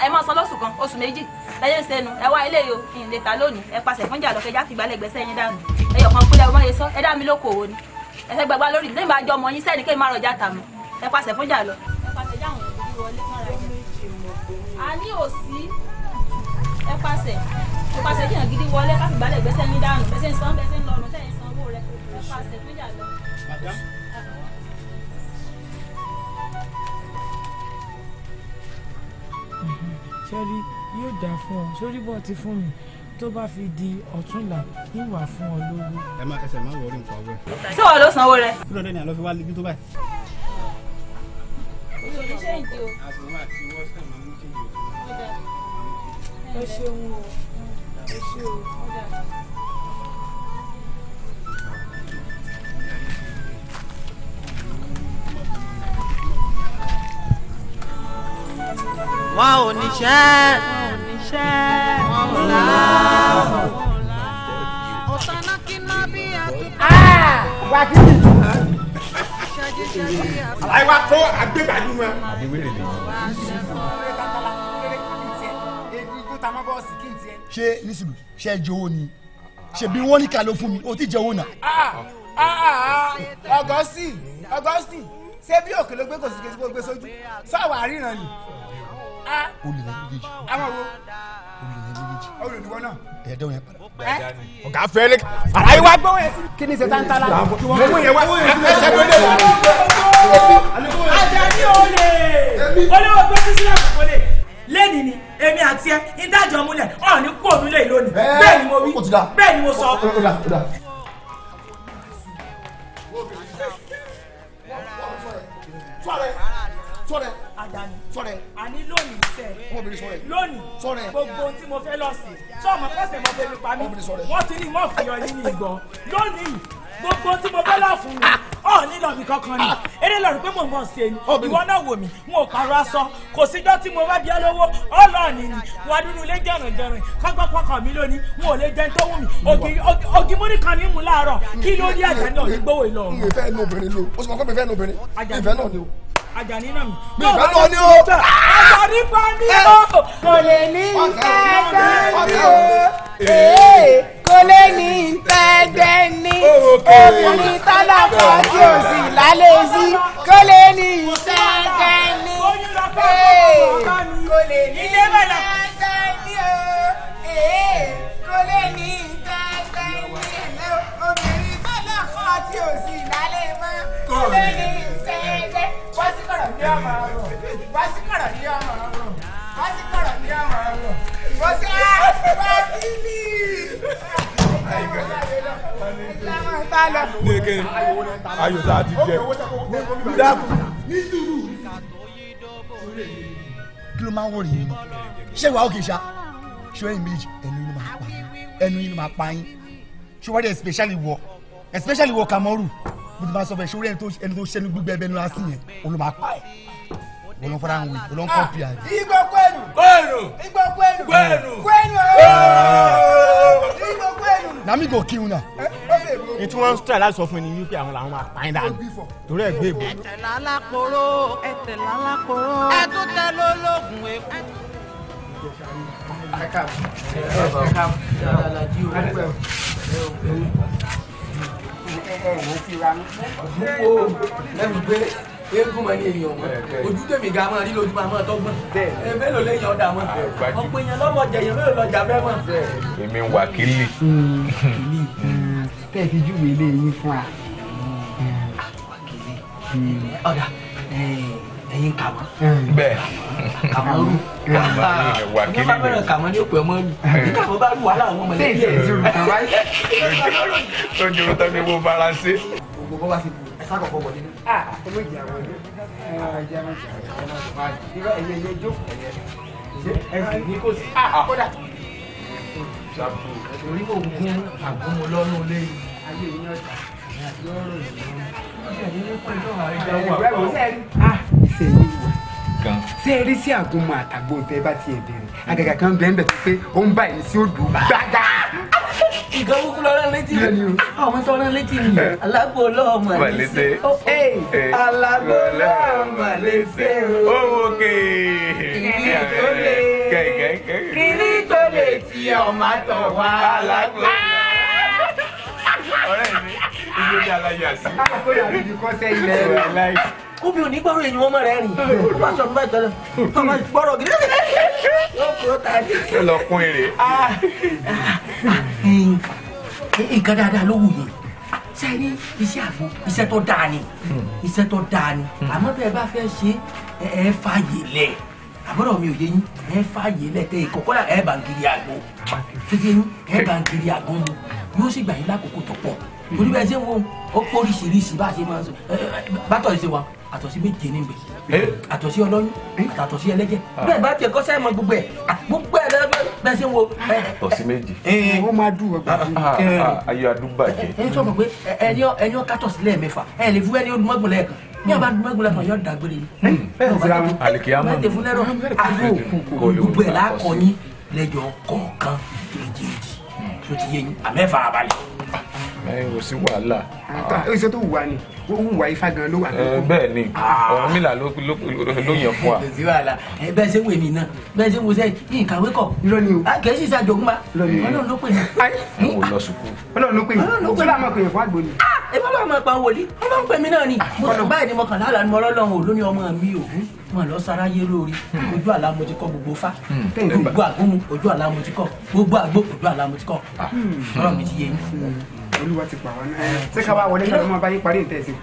ẹ mọ san lóṣù kan oṣù méjì lẹ́yìn sẹ́nu ẹ wá ilé yìí ò ìǹdẹ̀ta lónìí ẹ pàṣẹ fúnjà lọ́kẹjá fìgbàlẹ̀ gbẹ́sẹ̀ ẹyọ kan pínlẹ̀ ọmọ yẹn sọ ẹ dá mi lóko òwò ni ẹ fẹ́ gbàgbá lórí lẹ́yìn máa jọ ọmọ yín sẹ́ni kéèyàn rọjà tà mọ́ ẹ pàṣẹ fún jà lọ. ẹ pàṣẹ já àwọn òbí wọlé mọ́ra ẹ̀ a ní òsì ẹ pàṣẹ ẹ pàṣẹ kí gidi wọlé káfí gbálẹ̀ yóò dà fún ọ sórí bọ́ọ̀ ti fún mi tó bá fi di ọ̀túnla ìwà fún ọ lówó. ẹ má ẹsẹ̀ má wọrí nǹkan ọwọ́ ẹ. ṣé wàá ló sanwó rẹ. kí ló dé ní àlọ́ fi wá lójú tó báyìí. ẹ ṣeun o ẹ ṣe o ọ̀dà. wọn ò ní iṣẹ́ ọ̀la ọ̀la ọ̀tàná kí n má bí àtúntò. wà á kí ni. àlàyé wa kó agbébàdú wa. àbí wèrè lè yí. ṣé nísìlú ṣe jẹ owó ni ṣebí wọn ní ká ló fún mi o ti jẹ owó náà. Ah, ah, ah, ọgọ́sì ọgọ́sì ṣé bí òkè gbé kò kò gbé sójú sọ wàá ríran ni olè ní méjèèjì. àwọn wo. olè ní méjèèjì. olè ní wọn náà. ẹ dẹ́wọ̀n yẹn padà. ọ̀gá fẹ́ lé. ara yín wá gbọ́ wẹ̀ sí. kí ni ṣe tá ń tala. owó yẹn wá owó yẹn wá. àjàdí olè olówó gbé sísílẹ̀ kò lè lẹ́ni ni èmi àti ẹ ìdájọ́ múlẹ̀ ọ̀rọ̀ ní kóòdù lè lónìí bẹ́ẹ̀ ni mo wí bẹ́ẹ̀ ni mo sọ. Sorry. Sorry padà ní. sọ̀rọ̀ ẹ̀. àní lónìí sẹ̀. wọ́n obìnrin sọ̀rọ̀ ẹ̀. lónìí. sọ̀rọ̀ ẹ̀. gbogbo tí mo fẹ́ lọ sí. sọ̀mọ fẹsẹ̀ mọ bẹ́ẹ̀ pa mí. obìnrin sọ̀rọ̀ ẹ̀. wọ́n ti ní wọ́n fi ọyún ní ìgbọ́. lónìí gbogbo tí mo fẹ́ lọ fún mi ọ nílò mi kankan ni ah. eré lọ́rùn pé mò ń mọ̀ sí ẹni ìwọ náà wò mí n ò pààrọ̀ aṣọ kò síjọ́ tí mo bá bí olówó ọlọ́ọ̀ni ni wà nínú ilé jẹ̀rìn jẹ̀rìn kọ́gbọ́n pọkàn mi lónìí n ò lè jẹun tó wù mí ògìmúrì kan ní mú láàárọ̀ kí ló ní àjẹ́ náà ní gbówó ìlọrin. mi ò fẹ́ nu obìnrin lo o sì mọ̀ pé mi fẹ́ nu obìnrin ìfẹ́ náà ni o. Àjàní náà mi. mi ìbá lọ ní o. Àjàní pa ní o. kò lè ní ìfẹ́ gbẹ́ni. kò lè ní ìfẹ́ gbẹ́ni. obìnrin oh, tálákọ̀ tí o sì lálẹ́ sí. kò lè ní ìfẹ́ gbẹ́ni. kò lè ní ìfẹ́ gbẹ́ni o. kò lè ní ìfẹ́ gbẹ́ni. ọmọ tí ò sí ìlálẹ́ mọ́ lé ní ìtẹ́ẹ̀dẹ́ wọ́n sí kọ̀rọ̀ ní ọmọ ọ̀rọ̀ wọ́n sí kọ̀rọ̀ ní ọmọ ọ̀rọ̀ wọ́n sí kọ̀rọ̀ ní ọmọ ọ̀rọ̀ wọ́n sí wá sí mi. Nìkẹ́ ayò tá a ti jẹ. Ní sùúrù. Kí ló máa ń wòrì yín? Ṣé ìwà òkè ṣá? Ṣé ẹ̀yin méjì ẹnu yín máa pa yín? Ẹnu yín máa pa yín? Ṣé wọ́n dẹ̀ especially wọ̀? especially wọ kamoru bí tí ma sọ fẹ sórí ẹni tó ṣẹnu gbígbẹ ẹbẹ nínú asi yẹn olùmọ apá ẹ olùmọ fara ń olùmọ kọ pìà. igbó kwenu kwenu igbó kwenu kwenu kwenu igbó kwenu. na go kill una. ní tí wọ́n ń tẹ̀ láti sọ fún ẹni wípé àwọn làwọn máa pa ẹ̀ dànù torí ẹ̀ gbé ìbò. ẹ̀tẹ̀ lálákòrò ẹ̀tẹ̀ lálákòrò ẹ̀tún tẹ lólógùn èkó. ẹ káàbọ̀ ẹ káàbọ̀ ẹ káàbọ̀ ẹ káàbọ̀ ẹ̀rùn síra ní. ó lẹ́nu pé eégún mọ ní èèyàn mọ ojú tèmi ga mọ lílo ojúmọ àmọ tọgbọn ẹ mélòó lẹ́yìn ọdà mọ ọ̀pọ̀ èèyàn lọmọ jẹyàn mélòó lọjà bẹ́ẹ̀ mọ. èmi wà kílì. tẹ́ ẹ fi júwèé lé yín fún wa. ọ̀dà ẹ̀yin kàmọ́. Hmm. bẹ́ẹ̀ kàmọ́ rú. ní bá bẹ̀rẹ̀ kàmọ́ ní òpè ọmọ rú. ní kàmọ́ bá rú wàhálà àwọn ọmọ ilé yẹn. lójú ló tán ní wo faransé. gbogbo bọ́ bá ti bù ẹ sákòókò wọlé ní. a ah, ẹ méjì àwọn ẹgbẹ́ ẹ jẹ́ àwọn ẹgbẹ́ ẹ yẹ jókòó ẹ sì ní kò sí. Ah, kódà orí mo gún àgbọ̀mọ lọ́nà olé ayé ìyá ọjà yọ̀ọ̀rọ̀ ìlú ṣé ẹ rí sí àgùnmọ̀ àtàgbọ̀n tẹ́ bá ti èdè rẹ̀ àgàgà kan bẹ́ẹ̀ bẹ́ẹ̀ tó pé ó ń bá ẹni sí òdù gbàgà. ìgbọ́n kúkú lọ́rọ́ létí mi ọmọ tó rán létí mi alágbó ọlọ́ọ̀mà lẹ́sẹ̀ alágbó ọlọ́ọ̀mà lẹ́sẹ̀ owó kèé kìnìún tó lè ti ọmọ àtọ̀wá alágbó ọlọ́ọ̀mà. Ah! yóò ní aláyà sí. ó yà ní kọ́sẹ́ ilẹ̀ rẹ̀. kúbi ò ní gbọ́rọ̀ èyí wọ́n mọ̀ rẹ̀ rìn ó bá sọ̀rọ̀ báyìí tọ́lẹ̀ tó bá gbọ́rọ̀ gidi yóò kúrò tàbí. ó lọ kún èrè. nǹkan dáadáa ló wù yín ṣe ní iṣẹ́ àgbo iṣẹ́ tó dáa ni iṣẹ́ tó dáa ni àmọ́ bẹ́ẹ̀ bá fẹ́ ṣe ẹ fààyè lẹ̀ àbúrò mi ò yé yín ẹ fààyè lẹ̀ tẹ́ ẹ kọ́kọ́ ẹ bá ń kiri àgbo títí ẹ bá ń kiri àgbo mu yóò sì gbà yín lákòókò tó pọ̀ torí bẹ́ẹ̀ ṣé wo ó pọ̀ oríṣiríṣi bá a ṣe máa ń sọ bátọ̀ ṣe wa àtọ̀sí méje níbẹ̀ àtọ̀sí ọlọ́yún àtọ̀sí ẹlẹ́jẹ̀ ah. bẹ́ẹ̀ bá tiẹ̀ kọ́sẹ́ mọ gbogbo ẹ̀ gbogbo ẹ̀ bẹ́ẹ̀ ṣe ń wo. Ah, àtọ̀sí méje. wọ́n máa dùn ọgbà jù. ayé adúbàjẹ́. ẹ sọ ma pé ẹni ọ kátọ̀sí lẹ́ẹ̀mẹ́fà ẹ lè fún ẹni olùmọ̀gbọ̀n lẹ́ẹ̀kan ní ọba dùnmọ̀gbọ̀n lẹ́ẹ̀kan yóò dàgbére ni. Hmm, bẹ́ẹ̀ ni sira alikiyama ní ah, gbogbo ẹ̀ lákọ̀ọ́yìn lẹ́jọ́ kọ̀ọ̀kan méjèèjì tó ẹ ò sí wàhálà. iṣẹ́ tó wùwà ni ó wùwà ifá gan ló wà ní. bẹ́ẹ̀ ni Ọ̀rúnmìlà ló yàn fún wa. ìdòsí wàhálà ẹ bẹ́ẹ̀ ṣe wèmí náà bẹ́ẹ̀ ṣe wo sẹ́yìn yìí kàwé kọ̀. irọ́ ni o. kẹ́sì ìṣàjọ̀gún ma Ọlọ́run ló pè mí. Ọlọ́run ló sùkú. Ọlọ́run ló pè mí. Ọlọ́run ló pè mí fún àgbò ẹ bá máa pa wòlí wọn máa ń pè mí náà ni mo sọ báyìí ni mo kàn lálàá ni mo rọlọ́run ò lọ sára yé lórí hmm. ojú àlá mo ti kọ gbogbo fá gbogbo hmm. àgbómu ojú àlá mo ti kọ gbogbo àgbó ojú àlá mo ti kọ ah. hmm. ọ̀rọ̀ mi ti yé yín olúwa ti pa wọn náà ṣé ká wá wọlé kí ọmọ bá yín parí ìtẹ́ ìsìnkú.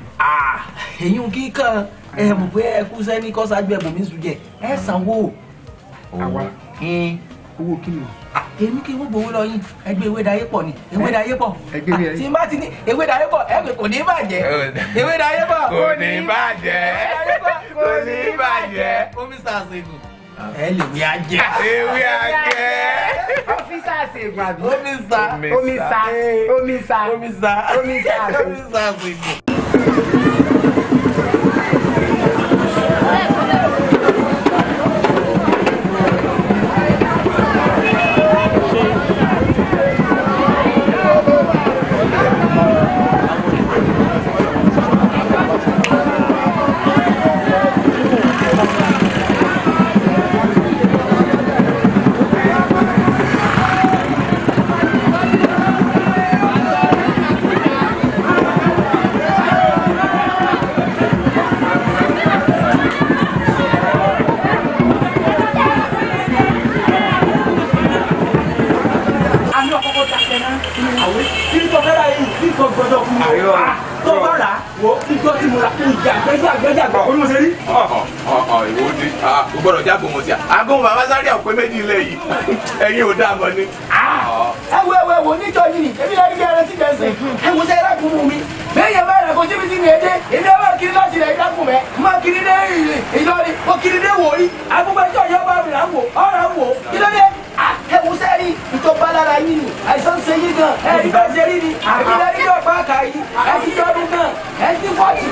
èyún kíkan ẹ mọ̀ pé ẹ kú sẹ́ni kọ́sájú ẹ̀ bòmí sùn jẹ ẹ sanwó. àwa owó kí ni èmi kí wọ́n gbowó lọ yín ẹgbẹ́ ewé dayé pọ̀ ni ewé dayé pọ̀ tí n bá ti ní ewé dayé pọ̀ ẹgbẹ́ kò ní bàjẹ́ ewé dayé pọ̀ kò ní bàjẹ́ kò ní bàjẹ́ omi sàṣègùn ẹ lè wí ajẹ. ewé ajẹ. ọfíìsà àṣègùn àbí. omi sa omi sa omi sa omi sa omi sa àṣègùn. ọjà bò wọ́n sí à àgọ́ bàbá sáré àpé méjì ilé yìí ẹ̀yin ò dá mọ́ ni. Ah. ẹ wo ẹ wo ẹ wo níjọ yìí èmi náà níbi ẹran tí bẹ́ẹ̀ sè é wò sẹ́ ẹ̀rọ kùnú mi bẹ́ẹ̀ yẹn bá ẹ̀rọ kò síbi sí ni èdè èdè bá kiri láti rẹ̀ ìdá kùn mẹ́ má kiri dé Ìlọrin mo kiri dé Ìwòyí agbógbájọ yọ bá mi ràn wò ọ̀ràn wò Ìlọrin ẹ wò sẹ́ ẹ̀rí ìtọ́ba lára yín ni àìsàn ṣe yín gan ẹ̀rí bá ṣe rí ni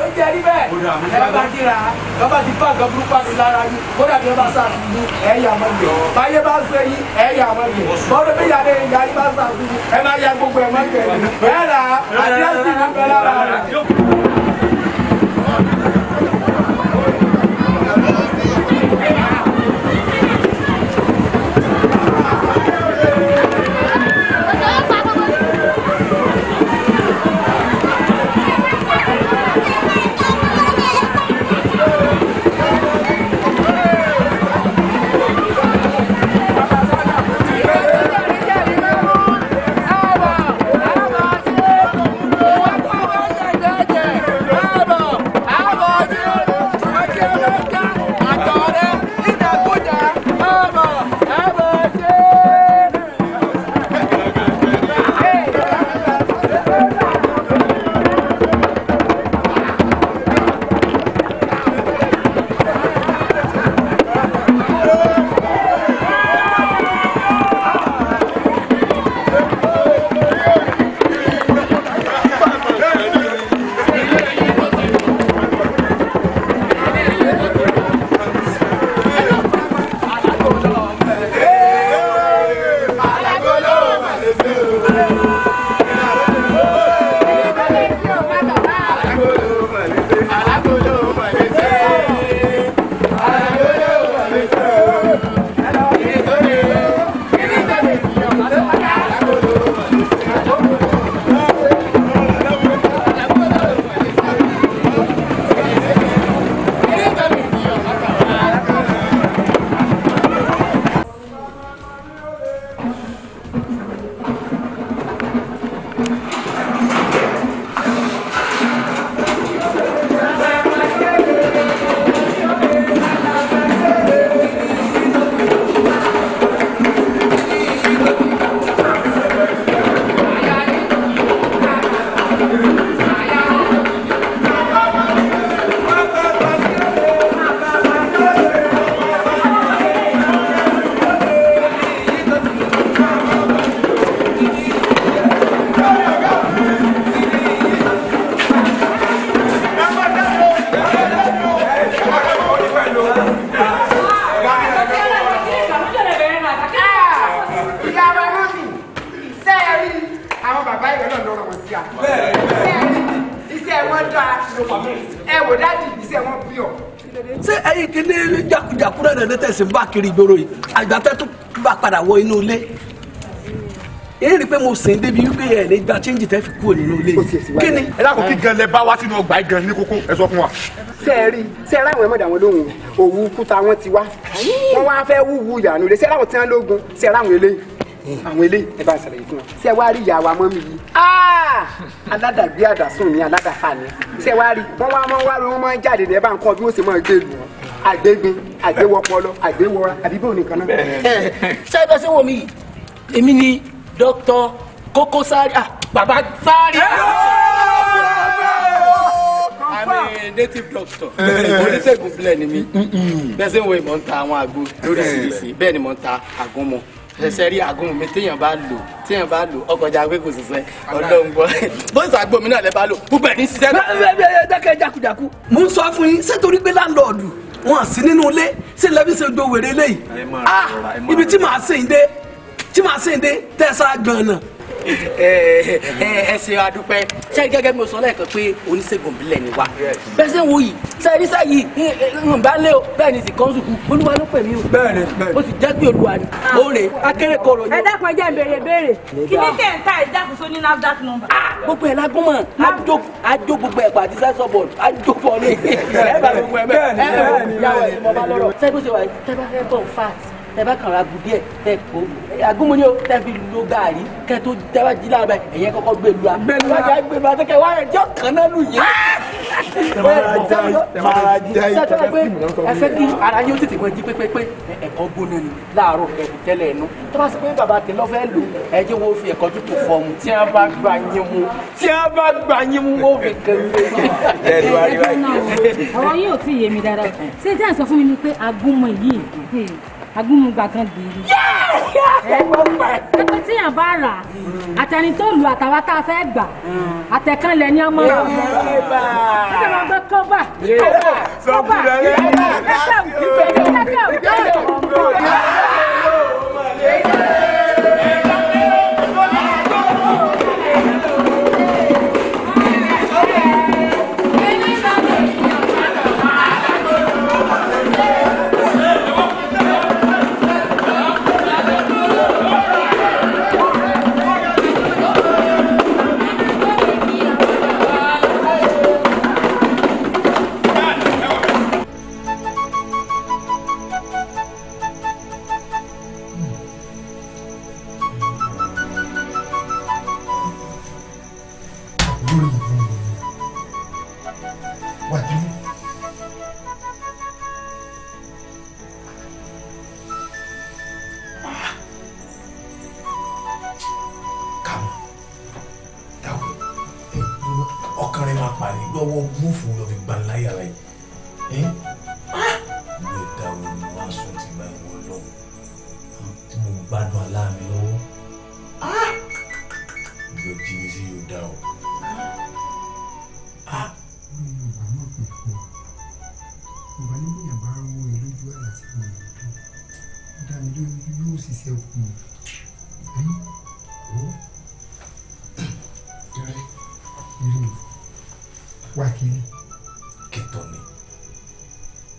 ló jẹ́ rí bẹ́ẹ̀ ẹ bá kíra lọ́ba ti bá nǹkan burúkú àti lára yín kódà bí ẹ bá sá sí yín ẹ yà mọ́ yìí báyé bá sọ yín ẹ yà mọ́ yìí bọ́dọ̀ bí yàrá yín yàrá bá sá sí yín ẹ má ya gbogbo ẹ̀ mọ́ kẹ́lẹ́ ẹ rà àdírẹ́sì nígbà lára rẹ̀. àwọn bàbá ìrọ̀lọ́ lọ́rọ̀ wọ̀ sí à. iṣẹ́ wọn dáa ẹ wò dáàdì iṣẹ́ wọn bí ọ. ṣé ẹ̀yin kìíní jákujàkúrẹ rẹ ní tẹsí bá kiri ìgboro yìí àgbàtẹ tó bá padà wọ inú ilé èyí rí i pé mo sìn débi wípé ẹ lè gba change tẹ fi kúrò nínú ilé yìí kí ni. ẹ lákòókí gan lẹ bá wá sínú ọgbà ẹ gan ní kókó ẹ sọ fún wa sẹ́ẹ̀rí sẹ́ẹ̀rí àwọn ẹ̀mọ́dà wọn lóhùn òwú kúta wọn ti wá wọ́n wá fẹ́ wúwú ìyànú lé sẹ́ẹ̀rí àwọn tí wọ́n lógun sẹ́ẹ̀rí àwọn eléyìí àwọn eléyìí ẹ bá ṣàlàyé fún wa. ṣé ẹ wá rí ìyá wa mọ́mí yìí. Ah! aládàgbé àdásùn ni aládàfà ni. ṣé ẹ wá rí wọ́n wá wọ́n wá wọ́n máa ń jáde ní ẹ bá ń kọ́ bí wọ́n ṣe máa gbé lù wọ́n. àgbégbin àgbéwọpọlọ àgbéwọra àbíbò nìkan náà. ṣé ẹ bá ṣe wọ mi yìí èmi ni dókítà Koko Zaria ah baba Zaria. I'm a native doctor. oníṣègùn filẹ̀ ni mi. bẹ́ẹ̀ sẹ́ ń wo ìmọ̀ ń ta àwọn àgbo lóríṣiríṣi bẹ́ẹ̀ ni mò ń ta àgúnmu ṣẹṣẹ rí àgùn mi téèyàn bá lò téèyàn bá lò ọkọjà pé kò ṣiṣẹ́ Ọlọ́run gbọ́ bó ṣe àgbo mi náà lẹ bá lò gbogbo ẹ ní ṣiṣẹ́. bẹ́ẹ̀ bẹ́ẹ̀ dákẹ́ jákujàku mò ń sọ fún yín ṣé torí pé láńlọọdù wọn sí nínú ilé ṣé lẹbi ṣe do wèrè eléyìí ah ibi tí màá ṣèǹde tí màá ṣèǹde tẹsán gbọnà Eh, eh, eh, ẹ ṣe adúpẹ́ ṣe gẹ́gẹ́ bí mo sọ lẹ́ẹ̀kan pé oníṣègùn ìbílẹ̀ ni wa bẹ́ẹ̀ ṣe ń wo yìí ṣe rí sáyì ìbálẹ o bẹ́ẹ̀ ni sì kán sùkú olúwa ló pè mí o bẹ́ẹ̀ ni bẹ́ẹ̀ o sì jẹ́ pé olúwa ni ah. o rè akéré kọrọ yìí. ẹ dákun ẹ jẹ́ ń béèrè béèrè kí ní tẹ̀ ń ta ìdákun sóní NAFDAC number. Ah, gbogbo ẹ̀ lágún mọ̀ àjò àjò gbogbo ẹ̀ pàdé sẹ́sọ̀ bọ̀ àjò pọ̀ ní. ẹ bá gbogbo ẹ bẹ́ẹ̀ ni bẹ́ẹ̀ ni bẹ́ẹ̀ ni tẹ bá kàn ra bu díẹ̀ tẹ kó agúnmọ́ni o tẹ fi lo gàrí kẹ tó tẹ bá jí láàbẹ ẹ̀yẹ kọ́kọ́ gbé lu a. gbẹlu a wájà gbẹlu a tẹkẹ wáyà jọ kàn náà lu yẹn. ẹsẹ kí ara yóò tètè mọ jí pépépé ẹ̀kọ́ gbóná ni láàárọ̀ ẹ̀kọ́ tẹ́lẹ̀ ẹ̀nu tó bá sọ pé bàbá tẹ lọ́fẹ́ lò ẹ̀jẹ̀ wo fi ẹ̀kọ́ dúpọ̀ fọ́ọ̀mù tí a bá gbà yín mu tí a bá gbà yín mu ó fi kẹ́lẹ́. ọ̀rọ̀ yóò tí ì yé mi dáadáa ṣé tí a sọ agbóhùnmùgbà kan gbèrú. pẹpẹ tí yàn bá rà àtẹni tó lù àtàwọn tá a fẹ́ gbà àtẹ̀kan lẹ̀ ní ọmọ rẹ̀. ṣé wọn gbé kọ́bà kọ́bà kọ́bà kẹ́kẹ́ òjò ìjọba ọmọ rẹ̀.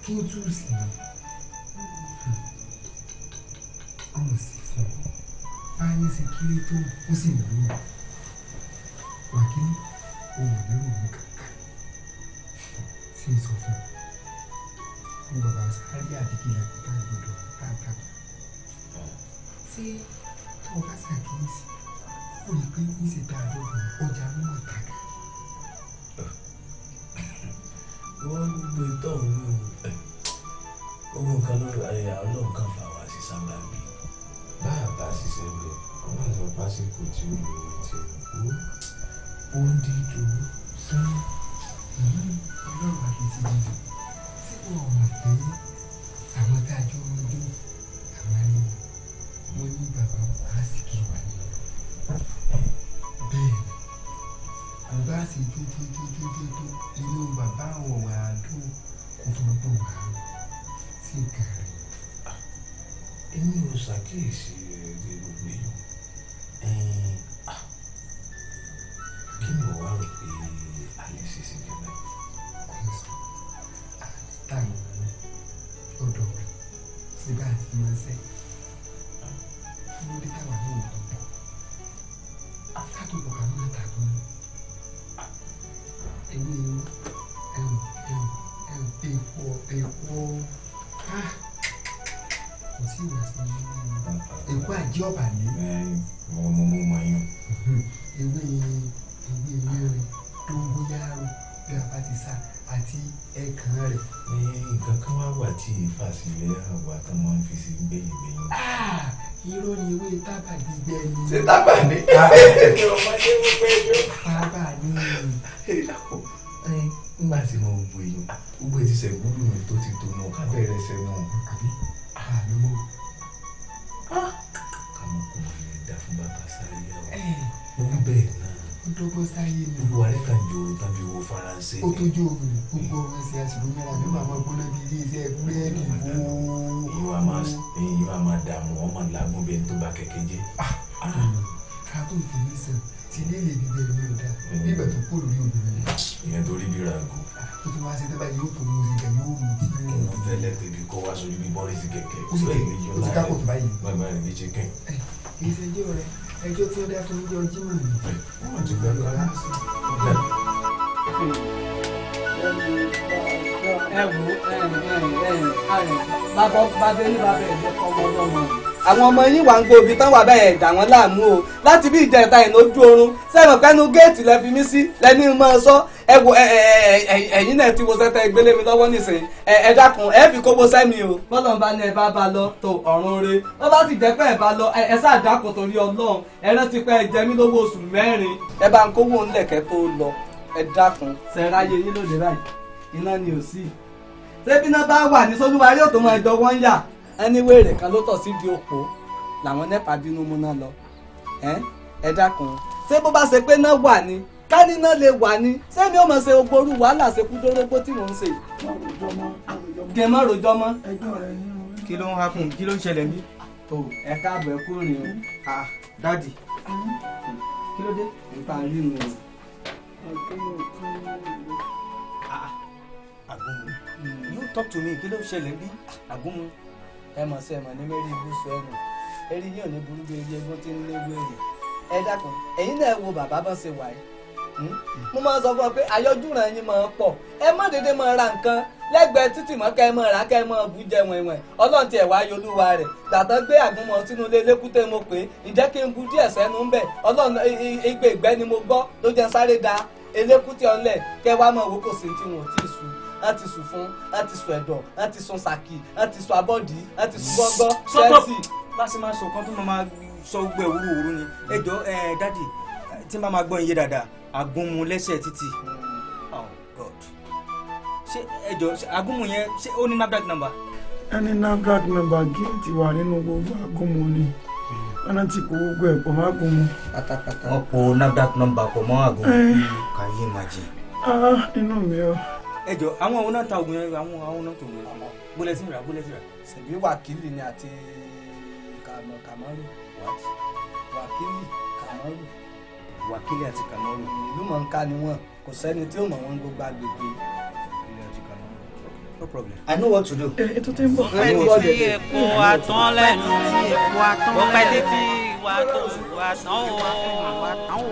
Brutus ni hmm. ọ̀rọ̀ sì fún ọ báyìí ṣe kéré tó ó sì bẹ́ẹ̀. àwọn ọmọ yín wà ń gbobi tán wà bẹ́ẹ̀ dà wọ́n láàmú o láti bí ìjẹta ẹ̀ lójú oorun sẹ́wọ̀n pẹ́nu géètì lẹ fi mí sí lẹ́ni mọ́ ọ sọ ẹ wo ẹ̀yin náà ti wo sẹ́tẹ̀ ìgbélé mi lọ́wọ́ nísìnyí ẹ dákun ẹ fi kókó sẹ́mi o. bọ́lọ̀ ń bá ní ẹ bá bá lọ tó ọ̀run re wọ́n bá sì jẹ́ pé ẹ bá lọ ẹ sáà dákun torí ọlọ́run ẹ rántí pé ẹ jẹ mí lówó oṣù mẹ́rin. ẹ bá ń kówó ńlẹ̀kẹ́ tó lọ ẹ dákun. sẹ́ráyé yín lóde báyìí iná ni ò sí. ṣé bí iná bá wà ní sọ́dúnwárí ò tó máa jọ wọ́n yà ẹniwé rẹ̀ kan ló tọ̀ sí di òpó làwọn nẹ́pà bínú múná lọ ẹ dákun ṣé bó bá ṣe pé náà wà ni káni náà lè wà ni sẹ́ni ó mọ̀ ṣe ogboru wàhálà ṣe kú dórógbó tí mò ń ṣe. gẹ̀ mọ́ rojọ́ mọ́. kí ló ń hakùn kí ló ń ṣẹlẹ̀ mí. ẹ káàbọ̀ ẹ kúrò ní o dádì kí ló dé nípa rínu o. àgùnmu you talk to me kí ló ń ṣẹlẹ̀ bí àgùnmu ẹmọ sẹmọ ní mẹ́rin ibùsùn ẹ̀wọ̀n eré yín ò ní burú bí eré egbò tí ń lé wèrè ẹ dákun ẹ̀yin náà wo bàbá bá ṣe wà yìí hmm? mo máa sọ fún ọ pé àyọjúràn yín máa pọ̀ ẹ má dédé máa ra nǹkan lẹ́gbẹ̀ẹ́ títì mọ́ kẹ́ ẹ máa rà kẹ́ ẹ máa bù jẹ wẹ̀wẹ̀ ọlọ́run tiẹ̀ wá yọ olúwa rẹ̀ gbàtọ́ gbé àgúnmọ̀ sínú ilé lẹ́kúté mo pé ǹjẹ́ kí n bu díẹ̀ sẹ́nu ń bẹ̀ ọlọ́run igbe ni mo gbọ́ ló jẹ́ sáré da elékúté ọlẹ̀ kẹ́ wá máa wò kò sí wọn ò tí ì sùn á ti sùn fún á ti sùn ẹ̀dọ̀ á ti sùn sàkì á ti sùn abọ́dì á ti sùn gbọ́ngbọ́ chelsea. bá máa sọ kan tó máa sọ gbẹ òwúrò òwúrò ni ẹ ẹ dáàdì tí màá máa gbọ́ iye dáadáa àgúnmu lẹ́sẹ̀ títì hmm. oh god ṣé ẹ jọ yẹn ṣé ó ní NAFDAC number. ẹni NAFDAC number géètì wà nínú gbogbo àgúnmu ni hmm. wọn ti kó gbogbo ẹ̀ pọ̀ mọ́ àgúnmu. pátápátá wọn kó NAFDAC number pọ̀ mọ́ àgúnmu kàyé màjì. ah inú mi o ẹ jọ àwọn òun náà ta oògùn yẹn àwọn àwọn tó oògùn yẹn bólẹ̀ sí ra bólẹ̀ sí ra. ṣèbí wákìlì ni àti kàmọ kàmọrù wákìlì kàmọrù. wákìlì àti kàmọrù. ìlú mọ̀ọ́ká ni wọ́n kò sẹ́ni tí ó mọ̀ wọ́n gbogbo agbègbè No problem. I know what to do. Eh, ètò tí ń bọ̀. Ọpẹ́ títí epo àtán lẹ́nu epo àtán ọpẹ́ títí ìwà tó ìwà tán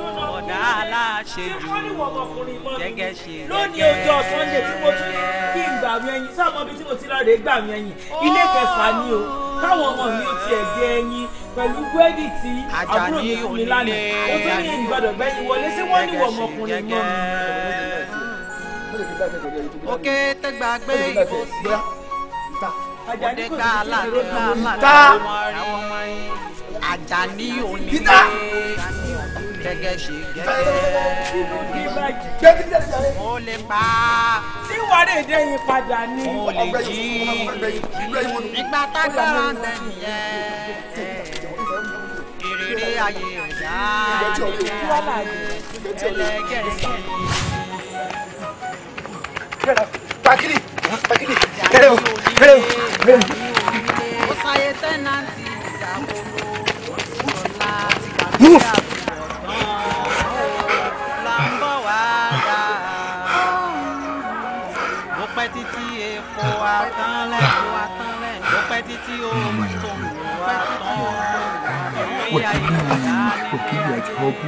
gẹ́gẹ́ ṣe gẹ́gẹ́. Lónìí ọjọ́ Sunday tí mo tún kí n gbà mí ẹyin sáà bí tí mo ti láre gbà mí ẹyin ilé kẹfà ni o káwọn ọmọ mi ò tiẹ̀ gé ẹyin pẹ̀lú gbẹ́dì tí àbúrò mi fún mi lánàá. Ó tún ní ìgbàdàn gbẹ́yìn wọlé sí wọ́n ní ìwọ̀n ọmọkùnrin náà òkè tẹgbàgbé ìbò sí òde gba aláàdé aláàdé àwọn ọmọ yín Àjàní òní gẹ́gẹ́ ṣe gẹ́gẹ́ mo lè pa tí wàrà èdè yìí padà ní mo lè jí nígbà tágbára nìyẹn ìrírí ayé ẹ̀dá nìyẹn ẹlẹgẹ́ pàkìlì pàkìlì tẹ̀lé o Move. Ah àti ọkọ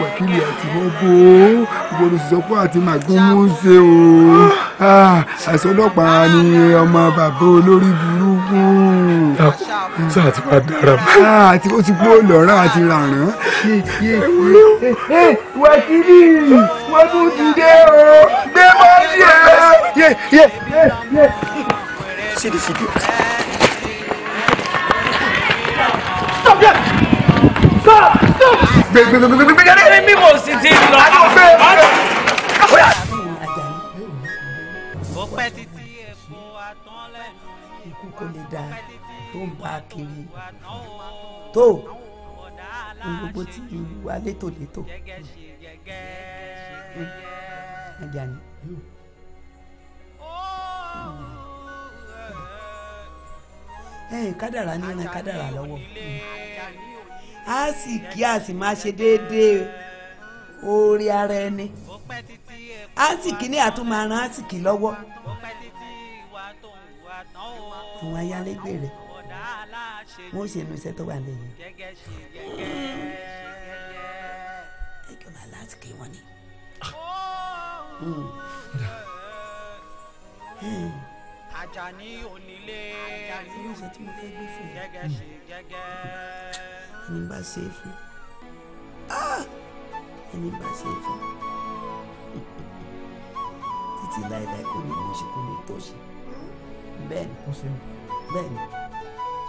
wákìlì àti ọkọ ìwọlù sọpọ àti màgbọmọ ṣe o àsọdọpàá ni ọmọ bàbá olórí burúkú. sáà ti máa dára mọ́. àti ó ti gbó lọ́rọ̀ àti ràrán. wákìlì wọ́n tún ti dé o gbé mọ́ sí ẹ. See the gbẹgbẹgbẹgbẹgbẹgbẹ mi ikú kò lè dáa tó ń bá kiri tó gbogbo tí ìlú wa létòlétò. Àjàní. ẹ kádàrá ní ẹ kádàrá lọ́wọ́ a sì kí a sì máa ṣe déédéé oore ara ẹni a sì kí ní àtúmọ̀ ara a sì kí lọ́wọ́ àwọn ayálégbé rẹ wọn ò ṣe inú iṣẹ́ tó wà lẹ́yìn ẹjọ́ máa láti kí wọn ni. Ajani onílé, Ajani onílé, gẹ́gẹ́ ṣe gẹ́gẹ́ ẹni bá ṣe é fún ah! ẹni bá ṣe é fún títí láéláé kò ní mú ṣe kò ní tó ṣe bẹ́ẹ̀ ni bẹ́ẹ̀ ni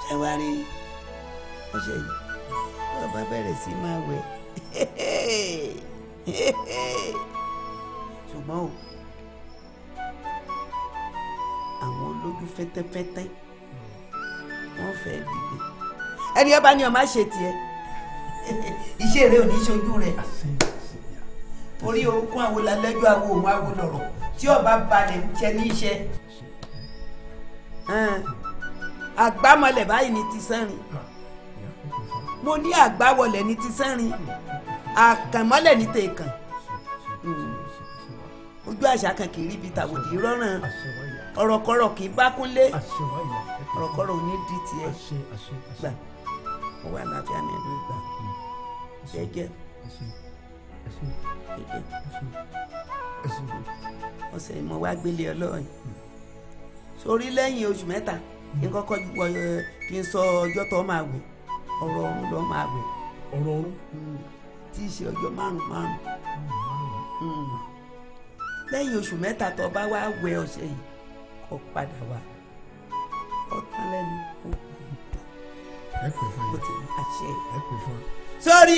ṣé wá rí ọṣẹ yìí bàbá bẹ̀rẹ̀ sí máa wẹ̀ ṣùgbọ́n o àwọn olójú fẹ́tẹ́fẹ́tẹ́ wọ́n fẹ́ dìde ẹni ẹ bá ní ọmọ àṣẹ tiẹ iṣẹ́ rẹ ò ní ṣojú rẹ orí orúkún àwọn lálẹ́jọ́ àwọn òun àwọn lọ̀rọ̀ tí ọba balẹ̀ ń ṣe ní iṣẹ́ àgbámọlẹ̀ báyìí ni ti sẹ́rin mo ní àgbáwọlẹ̀ ni ti sẹ́rin àkànmọ́lẹ̀ ni tèèkàn hmm. ojú àṣà kan kì í ríbi tàwòdì rọ́ràn ọ̀rọ̀kọ̀rọ̀ kì í bá kúnlé ọ̀rọ̀kọ̀rọ̀ ò ní di tiẹ̀ gbà ọwọ́ àlàáfíà ní ìlú ìgbà jẹ́jẹ́ jẹ́jẹ́ ọ̀sẹ̀ mo wá gbélé ọlọ́run sórí lẹ́yìn oṣù mẹ́ta hmm. kí n kọ́kọ́ kí n sọ ọjọ́ tó máa wẹ̀ ọ̀rọ̀ ọ̀run ló máa wẹ̀ ọ̀rọ̀ ọ̀run hmm. tí í ṣe ọjọ́ márùn márùn hmm. lẹ́yìn oṣù mẹ́ta tó bá wá wẹ̀ ọ̀sẹ̀ yìí kó padà wá ọ̀tán lẹ́nu ó kù bó sórí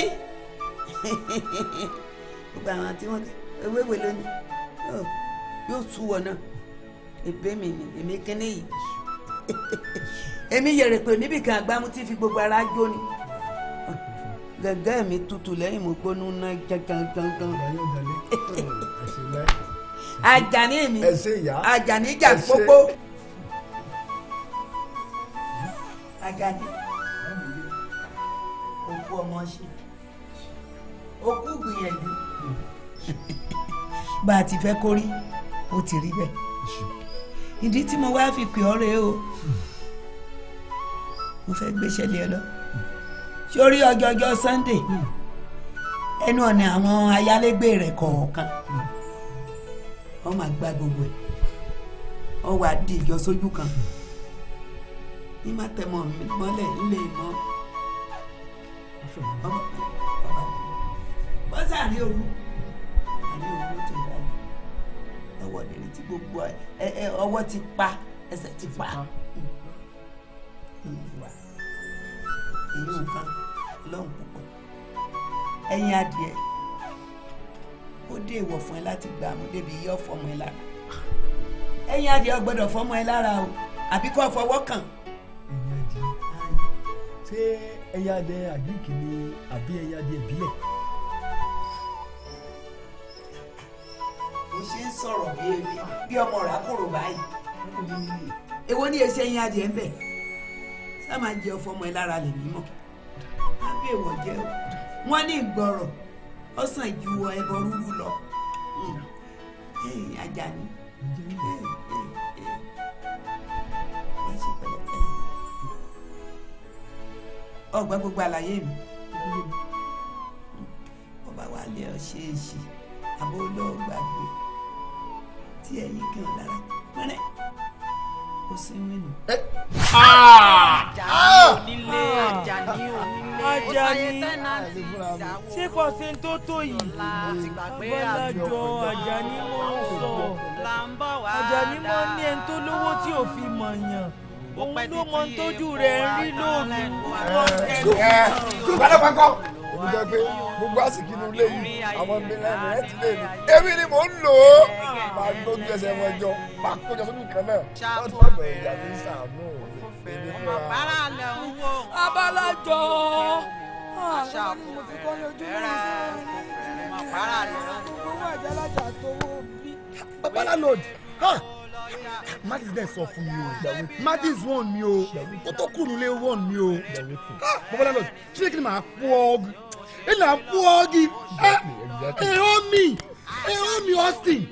gbogbo àwọn tí wọn ewé wo lónìí oh, yóò tú wọn náà èbé mi ni èmi kéne yìí èmi yẹrẹ pé níbìkan àgbámú tí fi gbogbo ara jó ni gẹ́gẹ́ mi tutù lẹ́yìn mo gbónú ná gangan. Àjàní mi Àjàní jà pópó. Àjàní kú ọmọ ṣe o kú gbìyànjú. bá a ti fẹ́ kó rí ó ti rí bẹ́ẹ̀ ìdí tí mo wá fi pè ọ́ rèé o mo fẹ́ gbéṣẹ́ lé ẹ lọ sórí ọjọ́jọ́ Sunday ẹnu ọ̀nà àwọn ayálégbé rẹ̀ kọ̀ọ̀kan wọ́n máa gba gbogbo ẹ̀ wọ́n wá di ìjọ sójú kan ní má tẹ̀mọ́ mi mọ́lẹ̀ nílé ìmọ̀ bọ́sà rí owó àrí owó tó dáa ọwọ́ nílé tí gbogbo ọwọ́ ti pa ẹsẹ̀ ti pa ìwà èyí nǹkan lọ́hùn púpọ̀ ẹ̀yin adìẹ ó dé ìwọ̀ fún ẹ láti gbà mú débi yọ fọmọ ẹ lára ẹ̀yin adìẹ ò gbọ́dọ̀ fọmọ ẹ lára o àbí fọwọ́ kàn ṣé ẹyẹ adé àgíríkì ni àbí ẹyẹ adé ìbílẹ̀. o ṣe ń sọ̀rọ̀ bí ebi bí ọmọ rà kúrò báyìí èwo ni èsì ẹyin adìẹ ń bẹ sá máa jẹ ọfọ ọmọ ẹ lára lè mímọ ábí èèwọ̀ jẹ o wọn ní ìgbọràn ó sàn ju ẹbọ rúru lọ Àjàní. Hmm. ọgbà gbogbo àlàyé mi bó bá wà ní ọṣẹ èṣì àbó olóògbà pé tí ẹyin kan lára pẹrẹ ó sinmi nù. onílé ah! Àjàní onílé Àjàní ṣé kò sí tó tó yìí ọgbọ́nlájọ Àjàní wọ́n sọ Àjàní wọ́n ní ẹni tó lówó tí ò fi mọ̀ yàn òun ló mọ tójú rẹ̀ ń rí lóòrùn. pálápákọ́ èmi jẹ́ pé gbogbo àsìkò inú ilé yìí àwọn mílíọ̀nù rẹ̀ ti lé mi èmi ni mò ń lò ó máa ń lójú ẹsẹ̀ wọn jọ máa kójọ sójú kan náà wọ́n ti wọ́n bẹ̀rẹ̀ ìyá mi sàánú èmi fún wa. abalajọ àwọn ni mo fi kọ́ lójú rẹ̀ sí i. gbogbo àjàlájà tó wọ́n Matthew dẹ̀ sọ fún mi o Matthew wọ́n mi o kó tó kùnú lé wọ́n mi o ah, bọ́bọ́lá lọ ṣé kí ni màá pọ́ ọ́gì ẹ̀ là pọ́ ọ́gì ẹ̀ ẹ̀ mi ẹ̀ ọ́ mi Austin.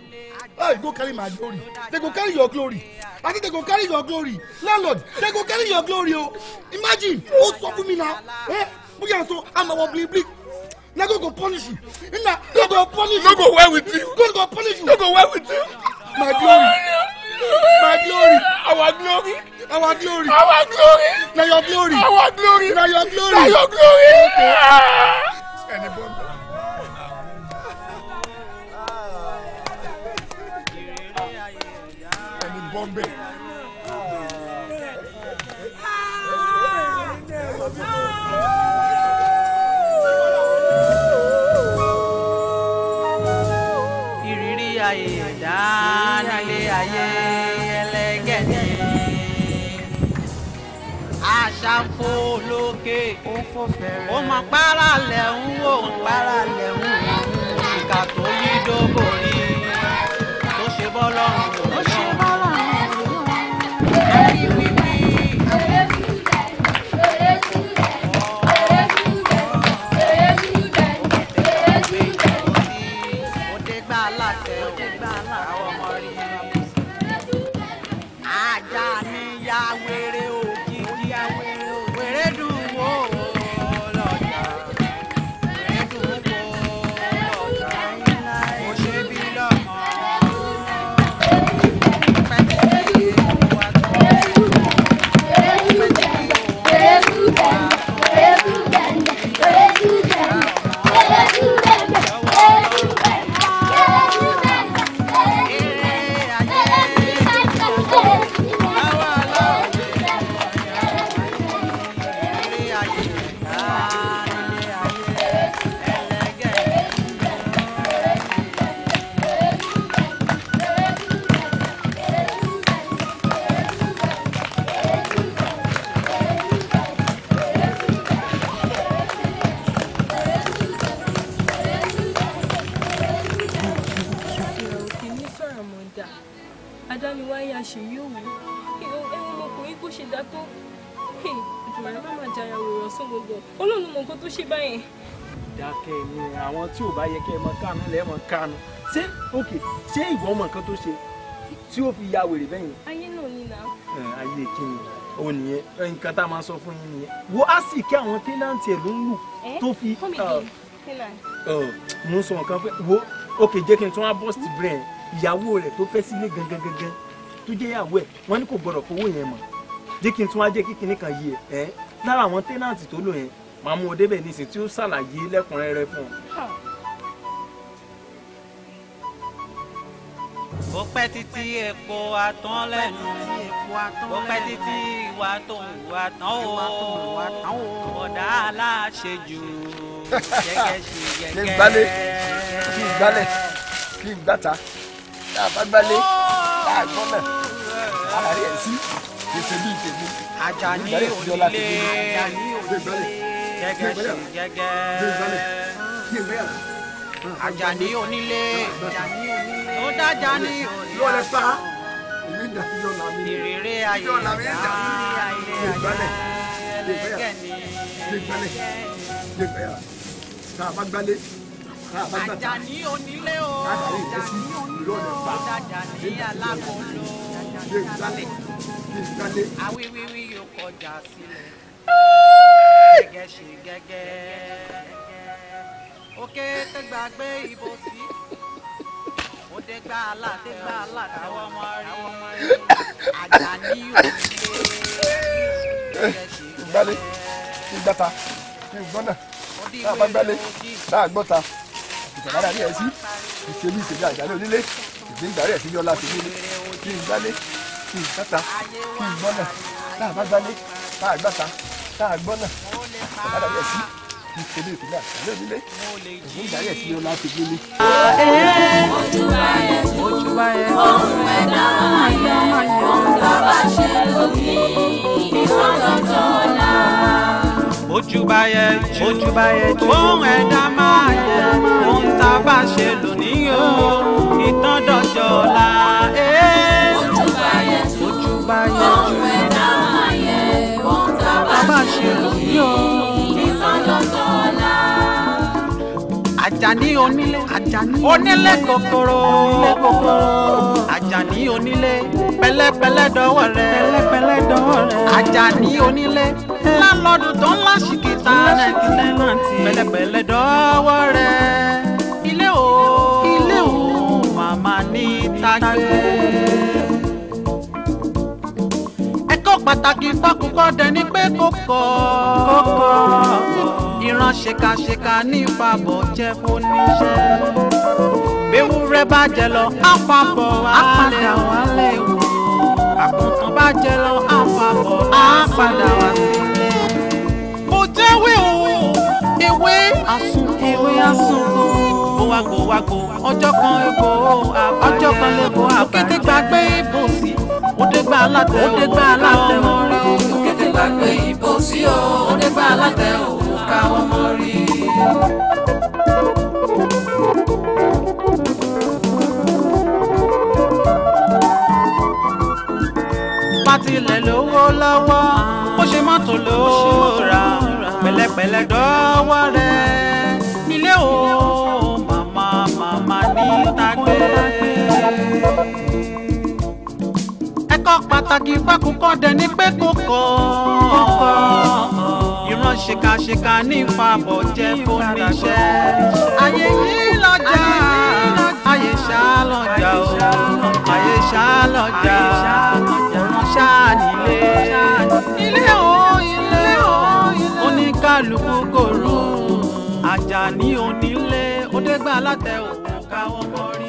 Oh, go carry my glory. They go carry your glory. I think they go carry your glory. Landlord, they go carry your glory. Oh, imagine. Oh, so for me now. Eh? We are so. I'm our bleep bleep. Now go go punish you. Now go punish you. No go well with you. Go go punish you. No go well with you. My glory. My glory. Our glory. Our glory. Our glory. Na your glory. Our glory. Na your glory. Na your glory. Ẹni bọ́ mi. Ẹni bọ́ mi. máa fò lókè ó fò fẹ̀rẹ̀ ó mọ para lẹ̀ ń wò para lẹ̀ ń wò ìkà tó yí dógò rí tó ṣe bọ́ lọ́rùn. sọ gbogbo olóòlù mọ nǹkan tó ṣe báyẹn. dákẹ́ ni àwọn tí ò bá yẹ kẹ́ ẹ mọ kánú lẹ́ẹ̀ mọ kánú ṣé òkè ṣé ìwọ mọ nǹkan tó ṣe tí ó fi ya wèrè bẹ́yìn. ayé náà ni nà. ayé kí ni o nìyẹn nǹkan tá a máa sọ fún yín nìyẹn wo á sì kí àwọn tẹ́láǹtì ẹ̀ ló ń lù tó fi ah, mo ń sọ nǹkan fẹ́ wo òkè jẹ́ kí n tún wá bọ́ọ̀sì brain ìyàwó rẹ̀ tó fẹ́ sílé gangan gangan tó jẹ́ ìyàwó ẹ̀ wọ́n ní kò gbọ́dọ̀ fowó yẹn mọ̀ jẹ́ kí n tún wá jẹ́ kí kan yí ẹ̀ lára àwọn tẹ́nàntì tó lò yẹn màá mú ọ débẹ̀ nísìnyí tí ó ṣàlàyé lẹ́kùnrẹ́rẹ́ fún ọ. ó pẹ́ títí epo àtán lẹ́nu ó pẹ́ títí ìwà tó ń wà tán o ọ̀dà aláṣejù gẹ́gẹ́ ṣe gẹ́gẹ́. kí n gbálẹ̀ kí n gbálẹ̀ kí n gbàtà tá a bá gbálẹ̀ tá a gbọ́n náà àárẹ̀ sí. Àjàní onílé Àjàní onílé jẹgẹsì jẹgẹ Àjàní onílé tó dájà ní onílé ìrèrè ayé ayé ayé lẹ́gẹ̀ ni. Àjàní onílé o Àjàní onílé tó dájà ní alákòóló jálẹ̀ awíwíwí yóò kọjá sílẹ̀ gẹ́gẹ́ ṣe gẹ́gẹ́ òkè tẹ́gbàgbé ìbò sí òde gba aládé gba aládé àwọn ọmọ rẹ àjà ní òkè gẹ́gẹ́ ṣe gẹ́gẹ́ ní gbọ́nà náà bá gbálẹ̀ náà gbọ́ta ìtàlára rí ẹ sí ìṣèlú ìṣèlú àjálẹ̀ onílé ìgbéǹdà rẹ̀ sílé ọlá sílé ní gbálẹ̀ kì í sáta kì í gbọ́nà tá a bá gbálé tá a gbàta tá a gbọ́nà ọ̀kadà bẹ̀ sí kì í ṣeré ìpínlẹ̀ àtàlẹ́ onílé òun ìdarí sí ọlá ti gbélé. ojú ayẹ ohun ẹ̀dá máa yẹ bá ṣe lómi ìfọ̀tọ̀tọ̀ ọ̀la. ojúbáyẹ ojúbáyẹ ohun ẹ̀dá máa yẹ ohun tá a bá ṣe lónìí yóò ìtàn dọ̀jọ́ ọ̀la. Ajani kokoro, Àjàní onílé onílé kòkòrò Àjàní onílé pẹ̀lẹ́pẹ̀lẹ́ dọ́wọ́ rẹ̀ Ajani onílé lálọ́dún tó ń láṣìkìtà rẹ̀ pẹ̀lẹ́pẹ̀lẹ́ dọ́wọ́ rẹ̀ ilé o ilé o màmá ní tágbé. pàtàkì fọkùnkọ́ dẹni pé kókó kókó ìran ṣèkàṣèkà ní ìfàbọ̀ jẹ́ fóníṣẹ́ béwúrẹ́ bàjẹ́ lọ àpapọ̀ àpàdà wálé wò àkùntàn bàjẹ́ lọ àpapọ̀ àpàdà wá sílé. mo jẹ́wé o ìwé àsùnkò ìwé àsùnkò wàgò wàgò ọjọ́ kan èkó ọjọ́ kan lèkó òkété gbàgbé ìbò sí òde gbà látẹ̀ òde gbà látẹ̀ ọmọ rí òkété gbàgbé ìbò sí o òde gbà látẹ̀ òkà ọmọ rí. tilẹ̀ lówó lọ́wọ́ bó ṣe mọ́tò ló pẹ̀lẹ́pẹ̀lẹ́ dọ́wọ́ rẹ̀. ẹ̀kọ́ pàtàkì fákúnkọ́dẹ ní pé kò kọ́ ìran ṣìkàṣìkà ní ìfàbọ̀ jẹ́ fóníṣẹ́ ayé yìí lọ́jà ayé ṣá lọ́jà o ayé ṣá lọ́jà ọ̀run ṣá nílé ilé o ilé o oníkàlùkù kò rò àjà ní onílé ó dé gbà látẹ̀ o. power party.